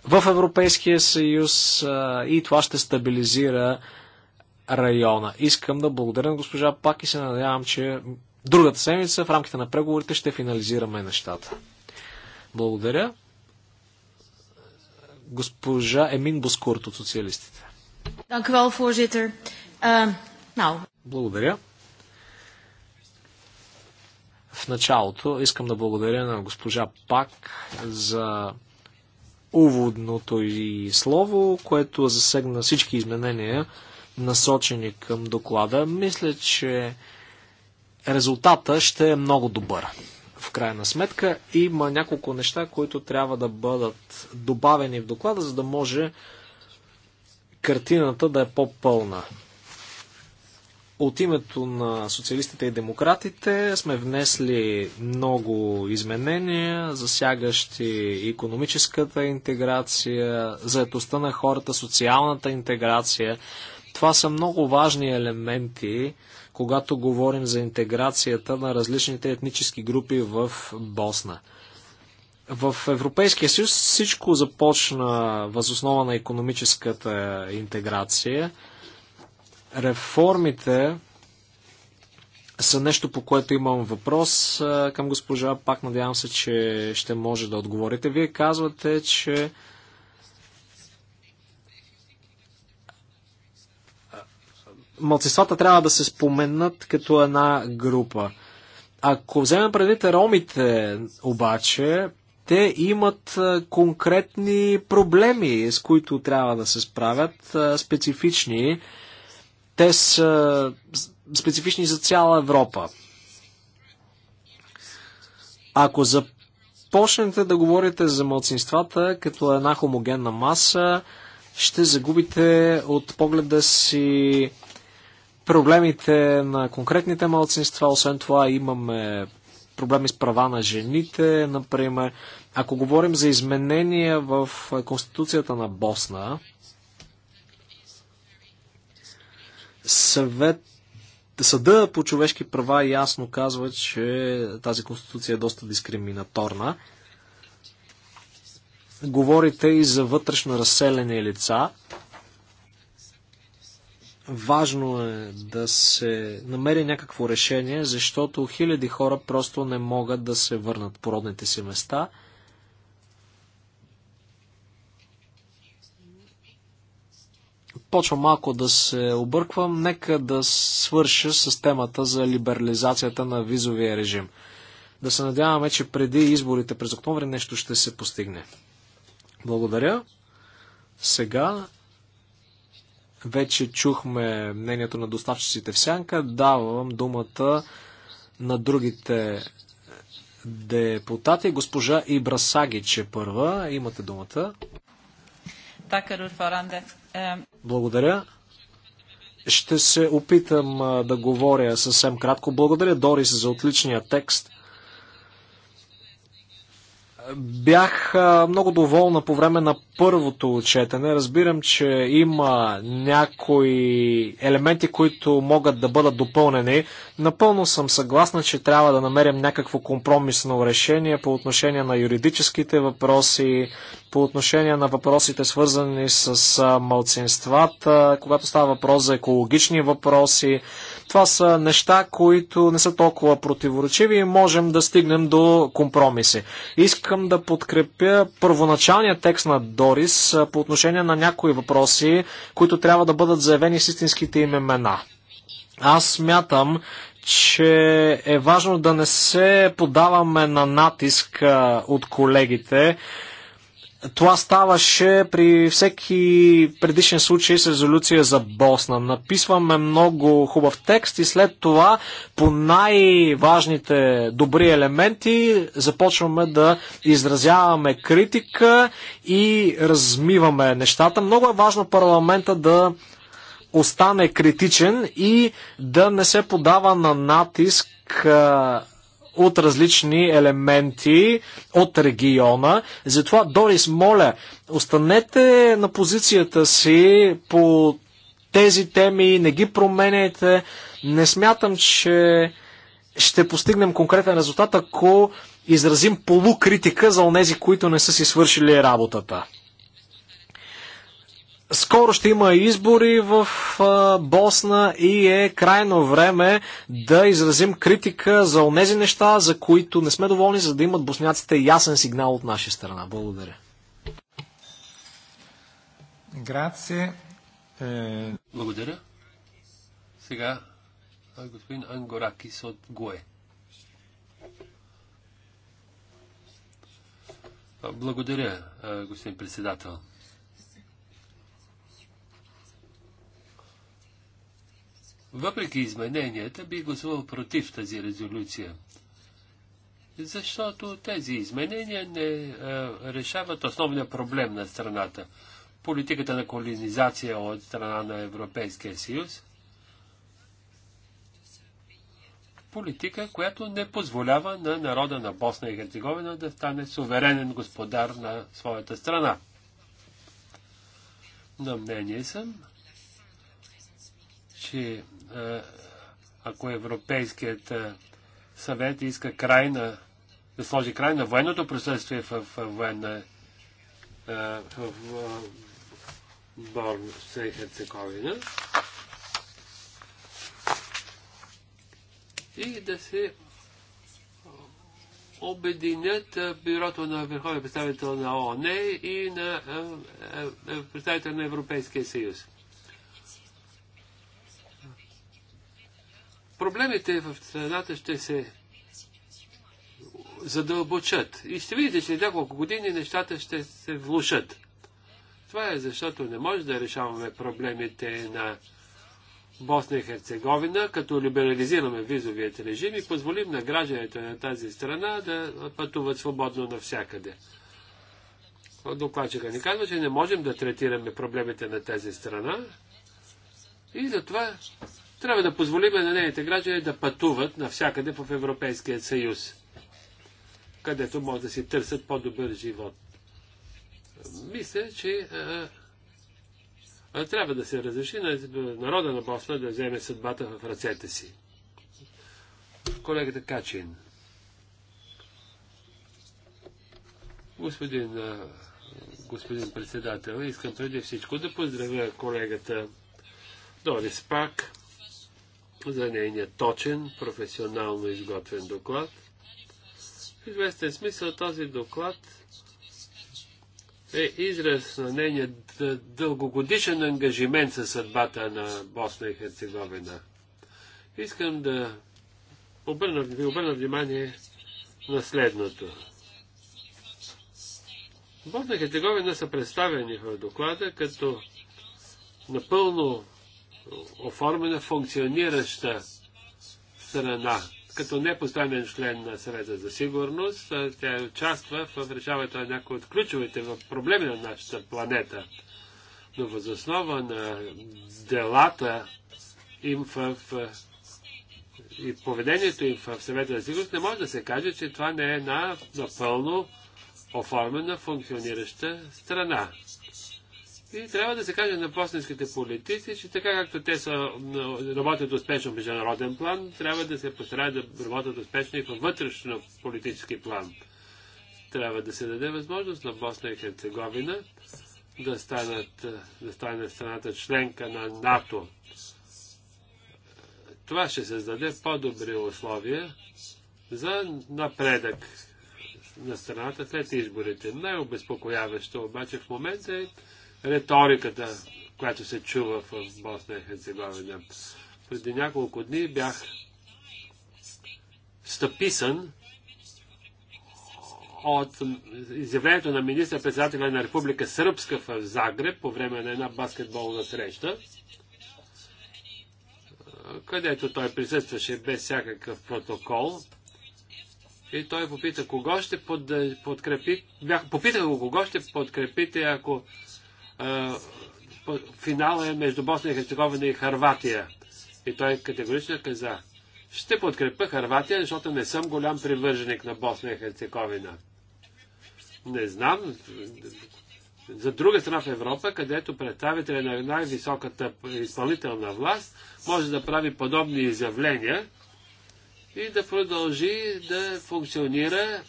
в Европейския съюз е, и това ще стабилизира района. Искам да благодаря на госпожа Пак и се надявам, че другата седмица в рамките на преговорите ще финализираме нещата. Благодаря. Госпожа Емин Боскорт от социалистите. Ehm, благодаря. В началото искам да благодаря на госпожа Пак за уводното и слово, което засегна всички изменения, насочени към доклада, мисля, че резултата ще е много добър. В крайна сметка има няколко неща, които трябва да бъдат добавени в доклада, за да може картината да е по-пълна. От името на социалистите и демократите сме внесли много изменения, засягащи економическата интеграция, заетостта на хората, социалната интеграция. Това са много важни елементи, когато говорим за интеграцията на различните етнически групи в Босна. В Европейския съюз всичко започна възоснова на економическата интеграция – Реформите са нещо, по което имам въпрос към госпожа. Пак надявам се, че ще може да отговорите. Вие казвате, че малцинствата трябва да се споменат като една група. Ако вземем предвид ромите, обаче, те имат конкретни проблеми, с които трябва да се справят, специфични. Те са специфични за цяла Европа. Ако започнете да говорите за мълцинствата като една хомогенна маса, ще загубите от погледа си проблемите на конкретните малцинства. Освен това имаме проблеми с права на жените, например. Ако говорим за изменения в Конституцията на Босна, Съвет Съда по човешки права ясно казва, че тази конституция е доста дискриминаторна. Говорите и за вътрешно разселени лица. Важно е да се намери някакво решение, защото хиляди хора просто не могат да се върнат по родните си места – почвам малко да се обърквам. Нека да свърша с темата за либерализацията на визовия режим. Да се надяваме, че преди изборите през октомври нещо ще се постигне. Благодаря. Сега вече чухме мнението на доставчиците в сянка. Давам думата на другите депутати. Госпожа Ибра Сагич е първа. Имате думата. Tackar ordförande. Благодаря. Ще се опитам да говоря съвсем кратко. Благодаря, Дорис, за отличния текст. Бях много доволна по време на първото четене. Разбирам, че има някои елементи, които могат да бъдат допълнени. Напълно съм съгласна, че трябва да намерим някакво компромисно решение по отношение на юридическите въпроси, по отношение на въпросите свързани с малцинствата, когато става въпрос за екологични въпроси това са неща, които не са толкова противоречиви и можем да стигнем до компромиси. Искам да подкрепя първоначалния текст на Дорис по отношение на някои въпроси, които трябва да бъдат заявени с истинските им имена. Аз смятам, че е важно да не се подаваме на натиск от колегите, това ставаше при всеки предишен случай с резолюция за Босна. Написваме много хубав текст и след това по най-важните добри елементи започваме да изразяваме критика и размиваме нещата. Много е важно парламента да остане критичен и да не се подава на натиск от различни елементи от региона. Затова, Дорис, моля, останете на позицията си по тези теми, не ги променяйте. Не смятам, че ще постигнем конкретен резултат, ако изразим полукритика за онези, които не са си свършили работата. Скоро ще има избори в Босна и е крайно време да изразим критика за онези неща, за които не сме доволни, за да имат босняците ясен сигнал от наша страна. Благодаря. Грация. Е, благодаря. Сега господин Ангоракис от ГОЕ. Благодаря, господин председател. Въпреки измененията, би гласувал против тази резолюция. Защото тези изменения не а, е, решават основния проблем на страната. Политиката на колонизация от страна на Европейския съюз. Политика, която не позволява на народа на Босна и Херцеговина да стане суверенен господар на своята страна. На мнение съм, че е, ако Европейският е, съвет иска край на, да сложи край на военното присъствие в, в военна е, в, в, в Борн, Херцеговина и да се обединят бюрото на Върховен представител на ООН и на представител на Европейския съюз. проблемите в страната ще се задълбочат. И ще видите, че няколко години нещата ще се влушат. Това е защото не може да решаваме проблемите на Босна и Херцеговина, като либерализираме визовият режим и позволим на гражданите на тази страна да пътуват свободно навсякъде. Докладчика ни казва, че не можем да третираме проблемите на тази страна и затова трябва да позволим на нейните граждани да пътуват навсякъде в Европейския съюз, където могат да си търсят по-добър живот. Мисля, че а, а, трябва да се разреши на народа на Босна да вземе съдбата в ръцете си. Колегата Качин. Господин, господин председател, искам преди всичко да поздравя колегата Дорис Пак за нейния точен, професионално изготвен доклад. В известен смисъл този доклад е израз на нейния дългогодишен ангажимент със съдбата на Босна и Херцеговина. Искам да обърна, ви обърна внимание на следното. Босна и Херцеговина са представени в доклада като напълно оформена функционираща страна. Като непостоянен член на съвета за сигурност, тя участва в решаването на някои от ключовите проблеми на нашата планета. Но възоснова на делата им в, в и поведението им в съвета за сигурност не може да се каже, че това не е една напълно оформена функционираща страна. И трябва да се каже на босенските политици, че така както те са, работят успешно в международен план, трябва да се постараят да работят успешно и във вътрешно политически план. Трябва да се даде възможност на Босна и Херцеговина да, станат, да стане страната членка на НАТО. Това ще създаде по-добри условия за напредък на страната след изборите. Най-обезпокояващо обаче в момента е риториката, която се чува в Босна и Херцеговина. Преди няколко дни бях стъписан от изявлението на министър-председателя на Република Сръбска в Загреб по време на една баскетболна среща, където той присъстваше без всякакъв протокол. И той попита кого ще подкрепи, бях, попитах го кого ще подкрепите, ако финала е между Босна и Херцеговина и Харватия. И той категорично каза, ще подкрепя Харватия, защото не съм голям привърженик на Босна и Херцеговина. Не знам, за друга страна в Европа, където представителя на най-високата изпълнителна власт може да прави подобни изявления и да продължи да функционира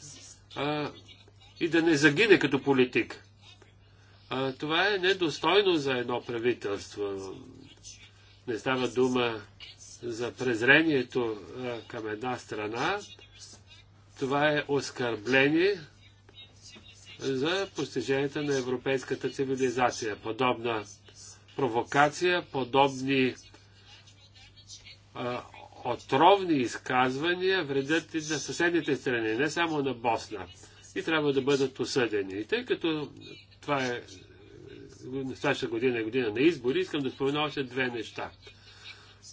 а, и да не загине като политик. А, това е недостойно за едно правителство. Не става дума за презрението а, към една страна. Това е оскърбление за постиженията на европейската цивилизация. Подобна провокация, подобни а, отровни изказвания вредят и на съседните страни, не само на Босна. И трябва да бъдат осъдени. И тъй като това е следващата година е година на избори, искам да спомена още две неща.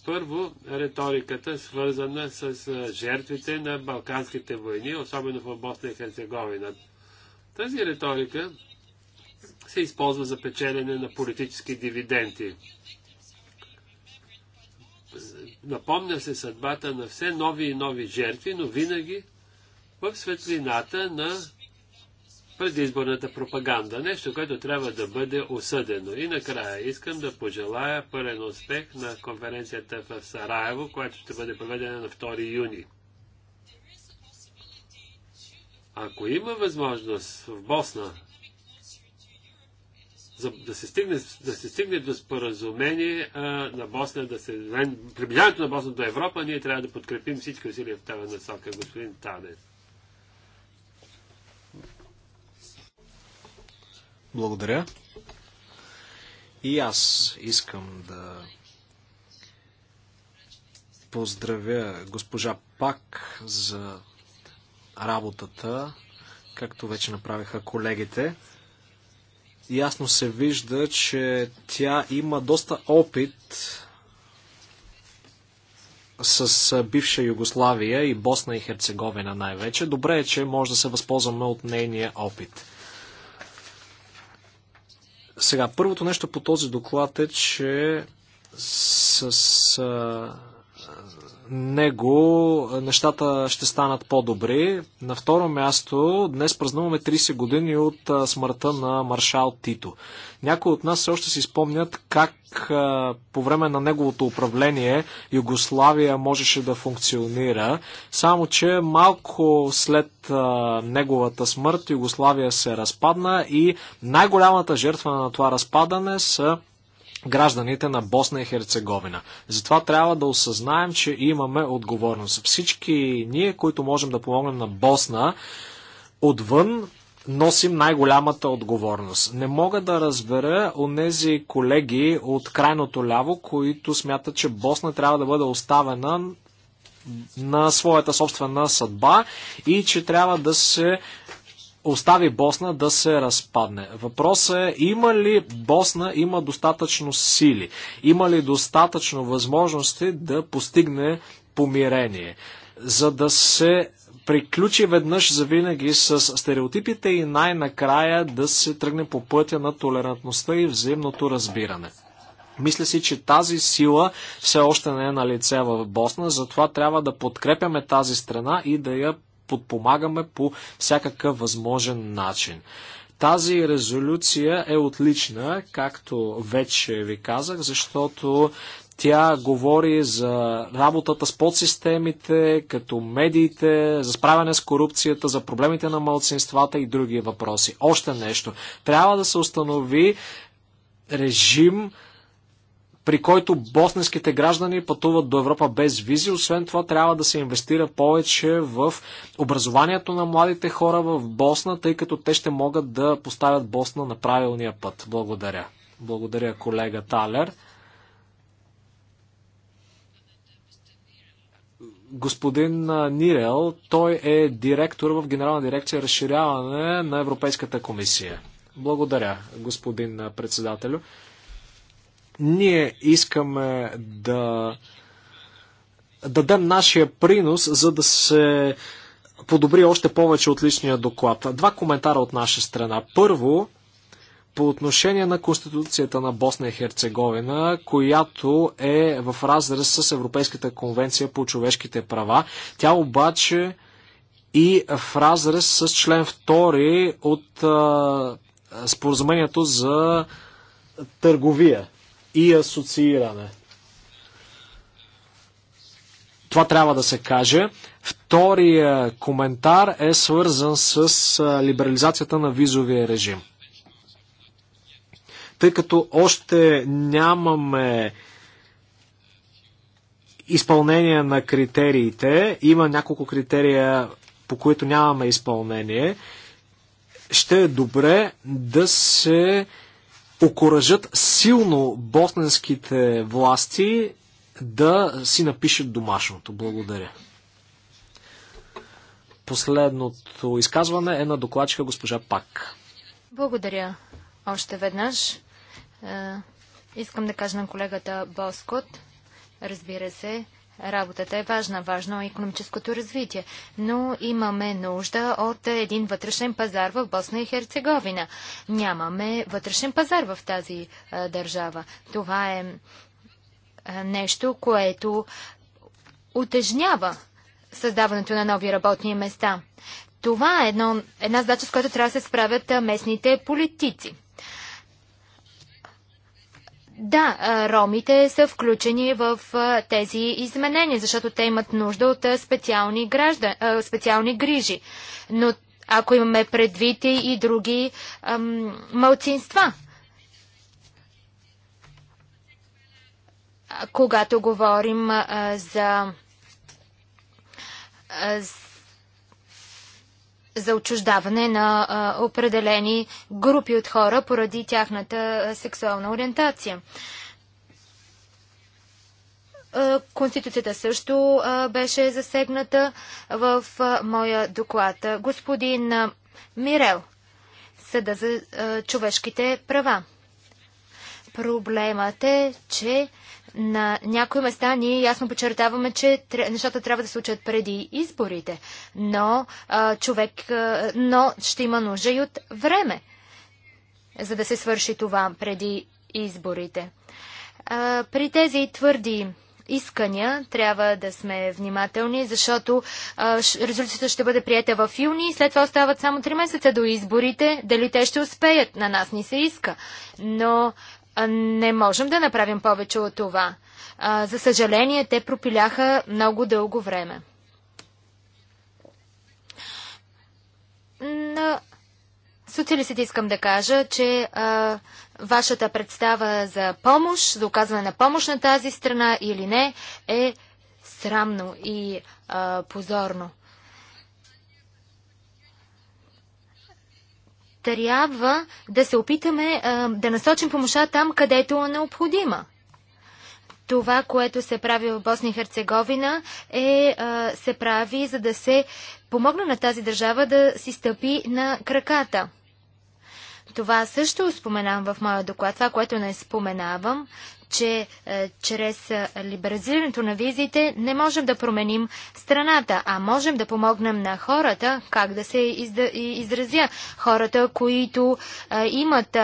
Първо, риториката, свързана с жертвите на балканските войни, особено в Босна и Херцеговина. Тази риторика се използва за печелене на политически дивиденти. Напомня се съдбата на все нови и нови жертви, но винаги в светлината на предизборната пропаганда. Нещо, което трябва да бъде осъдено. И накрая искам да пожелая пълен успех на конференцията в Сараево, която ще бъде проведена на 2 юни. Ако има възможност в Босна за, да, се стигне, да се стигне до споразумение а, на Босна, да се, приближаването на Босна до Европа, ние трябва да подкрепим всички усилия в тази насока, господин Танец. Благодаря. И аз искам да поздравя госпожа Пак за работата, както вече направиха колегите. Ясно се вижда, че тя има доста опит с бивша Югославия и Босна и Херцеговина най-вече. Добре е, че може да се възползваме от нейния опит. Сега, първото нещо по този доклад е, че с а, него нещата ще станат по-добри. На второ място, днес празнуваме 30 години от смъртта на маршал Тито. Някои от нас все още си спомнят как по време на неговото управление Югославия можеше да функционира, само че малко след неговата смърт Югославия се разпадна и най-голямата жертва на това разпадане са гражданите на Босна и Херцеговина. Затова трябва да осъзнаем, че имаме отговорност. Всички ние, които можем да помогнем на Босна, отвън носим най-голямата отговорност. Не мога да разбера онези колеги от крайното ляво, които смятат, че Босна трябва да бъде оставена на своята собствена съдба и че трябва да се остави Босна да се разпадне. Въпросът е, има ли Босна има достатъчно сили, има ли достатъчно възможности да постигне помирение, за да се приключи веднъж завинаги с стереотипите и най-накрая да се тръгне по пътя на толерантността и взаимното разбиране. Мисля си, че тази сила все още не е на лице в Босна, затова трябва да подкрепяме тази страна и да я подпомагаме по всякакъв възможен начин. Тази резолюция е отлична, както вече ви казах, защото тя говори за работата с подсистемите, като медиите, за справяне с корупцията, за проблемите на малцинствата и други въпроси. Още нещо. Трябва да се установи режим, при който босненските граждани пътуват до Европа без визи. Освен това, трябва да се инвестира повече в образованието на младите хора в Босна, тъй като те ще могат да поставят Босна на правилния път. Благодаря. Благодаря, колега Талер. господин Нирел, той е директор в Генерална дирекция разширяване на Европейската комисия. Благодаря, господин председателю. Ние искаме да дадем нашия принос, за да се подобри още повече от личния доклад. Два коментара от наша страна. Първо, по отношение на Конституцията на Босна и Херцеговина, която е в разрез с Европейската конвенция по човешките права. Тя обаче и в разрез с член 2 от а, споразумението за търговия и асоцииране. Това трябва да се каже. Втория коментар е свързан с либерализацията на визовия режим. Тъй като още нямаме изпълнение на критериите, има няколко критерия, по които нямаме изпълнение, ще е добре да се окоръжат силно босненските власти да си напишат домашното. Благодаря. Последното изказване е на докладчика госпожа Пак. Благодаря още веднъж. Е, искам да кажа на колегата Боскот, разбира се, работата е важна, важно е економическото развитие, но имаме нужда от един вътрешен пазар в Босна и Херцеговина. Нямаме вътрешен пазар в тази е, държава. Това е, е нещо, което утежнява създаването на нови работни места. Това е едно, една задача, с която трябва да се справят е, местните политици. Да, ромите са включени в тези изменения, защото те имат нужда от специални, граждан, специални грижи. Но ако имаме предвид и други ам, мълцинства, когато говорим а, за а, за отчуждаване на определени групи от хора поради тяхната сексуална ориентация. Конституцията също беше засегната в моя доклад. Господин Мирел, Съда за човешките права. Проблемът е, че на някои места ние ясно подчертаваме, че нещата трябва да се случат преди изборите, но а, човек, а, но ще има нужда и от време, за да се свърши това преди изборите. А, при тези твърди искания трябва да сме внимателни, защото а, резолюцията ще бъде прията в юни и след това остават само 3 месеца до изборите. Дали те ще успеят? На нас ни се иска. Но не можем да направим повече от това. За съжаление, те пропиляха много дълго време. На социалистът искам да кажа, че а, вашата представа за помощ, за оказване на помощ на тази страна или не, е срамно и а, позорно. трябва да се опитаме да насочим помощта там, където е необходима. Това, което се прави в Босния и Херцеговина, е, се прави за да се помогне на тази държава да си стъпи на краката. Това също споменавам в моя доклад. Това, което не споменавам, че е, чрез е, либерализирането на визите не можем да променим страната, а можем да помогнем на хората как да се изразя. Хората, които е, имат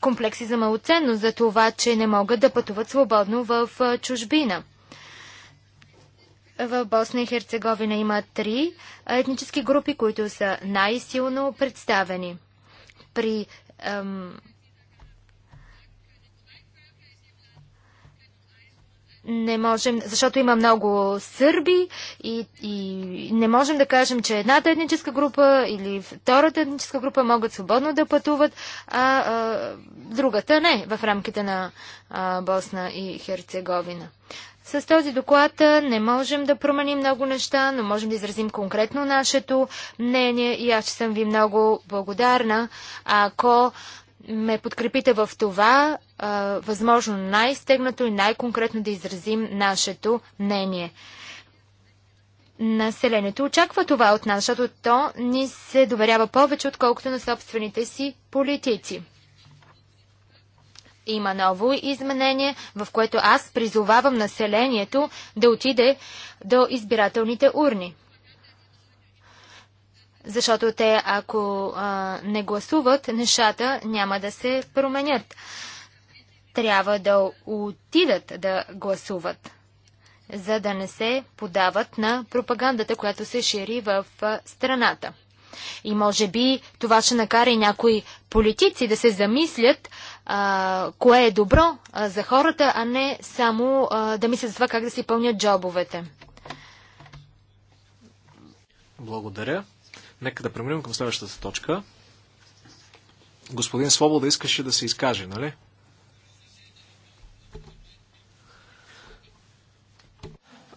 комплекси за малоценност за това, че не могат да пътуват свободно в чужбина. В Босна и Херцеговина има три етнически групи, които са най-силно представени. При ем, не можем, защото има много сърби и, и не можем да кажем, че едната етническа група или втората етническа група могат свободно да пътуват, а, а другата не в рамките на а, Босна и Херцеговина. С този доклад не можем да променим много неща, но можем да изразим конкретно нашето мнение и аз ще съм ви много благодарна, ако ме подкрепите в това, а, възможно най-стегнато и най-конкретно да изразим нашето мнение. Населението очаква това от нас, защото то ни се доверява повече, отколкото на собствените си политици. Има ново изменение, в което аз призовавам населението да отиде до избирателните урни. Защото те, ако а, не гласуват, нещата няма да се променят. Трябва да отидат да гласуват, за да не се подават на пропагандата, която се шири в страната. И може би това ще накара и някои политици да се замислят а, кое е добро а, за хората, а не само а, да мислят за това как да си пълнят джобовете. Благодаря. Нека да преминем към следващата точка. Господин Свобода искаше да се изкаже, нали?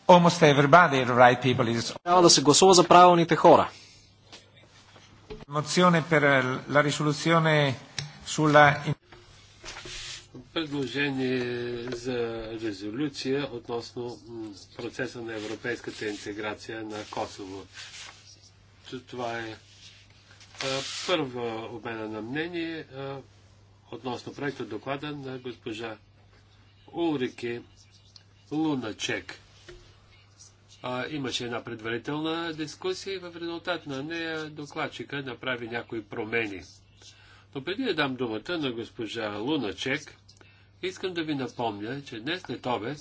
Right Трябва да се гласува за правилните хора. Предложение за резолюция относно процеса на европейската интеграция на Косово това е първа обмена на мнение относно проекта доклада на госпожа Улрике Луначек. А, имаше една предварителна дискусия и в резултат на нея докладчика направи някои промени. Но преди да дам думата на госпожа Луначек, искам да ви напомня, че днес след обед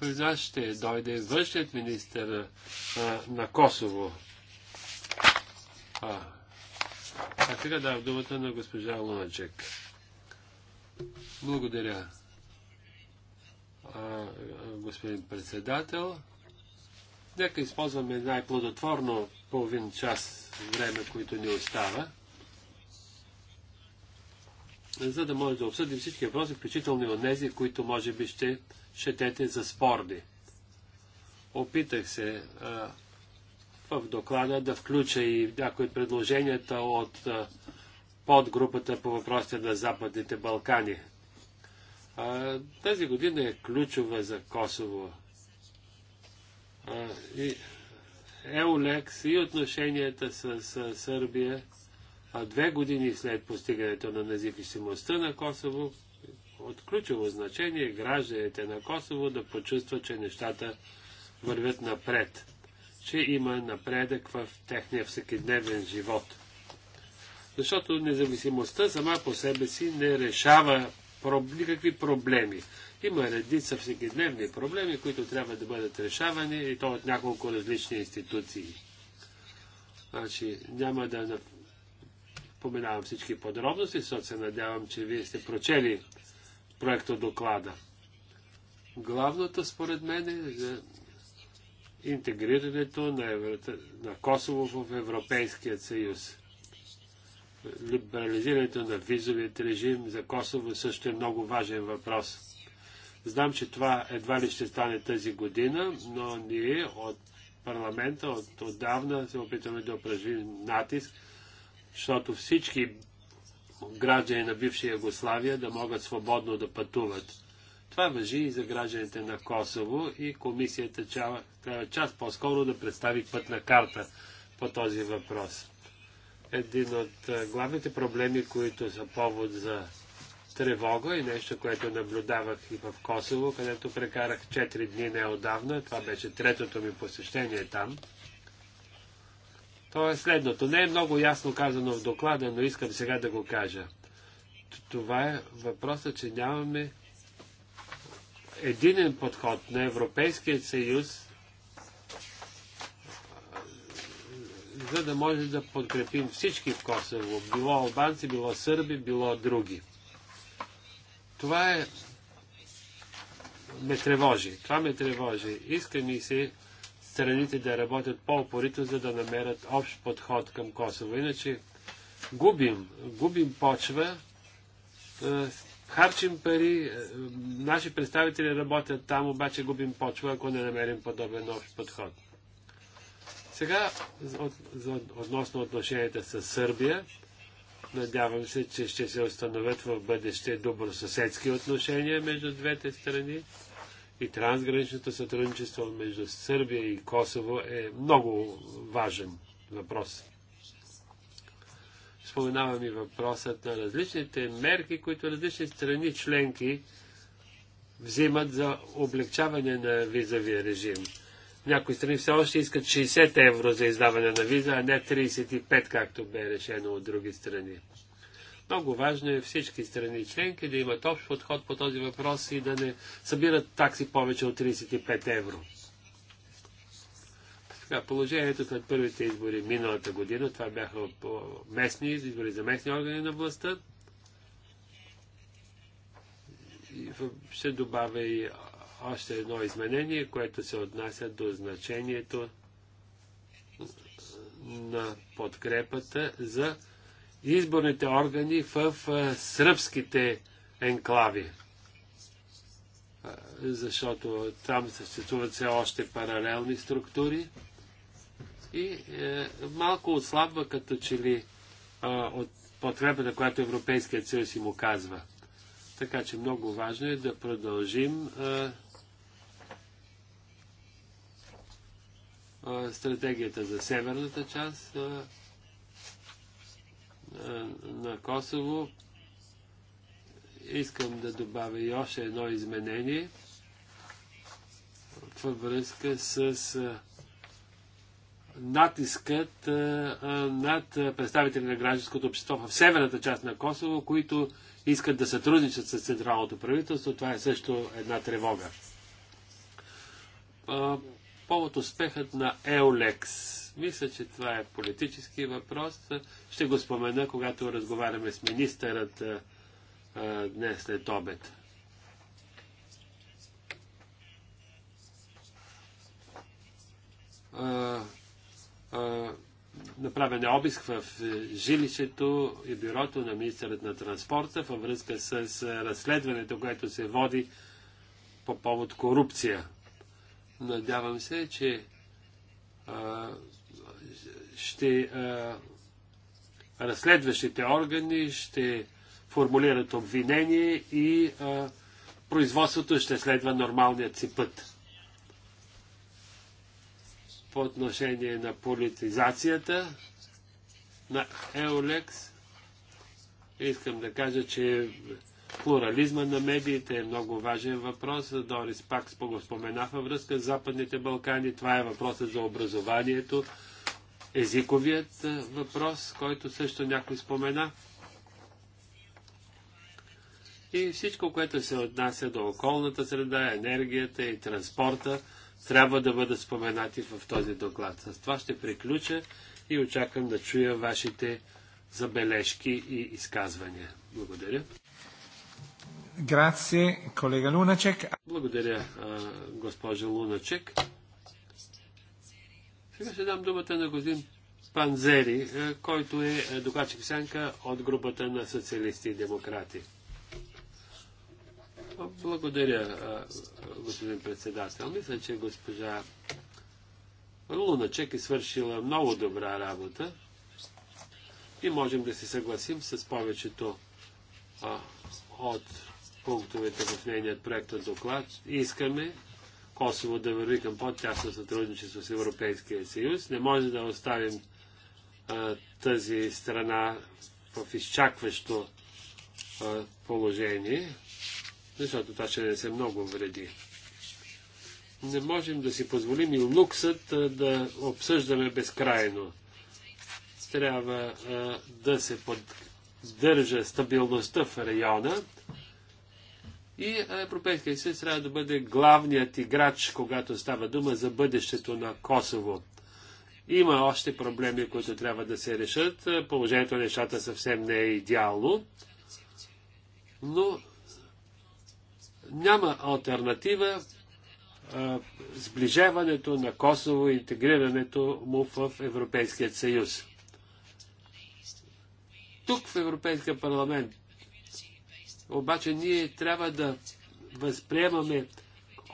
при нас ще дойде външният министр а, на Косово, а, а сега давам думата на госпожа Луначек. Благодаря, а, господин председател. Нека използваме най-плодотворно половин час време, което ни остава, за да може да обсъдим всички въпроси, включително от тези, които може би ще четете за спорни. Опитах се а, в доклада да включа и някои от предложенията от подгрупата по въпросите на Западните Балкани. тази година е ключова за Косово. и Еолекс и отношенията с, с Сърбия а две години след постигането на независимостта на Косово от ключово значение гражданите на Косово да почувстват, че нещата вървят напред че има напредък в техния всекидневен живот. Защото независимостта сама по себе си не решава никакви проблеми. Има редица всекидневни проблеми, които трябва да бъдат решавани и то от няколко различни институции. Значи, няма да споменавам всички подробности, защото се надявам, че вие сте прочели проекто доклада. Главното, според мен, е интегрирането на, Евро... на Косово в Европейския съюз. Либерализирането на визовият режим за Косово също е много важен въпрос. Знам, че това едва ли ще стане тази година, но ние от парламента от, отдавна се опитваме да упражним натиск, защото всички граждани на бивша Ягославия да могат свободно да пътуват. Това въжи и за гражданите на Косово и комисията трябва част по-скоро да представи пътна карта по този въпрос. Един от главните проблеми, които са повод за тревога и нещо, което наблюдавах и в Косово, където прекарах 4 дни неодавна. Това беше третото ми посещение там. То е следното. Не е много ясно казано в доклада, но искам сега да го кажа. Това е въпросът, че нямаме единен подход на Европейския съюз, за да може да подкрепим всички в Косово, било албанци, било сърби, било други. Това е... ме тревожи. Това ме тревожи. Иска ми се страните да работят по-опорито, за да намерят общ подход към Косово. Иначе губим, губим почва, Харчим пари, е, наши представители работят там, обаче губим почва, ако не намерим подобен общ подход. Сега, от, за, относно отношенията с Сърбия, надявам се, че ще се установят в бъдеще добросъседски отношения между двете страни и трансграничното сътрудничество между Сърбия и Косово е много важен въпрос споменавам и въпросът на различните мерки, които различни страни членки взимат за облегчаване на визавия режим. Някои страни все още искат 60 евро за издаване на виза, а не 35, както бе решено от други страни. Много важно е всички страни членки да имат общ подход по този въпрос и да не събират такси повече от 35 евро. Сега, положението след първите избори миналата година, това бяха местни избори за местни органи на властта. И ще добавя и още едно изменение, което се отнася до значението на подкрепата за изборните органи в сръбските енклави. Защото там съществуват все още паралелни структури и е, малко отслабва като че ли е, от подкрепата, която Европейският съюз им оказва. Така че много важно е да продължим е, е, стратегията за северната част е, е, на Косово. Искам да добавя и още едно изменение във връзка с Е, натискът над представители на гражданското общество в северната част на Косово, които искат да сътрудничат с централното правителство. Това е също една тревога. Повод успехът на Еолекс. Мисля, че това е политически въпрос. Ще го спомена, когато разговаряме с министърът днес след обед направен е обиск в е, жилището и бюрото на министърът на транспорта във връзка с е, разследването, което се води по повод корупция. Надявам се, че ще разследващите органи ще формулират обвинение и производството ще следва нормалният си път по отношение на политизацията на Еолекс. Искам да кажа, че плурализма на медиите е много важен въпрос. Дорис Пакс го спомена във връзка с Западните Балкани. Това е въпросът за образованието. Езиковият е, въпрос, който също някой спомена. И всичко, което се отнася до околната среда, енергията и транспорта – трябва да бъдат споменати в този доклад. С това ще приключа и очаквам да чуя вашите забележки и изказвания. Благодаря. Грация, колега Луначек. Благодаря, госпожо Луначек. Сега ще дам думата на господин Панзери, който е докладчик сянка от групата на социалисти и демократи. Благодаря, господин председател. Мисля, че госпожа Луначек е свършила много добра работа и можем да се съгласим с повечето а, от пунктовете в нейният проект от доклад. Искаме Косово да върви към по-тясно сътрудничество с Европейския съюз. Не може да оставим а, тази страна в изчакващо а, положение защото това ще се много вреди. Не можем да си позволим и луксът да обсъждаме безкрайно. Трябва да се поддържа стабилността в района и Европейския съюз трябва да бъде главният играч, когато става дума за бъдещето на Косово. Има още проблеми, които трябва да се решат. Положението на нещата съвсем не е идеално, но няма альтернатива а, сближаването на Косово и интегрирането му в Европейският съюз. Тук в Европейския парламент обаче ние трябва да възприемаме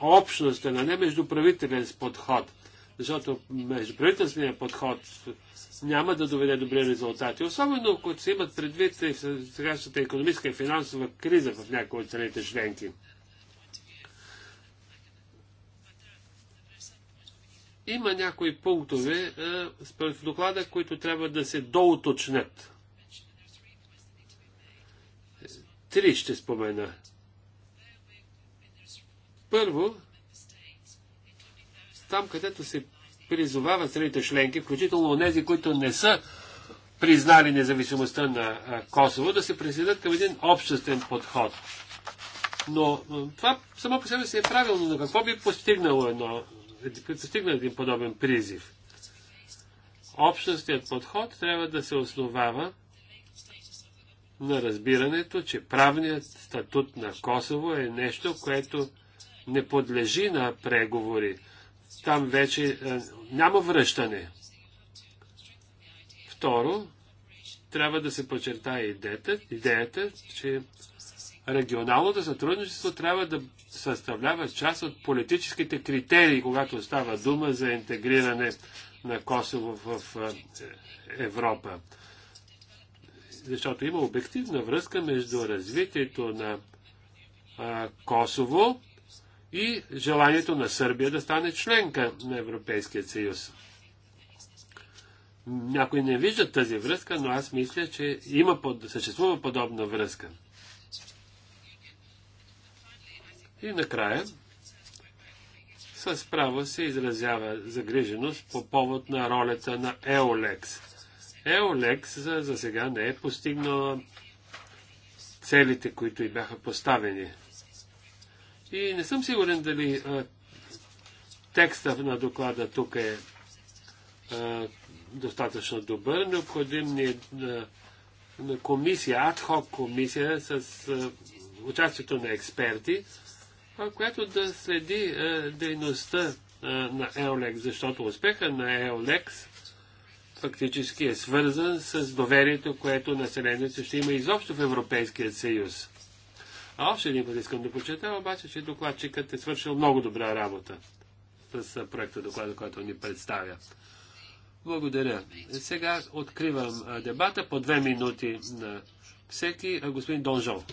общността на не междуправителен подход. Защото междуправителственият подход няма да доведе добри резултати. Особено, ако се имат предвид сегашната економическа и финансова криза в някои от страните членки. Има някои пунктове в е, доклада, които трябва да се доуточнят. Три ще спомена. Първо, там където се призовават страните членки, включително тези, които не са признали независимостта на Косово, да се присъединят към един обществен подход. Но това само по себе си е правилно, но какво би постигнало едно е, стигна един подобен призив. Общностният подход трябва да се основава на разбирането, че правният статут на Косово е нещо, което не подлежи на преговори. Там вече е, няма връщане. Второ, трябва да се подчертае идеята, идеята че регионалното сътрудничество трябва да съставлява част от политическите критерии, когато става дума за интегриране на Косово в Европа. Защото има обективна връзка между развитието на Косово и желанието на Сърбия да стане членка на Европейския съюз. Някои не виждат тази връзка, но аз мисля, че има, съществува подобна връзка. И накрая, с право се изразява загриженост по повод на ролята на Еолекс. Еолекс за, за сега не е постигнала целите, които й бяха поставени. И не съм сигурен дали а, текста на доклада тук е а, достатъчно добър. Необходим ни е на, на комисия, адхок комисия с а, участието на експерти, която да следи е, дейността е, на Еолекс, защото успеха на Еолекс фактически е свързан с доверието, което населението ще има изобщо в Европейския съюз. А още един път искам да почета, обаче, че докладчикът е свършил много добра работа с е, проекта доклада, който ни представя. Благодаря. Сега откривам дебата по две минути на всеки. Господин Донжол.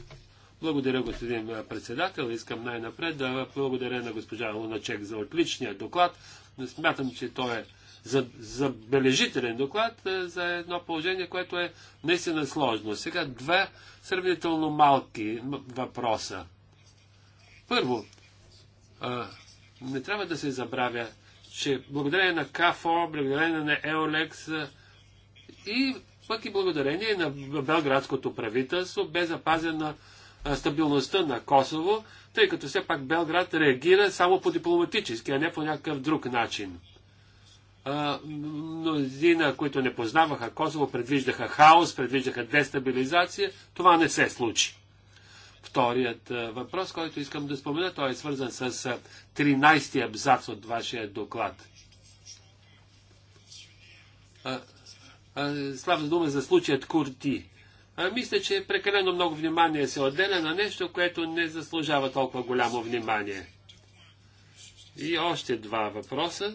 Благодаря, господин председател. Искам най-напред да благодаря на госпожа Луначек за отличния доклад. Смятам, че той е забележителен доклад за едно положение, което е наистина сложно. Сега две сравнително малки въпроса. Първо, не трябва да се забравя, че благодарение на КАФО, благодарение на Еолекс и пък и благодарение на белградското правителство бе запазена стабилността на Косово, тъй като все пак Белград реагира само по дипломатически, а не по някакъв друг начин. Мнозина, които не познаваха Косово, предвиждаха хаос, предвиждаха дестабилизация. Това не се случи. Вторият въпрос, който искам да спомена, той е свързан с 13-ти абзац от вашия доклад. Слава дума за случаят Курти. А, мисля, че прекалено много внимание се отделя на нещо, което не заслужава толкова голямо внимание. И още два въпроса.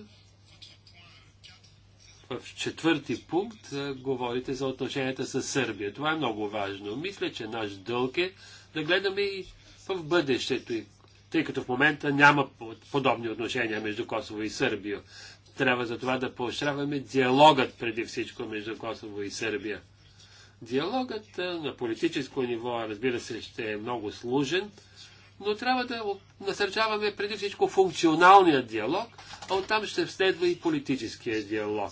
В четвърти пункт а, говорите за отношенията с Сърбия. Това е много важно. Мисля, че наш дълг е да гледаме и в бъдещето, тъй като в момента няма подобни отношения между Косово и Сърбия. Трябва за това да поощряваме диалогът преди всичко между Косово и Сърбия. Диалогът на политическо ниво, разбира се, ще е много служен, но трябва да насърчаваме преди всичко функционалния диалог, а оттам ще следва и политическия диалог.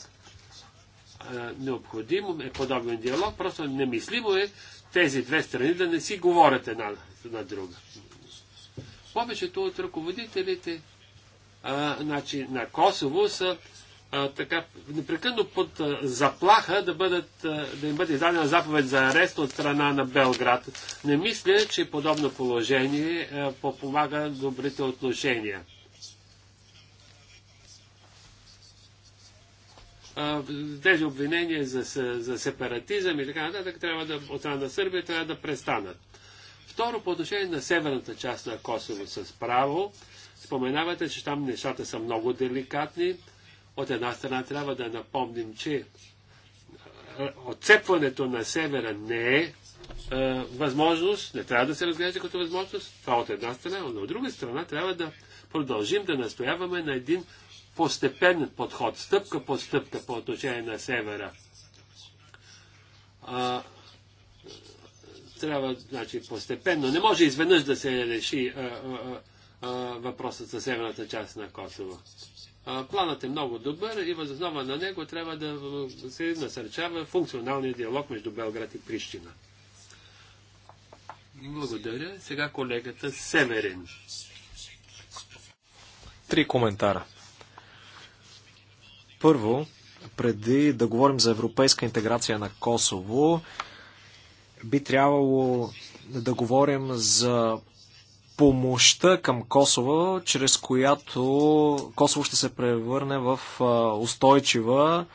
Необходим е подобен диалог, просто немислимо е тези две страни да не си говорят една на друга. Повечето от ръководителите а, значи, на Косово са а, така непрекъдно под а, заплаха да, бъдат, а, да им бъде издадена заповед за арест от страна на Белград. Не мисля, че подобно положение попомага помага добрите отношения. тези обвинения за, за сепаратизъм и така нататък трябва да, от страна на Сърбия трябва да престанат. Второ, по отношение на северната част на Косово с право, споменавате, че там нещата са много деликатни. От една страна трябва да напомним, че е, отцепването на севера не е, е възможност, не трябва да се разглежда като възможност. Това от една страна, но от друга страна трябва да продължим да настояваме на един постепенен подход, стъпка по стъпка по отношение на севера. А, трябва, значи, постепенно. Не може изведнъж да се реши а, а, а, въпросът за северната част на Косово. Планът е много добър и възоснова на него трябва да се насърчава функционалния диалог между Белград и Прищина. Благодаря. Сега колегата Северин. Три коментара. Първо, преди да говорим за европейска интеграция на Косово, би трябвало да говорим за помощта към Косово, чрез която Косово ще се превърне в устойчива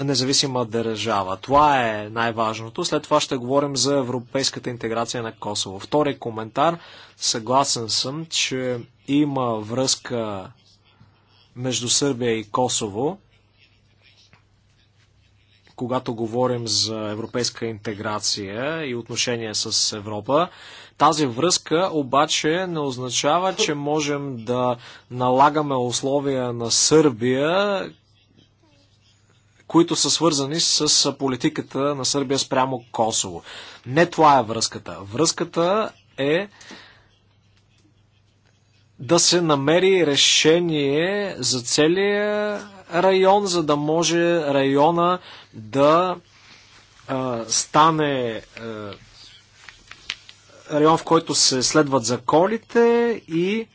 независима държава. Това е най-важното. След това ще говорим за европейската интеграция на Косово. Втори коментар. Съгласен съм, че има връзка между Сърбия и Косово когато говорим за европейска интеграция и отношения с Европа. Тази връзка обаче не означава, че можем да налагаме условия на Сърбия, които са свързани с политиката на Сърбия спрямо Косово. Не това е връзката. Връзката е да се намери решение за целия район, за да може района да а, стане а, район, в който се следват законите и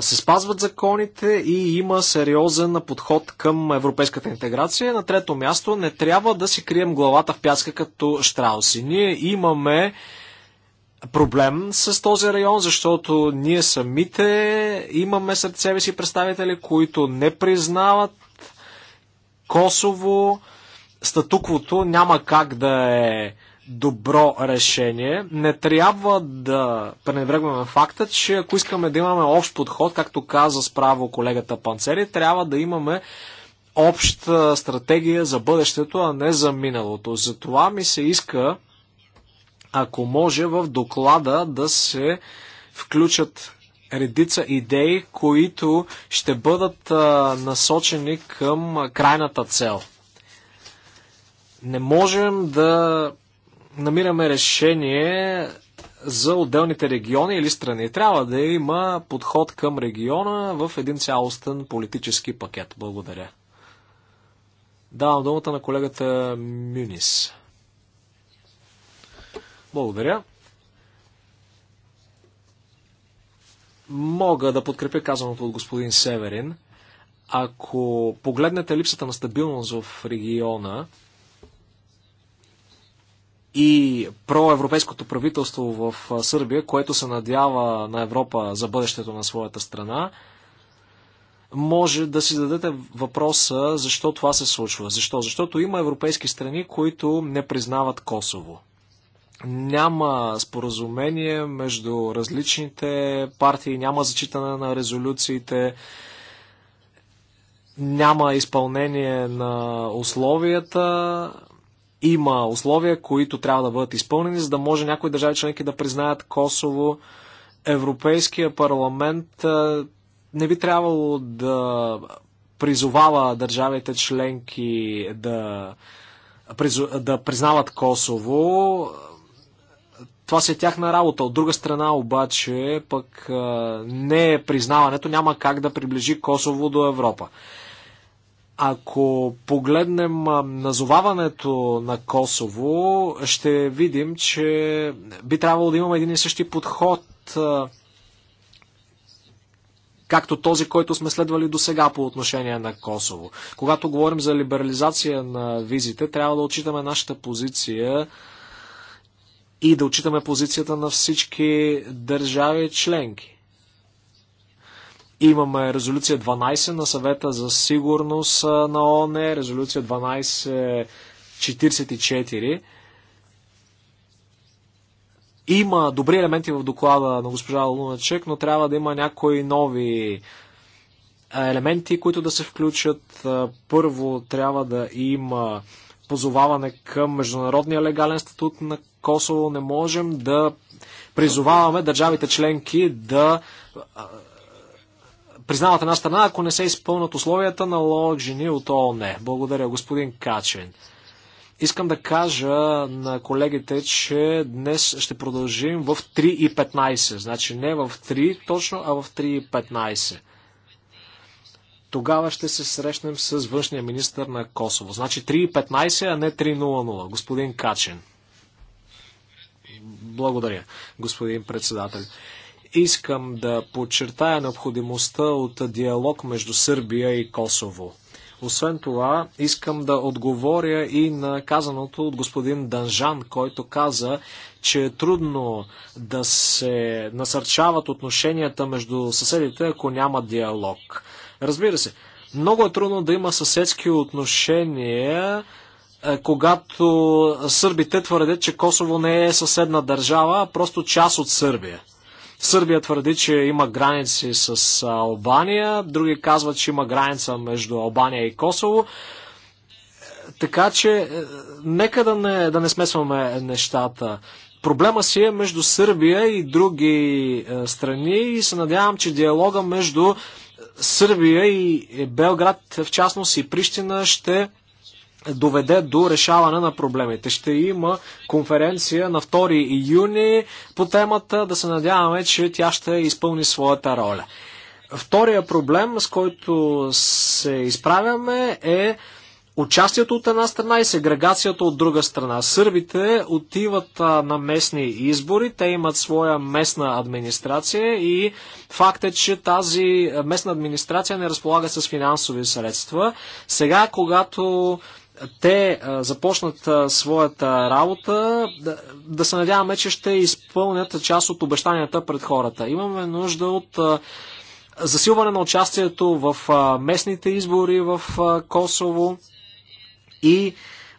се спазват законите и има сериозен подход към европейската интеграция. На трето място не трябва да си крием главата в пяска като штрауси. Ние имаме проблем с този район, защото ние самите имаме сред себе си представители, които не признават Косово. Статуквото няма как да е добро решение. Не трябва да пренебрегваме факта, че ако искаме да имаме общ подход, както каза справо колегата Панцери, трябва да имаме обща стратегия за бъдещето, а не за миналото. Затова ми се иска ако може в доклада да се включат редица идеи, които ще бъдат насочени към крайната цел. Не можем да намираме решение за отделните региони или страни. Трябва да има подход към региона в един цялостен политически пакет. Благодаря. Давам думата на колегата Мюнис. Благодаря. Мога да подкрепя казаното от господин Северин. Ако погледнете липсата на стабилност в региона и проевропейското правителство в Сърбия, което се надява на Европа за бъдещето на своята страна, може да си зададете въпроса защо това се случва. Защо? Защото има европейски страни, които не признават Косово няма споразумение между различните партии, няма зачитане на резолюциите, няма изпълнение на условията, има условия, които трябва да бъдат изпълнени, за да може някои държави членки да признаят Косово. Европейския парламент не би трябвало да призовава държавите членки да, да признават Косово това се е тяхна работа. От друга страна обаче, пък не е признаването няма как да приближи Косово до Европа. Ако погледнем назоваването на Косово, ще видим, че би трябвало да имаме един и същи подход както този, който сме следвали до сега по отношение на Косово. Когато говорим за либерализация на визите, трябва да отчитаме нашата позиция и да отчитаме позицията на всички държави членки. Имаме резолюция 12 на съвета за сигурност на ООН, резолюция 1244. Има добри елементи в доклада на госпожа Луначек, но трябва да има някои нови елементи, които да се включат. Първо трябва да има позоваване към международния легален статут на Косово. Не можем да призоваваме държавите членки да признават една страна, ако не се изпълнат условията на жени от ООН. Благодаря, господин Качен. Искам да кажа на колегите, че днес ще продължим в 3.15. Значи не в 3 точно, а в 3.15. Тогава ще се срещнем с външния министр на Косово. Значи 3.15, а не 3.00. Господин Качен. Благодаря, господин председател. Искам да подчертая необходимостта от диалог между Сърбия и Косово. Освен това, искам да отговоря и на казаното от господин Данжан, който каза, че е трудно да се насърчават отношенията между съседите, ако няма диалог. Разбира се, много е трудно да има съседски отношения, е, когато сърбите твърдят, че Косово не е съседна държава, а просто част от Сърбия. Сърбия твърди, че има граници с Албания, други казват, че има граница между Албания и Косово. Е, така че, е, нека да не, да не смесваме нещата. Проблема си е между Сърбия и други страни и се надявам, че диалога между Сърбия и Белград, в частност и Прищина, ще доведе до решаване на проблемите. Ще има конференция на 2 юни по темата, да се надяваме, че тя ще изпълни своята роля. Втория проблем, с който се изправяме е участието от една страна и сегрегацията от друга страна. Сърбите отиват а, на местни избори, те имат своя местна администрация и факт е, че тази местна администрация не разполага с финансови средства. Сега, когато те а, започнат а, своята работа, да, да се надяваме, че ще изпълнят част от обещанията пред хората. Имаме нужда от а, засилване на участието в местните избори в Косово и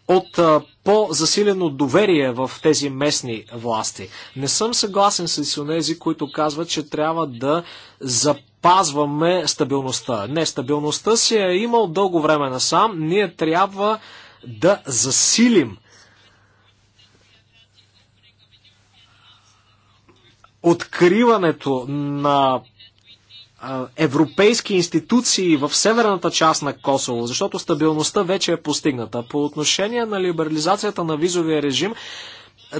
от по-засилено доверие в тези местни власти. Не съм съгласен с тези, които казват, че трябва да запазваме стабилността. Не, стабилността си е имал дълго време насам. Ние трябва да засилим откриването на европейски институции в северната част на Косово, защото стабилността вече е постигната. По отношение на либерализацията на визовия режим,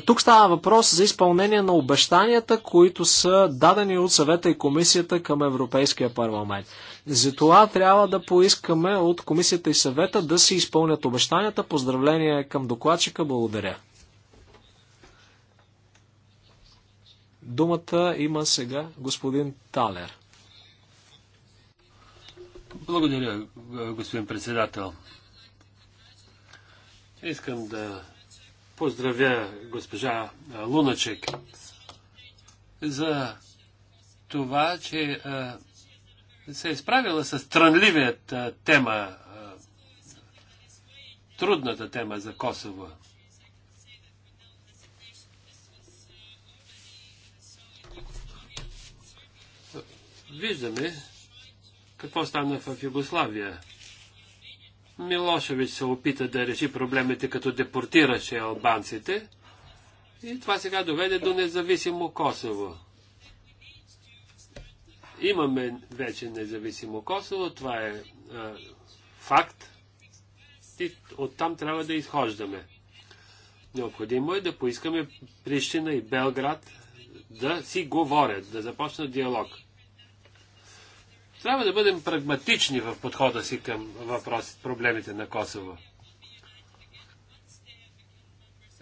тук става въпрос за изпълнение на обещанията, които са дадени от съвета и комисията към Европейския парламент. Затова трябва да поискаме от комисията и съвета да се изпълнят обещанията. Поздравление към докладчика. Благодаря. Думата има сега господин Талер. Благодаря, господин председател. Искам да поздравя госпожа Луначек за това, че се е справила с трънливият тема, трудната тема за Косово. Виждаме, какво стана в Югославия? Милошевич се опита да реши проблемите, като депортираше албанците. И това сега доведе до независимо Косово. Имаме вече независимо Косово, това е а, факт. И оттам трябва да изхождаме. Необходимо е да поискаме Прищина и Белград да си говорят, да започнат диалог. Трябва да бъдем прагматични в подхода си към въпроси, проблемите на Косово.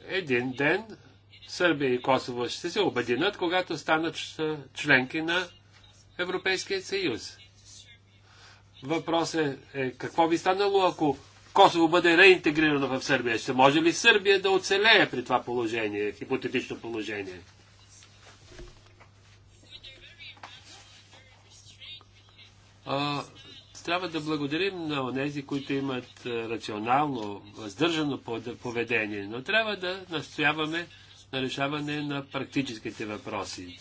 Един ден Сърбия и Косово ще се обединят, когато станат членки на Европейския съюз. Въпросът е, е какво би станало, ако Косово бъде реинтегрирано в Сърбия? Ще може ли Сърбия да оцелее при това положение, хипотетично положение? а, трябва да благодарим на тези, които имат рационално, въздържано поведение, но трябва да настояваме на решаване на практическите въпроси.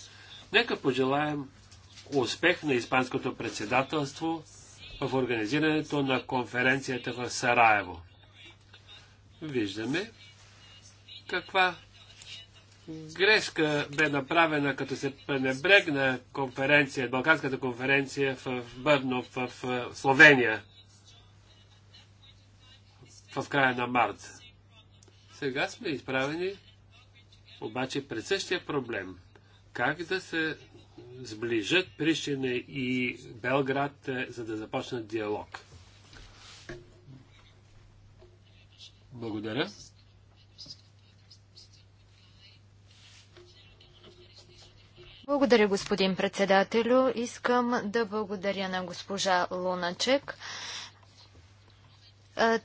Нека пожелаем успех на Испанското председателство в организирането на конференцията в Сараево. Виждаме каква грешка бе направена, като се пренебрегна конференция, Балканската конференция в Бърно, в Словения, в края на март. Сега сме изправени обаче пред същия проблем. Как да се сближат Прищина и Белград, е, за да започнат диалог? Благодаря. Благодаря, господин председателю. Искам да благодаря на госпожа Луначек.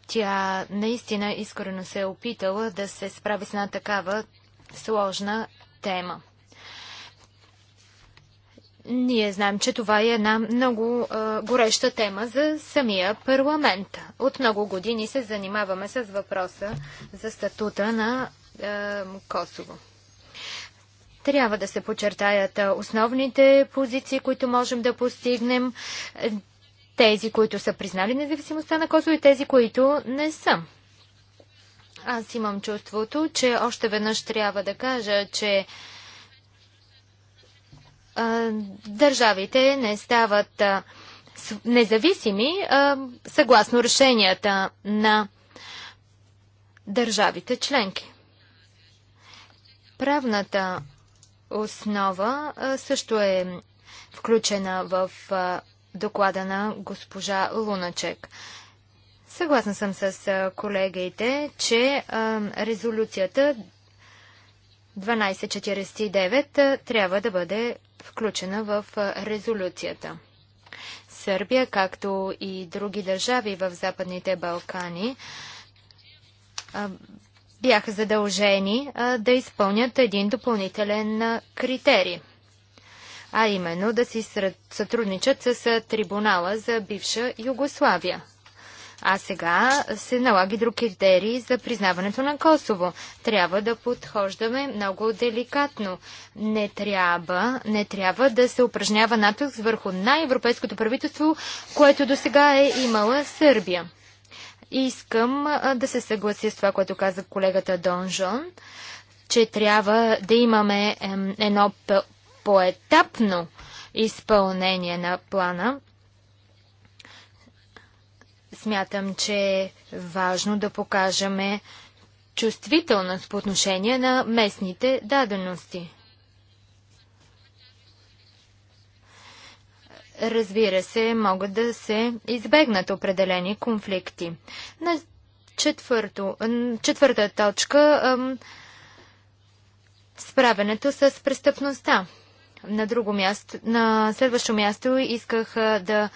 Тя наистина искрено се е опитала да се справи с една такава сложна тема. Ние знаем, че това е една много гореща тема за самия парламент. От много години се занимаваме с въпроса за статута на Косово. Трябва да се подчертаят основните позиции, които можем да постигнем, тези, които са признали независимостта на Косово и тези, които не са. Аз имам чувството, че още веднъж трябва да кажа, че а, държавите не стават а, независими а, съгласно решенията на държавите членки. Правната основа също е включена в доклада на госпожа Луначек. Съгласна съм с колегите, че резолюцията 1249 трябва да бъде включена в резолюцията. Сърбия, както и други държави в Западните Балкани, бяха задължени а, да изпълнят един допълнителен а, критерий, а именно да си сътрудничат с а, трибунала за бивша Югославия. А сега се налага друг критерий за признаването на Косово. Трябва да подхождаме много деликатно. Не трябва, не трябва да се упражнява натиск върху най-европейското правителство, което до сега е имала Сърбия. Искам да се съглася с това, което каза колегата Донжон, че трябва да имаме едно поетапно изпълнение на плана. Смятам, че е важно да покажем чувствителност по отношение на местните дадености. разбира се, могат да се избегнат определени конфликти. На четвърто, четвърта точка справенето с престъпността. На друго място, на следващо място исках да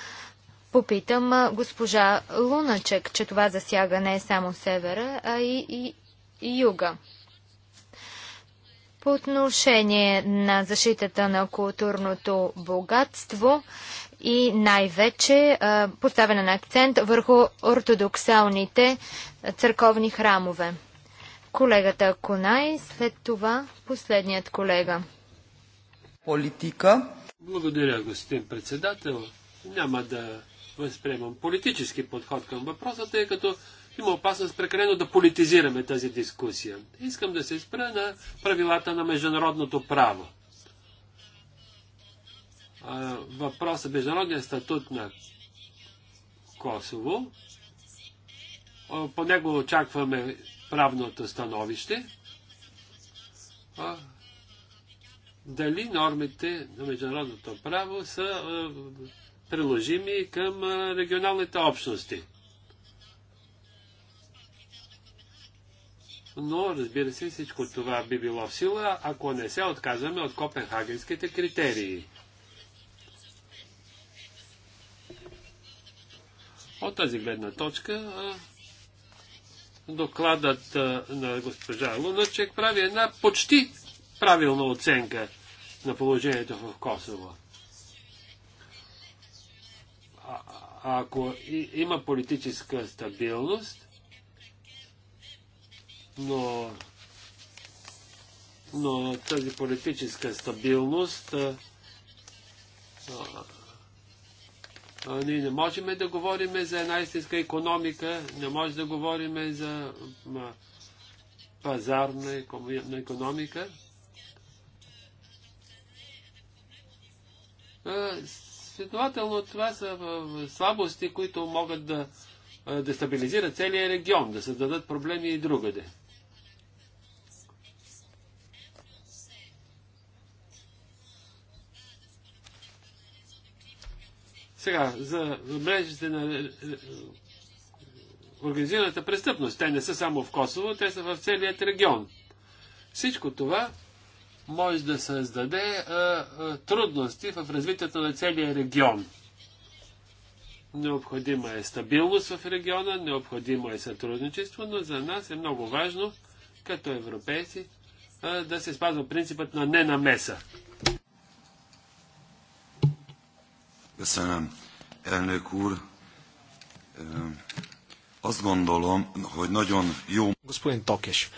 попитам госпожа Луначек, че това засяга не само севера, а и, и, и юга. По отношение на защитата на културното богатство и най-вече поставяне на акцент върху ортодоксалните църковни храмове. Колегата Конай, след това последният колега. Политика. Благодаря, господин председател. Няма да възприемам политически подход към въпроса, тъй като има опасност прекалено да политизираме тази дискусия. Искам да се спра на правилата на международното право. Въпросът е международния статут на Косово. По него очакваме правното становище. Дали нормите на международното право са приложими към регионалните общности? но разбира се всичко това би било в сила, ако не се отказваме от копенхагенските критерии. От тази гледна точка докладът на госпожа Луначек прави една почти правилна оценка на положението в Косово. А, ако и, има политическа стабилност, но, но тази политическа стабилност а, а, ние не можем да говорим за една истинска економика, не можем да говорим за а, пазарна економика. Следователно, това са слабости, които могат да дестабилизират целия регион, да създадат проблеми и другаде. Сега, за мрежите на е, е, организираната престъпност. Те не са само в Косово, те са в целият регион. Всичко това може да създаде а, е, а, трудности в развитието на целия регион. Необходима е стабилност в региона, необходимо е сътрудничество, но за нас е много важно, като европейци, а, да се спазва принципът на ненамеса. Köszönöm, elnök úr. Azt gondolom, hogy nagyon jó... Господин Токеш.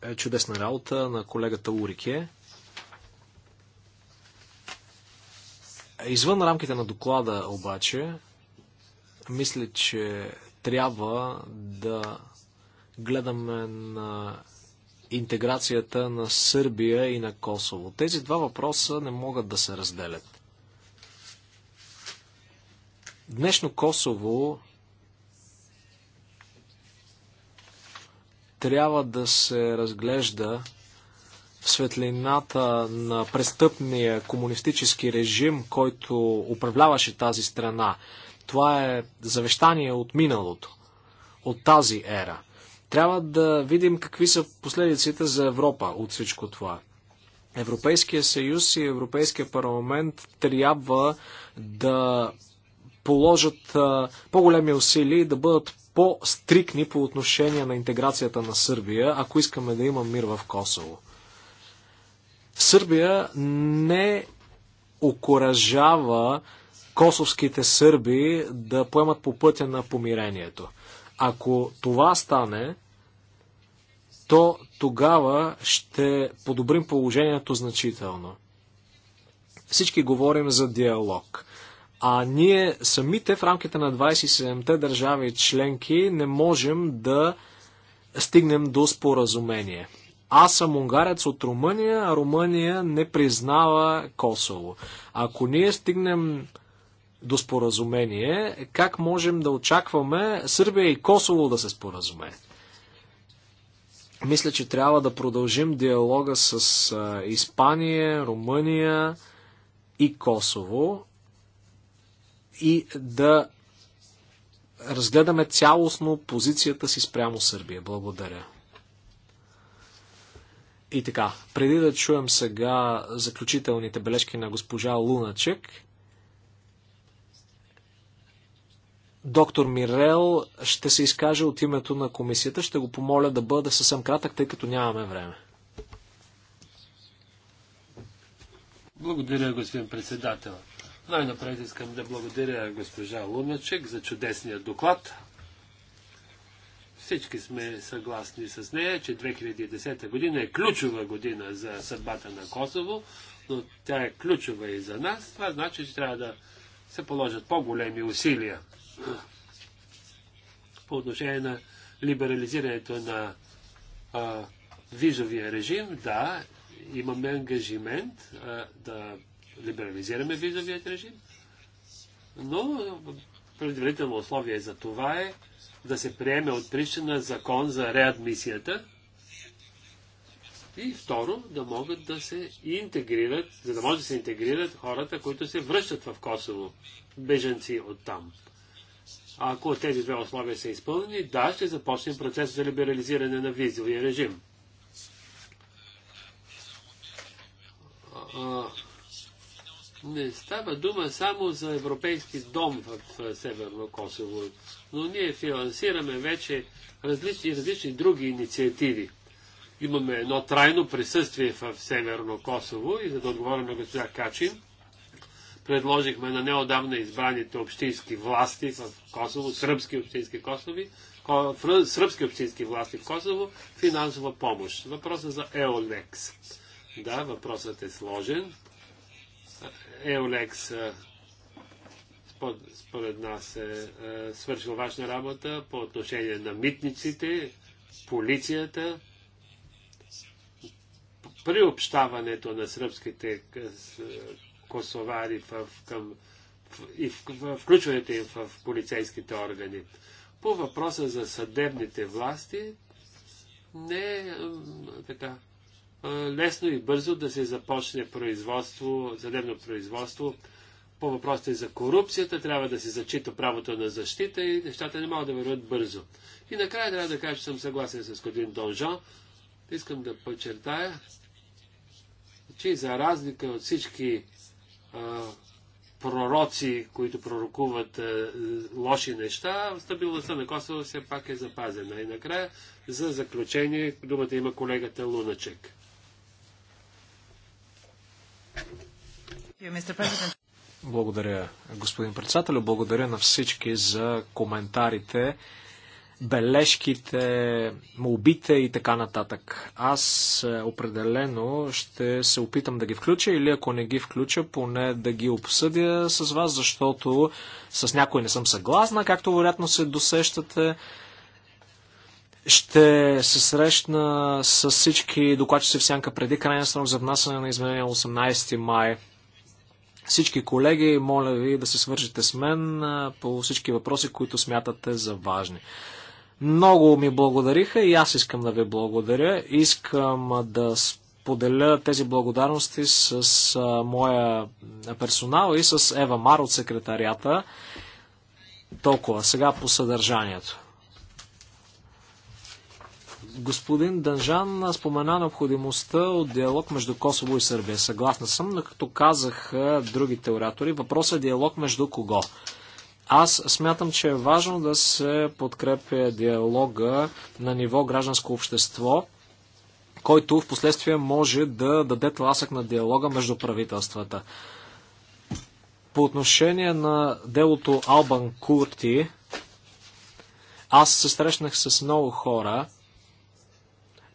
Е, чудесна работа на колегата Урике. Е, извън рамките на доклада обаче, мисля, че трябва да гледаме на интеграцията на Сърбия и на Косово. Тези два въпроса не могат да се разделят. Днешно Косово трябва да се разглежда в светлината на престъпния комунистически режим, който управляваше тази страна. Това е завещание от миналото, от тази ера – трябва да видим какви са последиците за Европа от всичко това. Европейския съюз и Европейския парламент трябва да положат по-големи усилия и да бъдат по-стрикни по отношение на интеграцията на Сърбия, ако искаме да има мир в Косово. Сърбия не окоръжава косовските сърби да поемат по пътя на помирението. Ако това стане, то тогава ще подобрим положението значително. Всички говорим за диалог. А ние самите в рамките на 27-те държави членки не можем да стигнем до споразумение. Аз съм унгарец от Румъния, а Румъния не признава Косово. Ако ние стигнем до споразумение, как можем да очакваме Сърбия и Косово да се споразумеят? Мисля, че трябва да продължим диалога с Испания, Румъния и Косово и да разгледаме цялостно позицията си спрямо Сърбия. Благодаря. И така, преди да чуем сега заключителните бележки на госпожа Луначек, доктор Мирел ще се изкаже от името на комисията. Ще го помоля да бъде съвсем кратък, тъй като нямаме време. Благодаря, господин председател. Най-напред искам да благодаря госпожа Луначек за чудесния доклад. Всички сме съгласни с нея, че 2010 година е ключова година за съдбата на Косово, но тя е ключова и за нас. Това значи, че трябва да се положат по-големи усилия по отношение на либерализирането на а, визовия режим, да, имаме ангажимент а, да либерализираме визовият режим, но предварително условие за това е да се приеме от Прищина закон за реадмисията и второ, да могат да се интегрират, за да може да се интегрират хората, които се връщат в Косово, беженци от там. Ако тези две условия са изпълнени, да, ще започнем процес за либерализиране на визовия режим. Не става дума само за европейски дом в Северно Косово, но ние финансираме вече различни, различни други инициативи. Имаме едно трайно присъствие в Северно Косово и за да отговоря на госпожа Качин, предложихме на неодавна избраните общински власти в Косово, сръбски общински Косови, сръбски общински власти в Косово, финансова помощ. Въпросът за Еолекс. Да, въпросът е сложен. Еолекс според нас е свършил важна работа по отношение на митниците, полицията, приобщаването на сръбските косовари в, към, в, и в, в, включването им в полицейските органи. По въпроса за съдебните власти, не е така лесно и бързо да се започне производство, съдебно производство по въпросите за корупцията, трябва да се зачита правото на защита и нещата не могат да върват бързо. И накрая трябва да кажа, че съм съгласен с господин Донжон. Искам да подчертая, че за разлика от всички пророци, които пророкуват лоши неща, стабилността на Косово все пак е запазена. И накрая, за заключение, думата има колегата Луначек. Благодаря, господин председател. Благодаря на всички за коментарите бележките, молбите и така нататък. Аз е, определено ще се опитам да ги включа или ако не ги включа, поне да ги обсъдя с вас, защото с някой не съм съгласна, както вероятно се досещате. Ще се срещна с всички докладчици в сянка преди крайния срок за внасяне на изменение 18 май всички колеги, моля ви да се свържете с мен е, по всички въпроси, които смятате за важни. Много ми благодариха и аз искам да ви благодаря. Искам да споделя тези благодарности с моя персонал и с Ева Мар от секретарията. Толкова. Сега по съдържанието. Господин Данжан спомена необходимостта от диалог между Косово и Сърбия. Съгласна съм, но като казах другите оратори, въпросът е диалог между кого? Аз смятам, че е важно да се подкрепя диалога на ниво гражданско общество, който в последствие може да даде тласък на диалога между правителствата. По отношение на делото Албан Курти, аз се срещнах с много хора.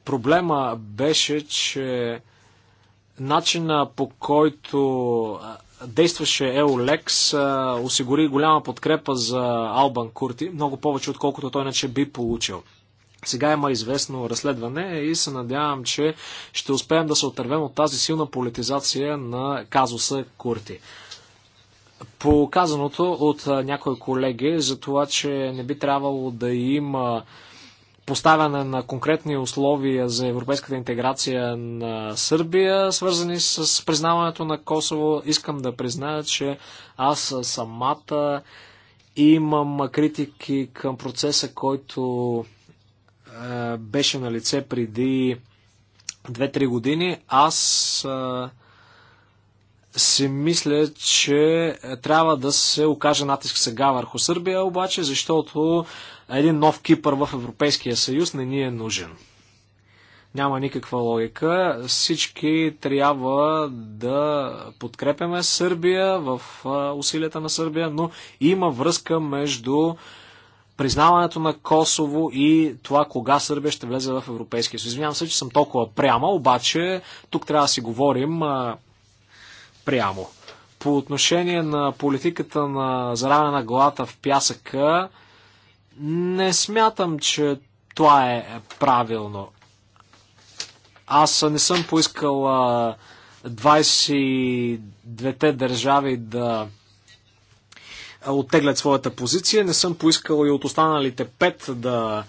Проблема беше, че начина по който действаше Еолекс, осигури голяма подкрепа за Албан Курти, много повече отколкото той иначе би получил. Сега има известно разследване и се надявам, че ще успеем да се отървем от тази силна политизация на казуса Курти. По казаното от някои колеги за това, че не би трябвало да има поставяне на конкретни условия за европейската интеграция на Сърбия, свързани с признаването на Косово. Искам да призная, че аз самата имам критики към процеса, който е, беше на лице преди 2-3 години. Аз е, си мисля, че трябва да се окаже натиск сега върху Сърбия, обаче, защото един нов Кипър в Европейския съюз не ни е нужен. Няма никаква логика. Всички трябва да подкрепяме Сърбия в усилията на Сърбия, но има връзка между признаването на Косово и това кога Сърбия ще влезе в Европейския съюз. Извинявам се, че съм толкова пряма, обаче тук трябва да си говорим прямо. По отношение на политиката на заравяне на главата в пясъка, не смятам, че това е правилно. Аз не съм поискал 22-те държави да оттеглят своята позиция. Не съм поискал и от останалите 5 да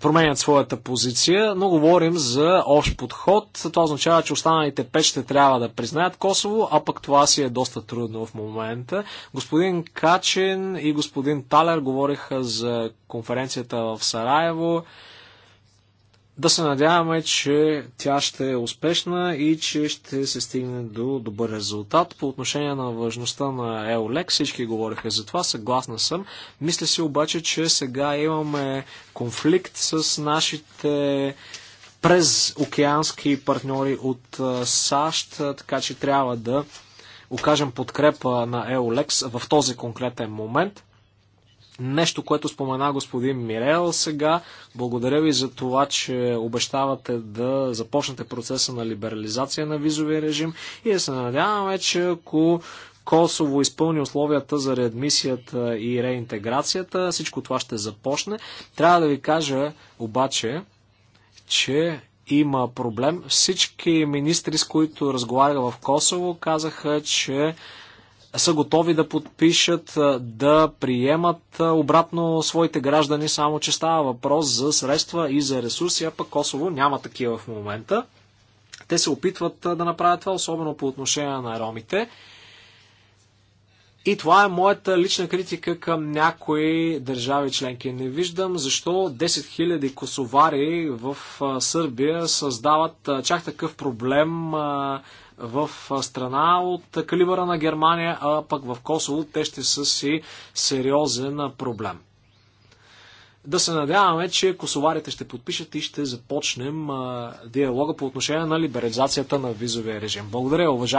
променят своята позиция, но говорим за общ подход. Това означава, че останалите пет ще трябва да признаят Косово, а пък това си е доста трудно в момента. Господин Качин и господин Талер говориха за конференцията в Сараево. Да се надяваме, че тя ще е успешна и че ще се стигне до добър резултат. По отношение на важността на EOLEX, всички говориха за това, съгласна съм. Мисля си обаче, че сега имаме конфликт с нашите през океански партньори от САЩ, така че трябва да окажем подкрепа на EOLEX в този конкретен момент нещо, което спомена господин Мирел сега. Благодаря ви за това, че обещавате да започнете процеса на либерализация на визовия режим и да се надяваме, че ако Косово изпълни условията за реадмисията и реинтеграцията, всичко това ще започне. Трябва да ви кажа обаче, че има проблем. Всички министри, с които разговаряха в Косово, казаха, че са готови да подпишат, да приемат обратно своите граждани, само че става въпрос за средства и за ресурси, а пък Косово няма такива в момента. Те се опитват да направят това, особено по отношение на ромите. И това е моята лична критика към някои държави членки. Не виждам защо 10 000 косовари в Сърбия създават чак такъв проблем в страна от калибъра на Германия, а пък в Косово те ще са си сериозен проблем. Да се надяваме, че косоварите ще подпишат и ще започнем диалога по отношение на либерализацията на визовия режим. Благодаря, уважаеми.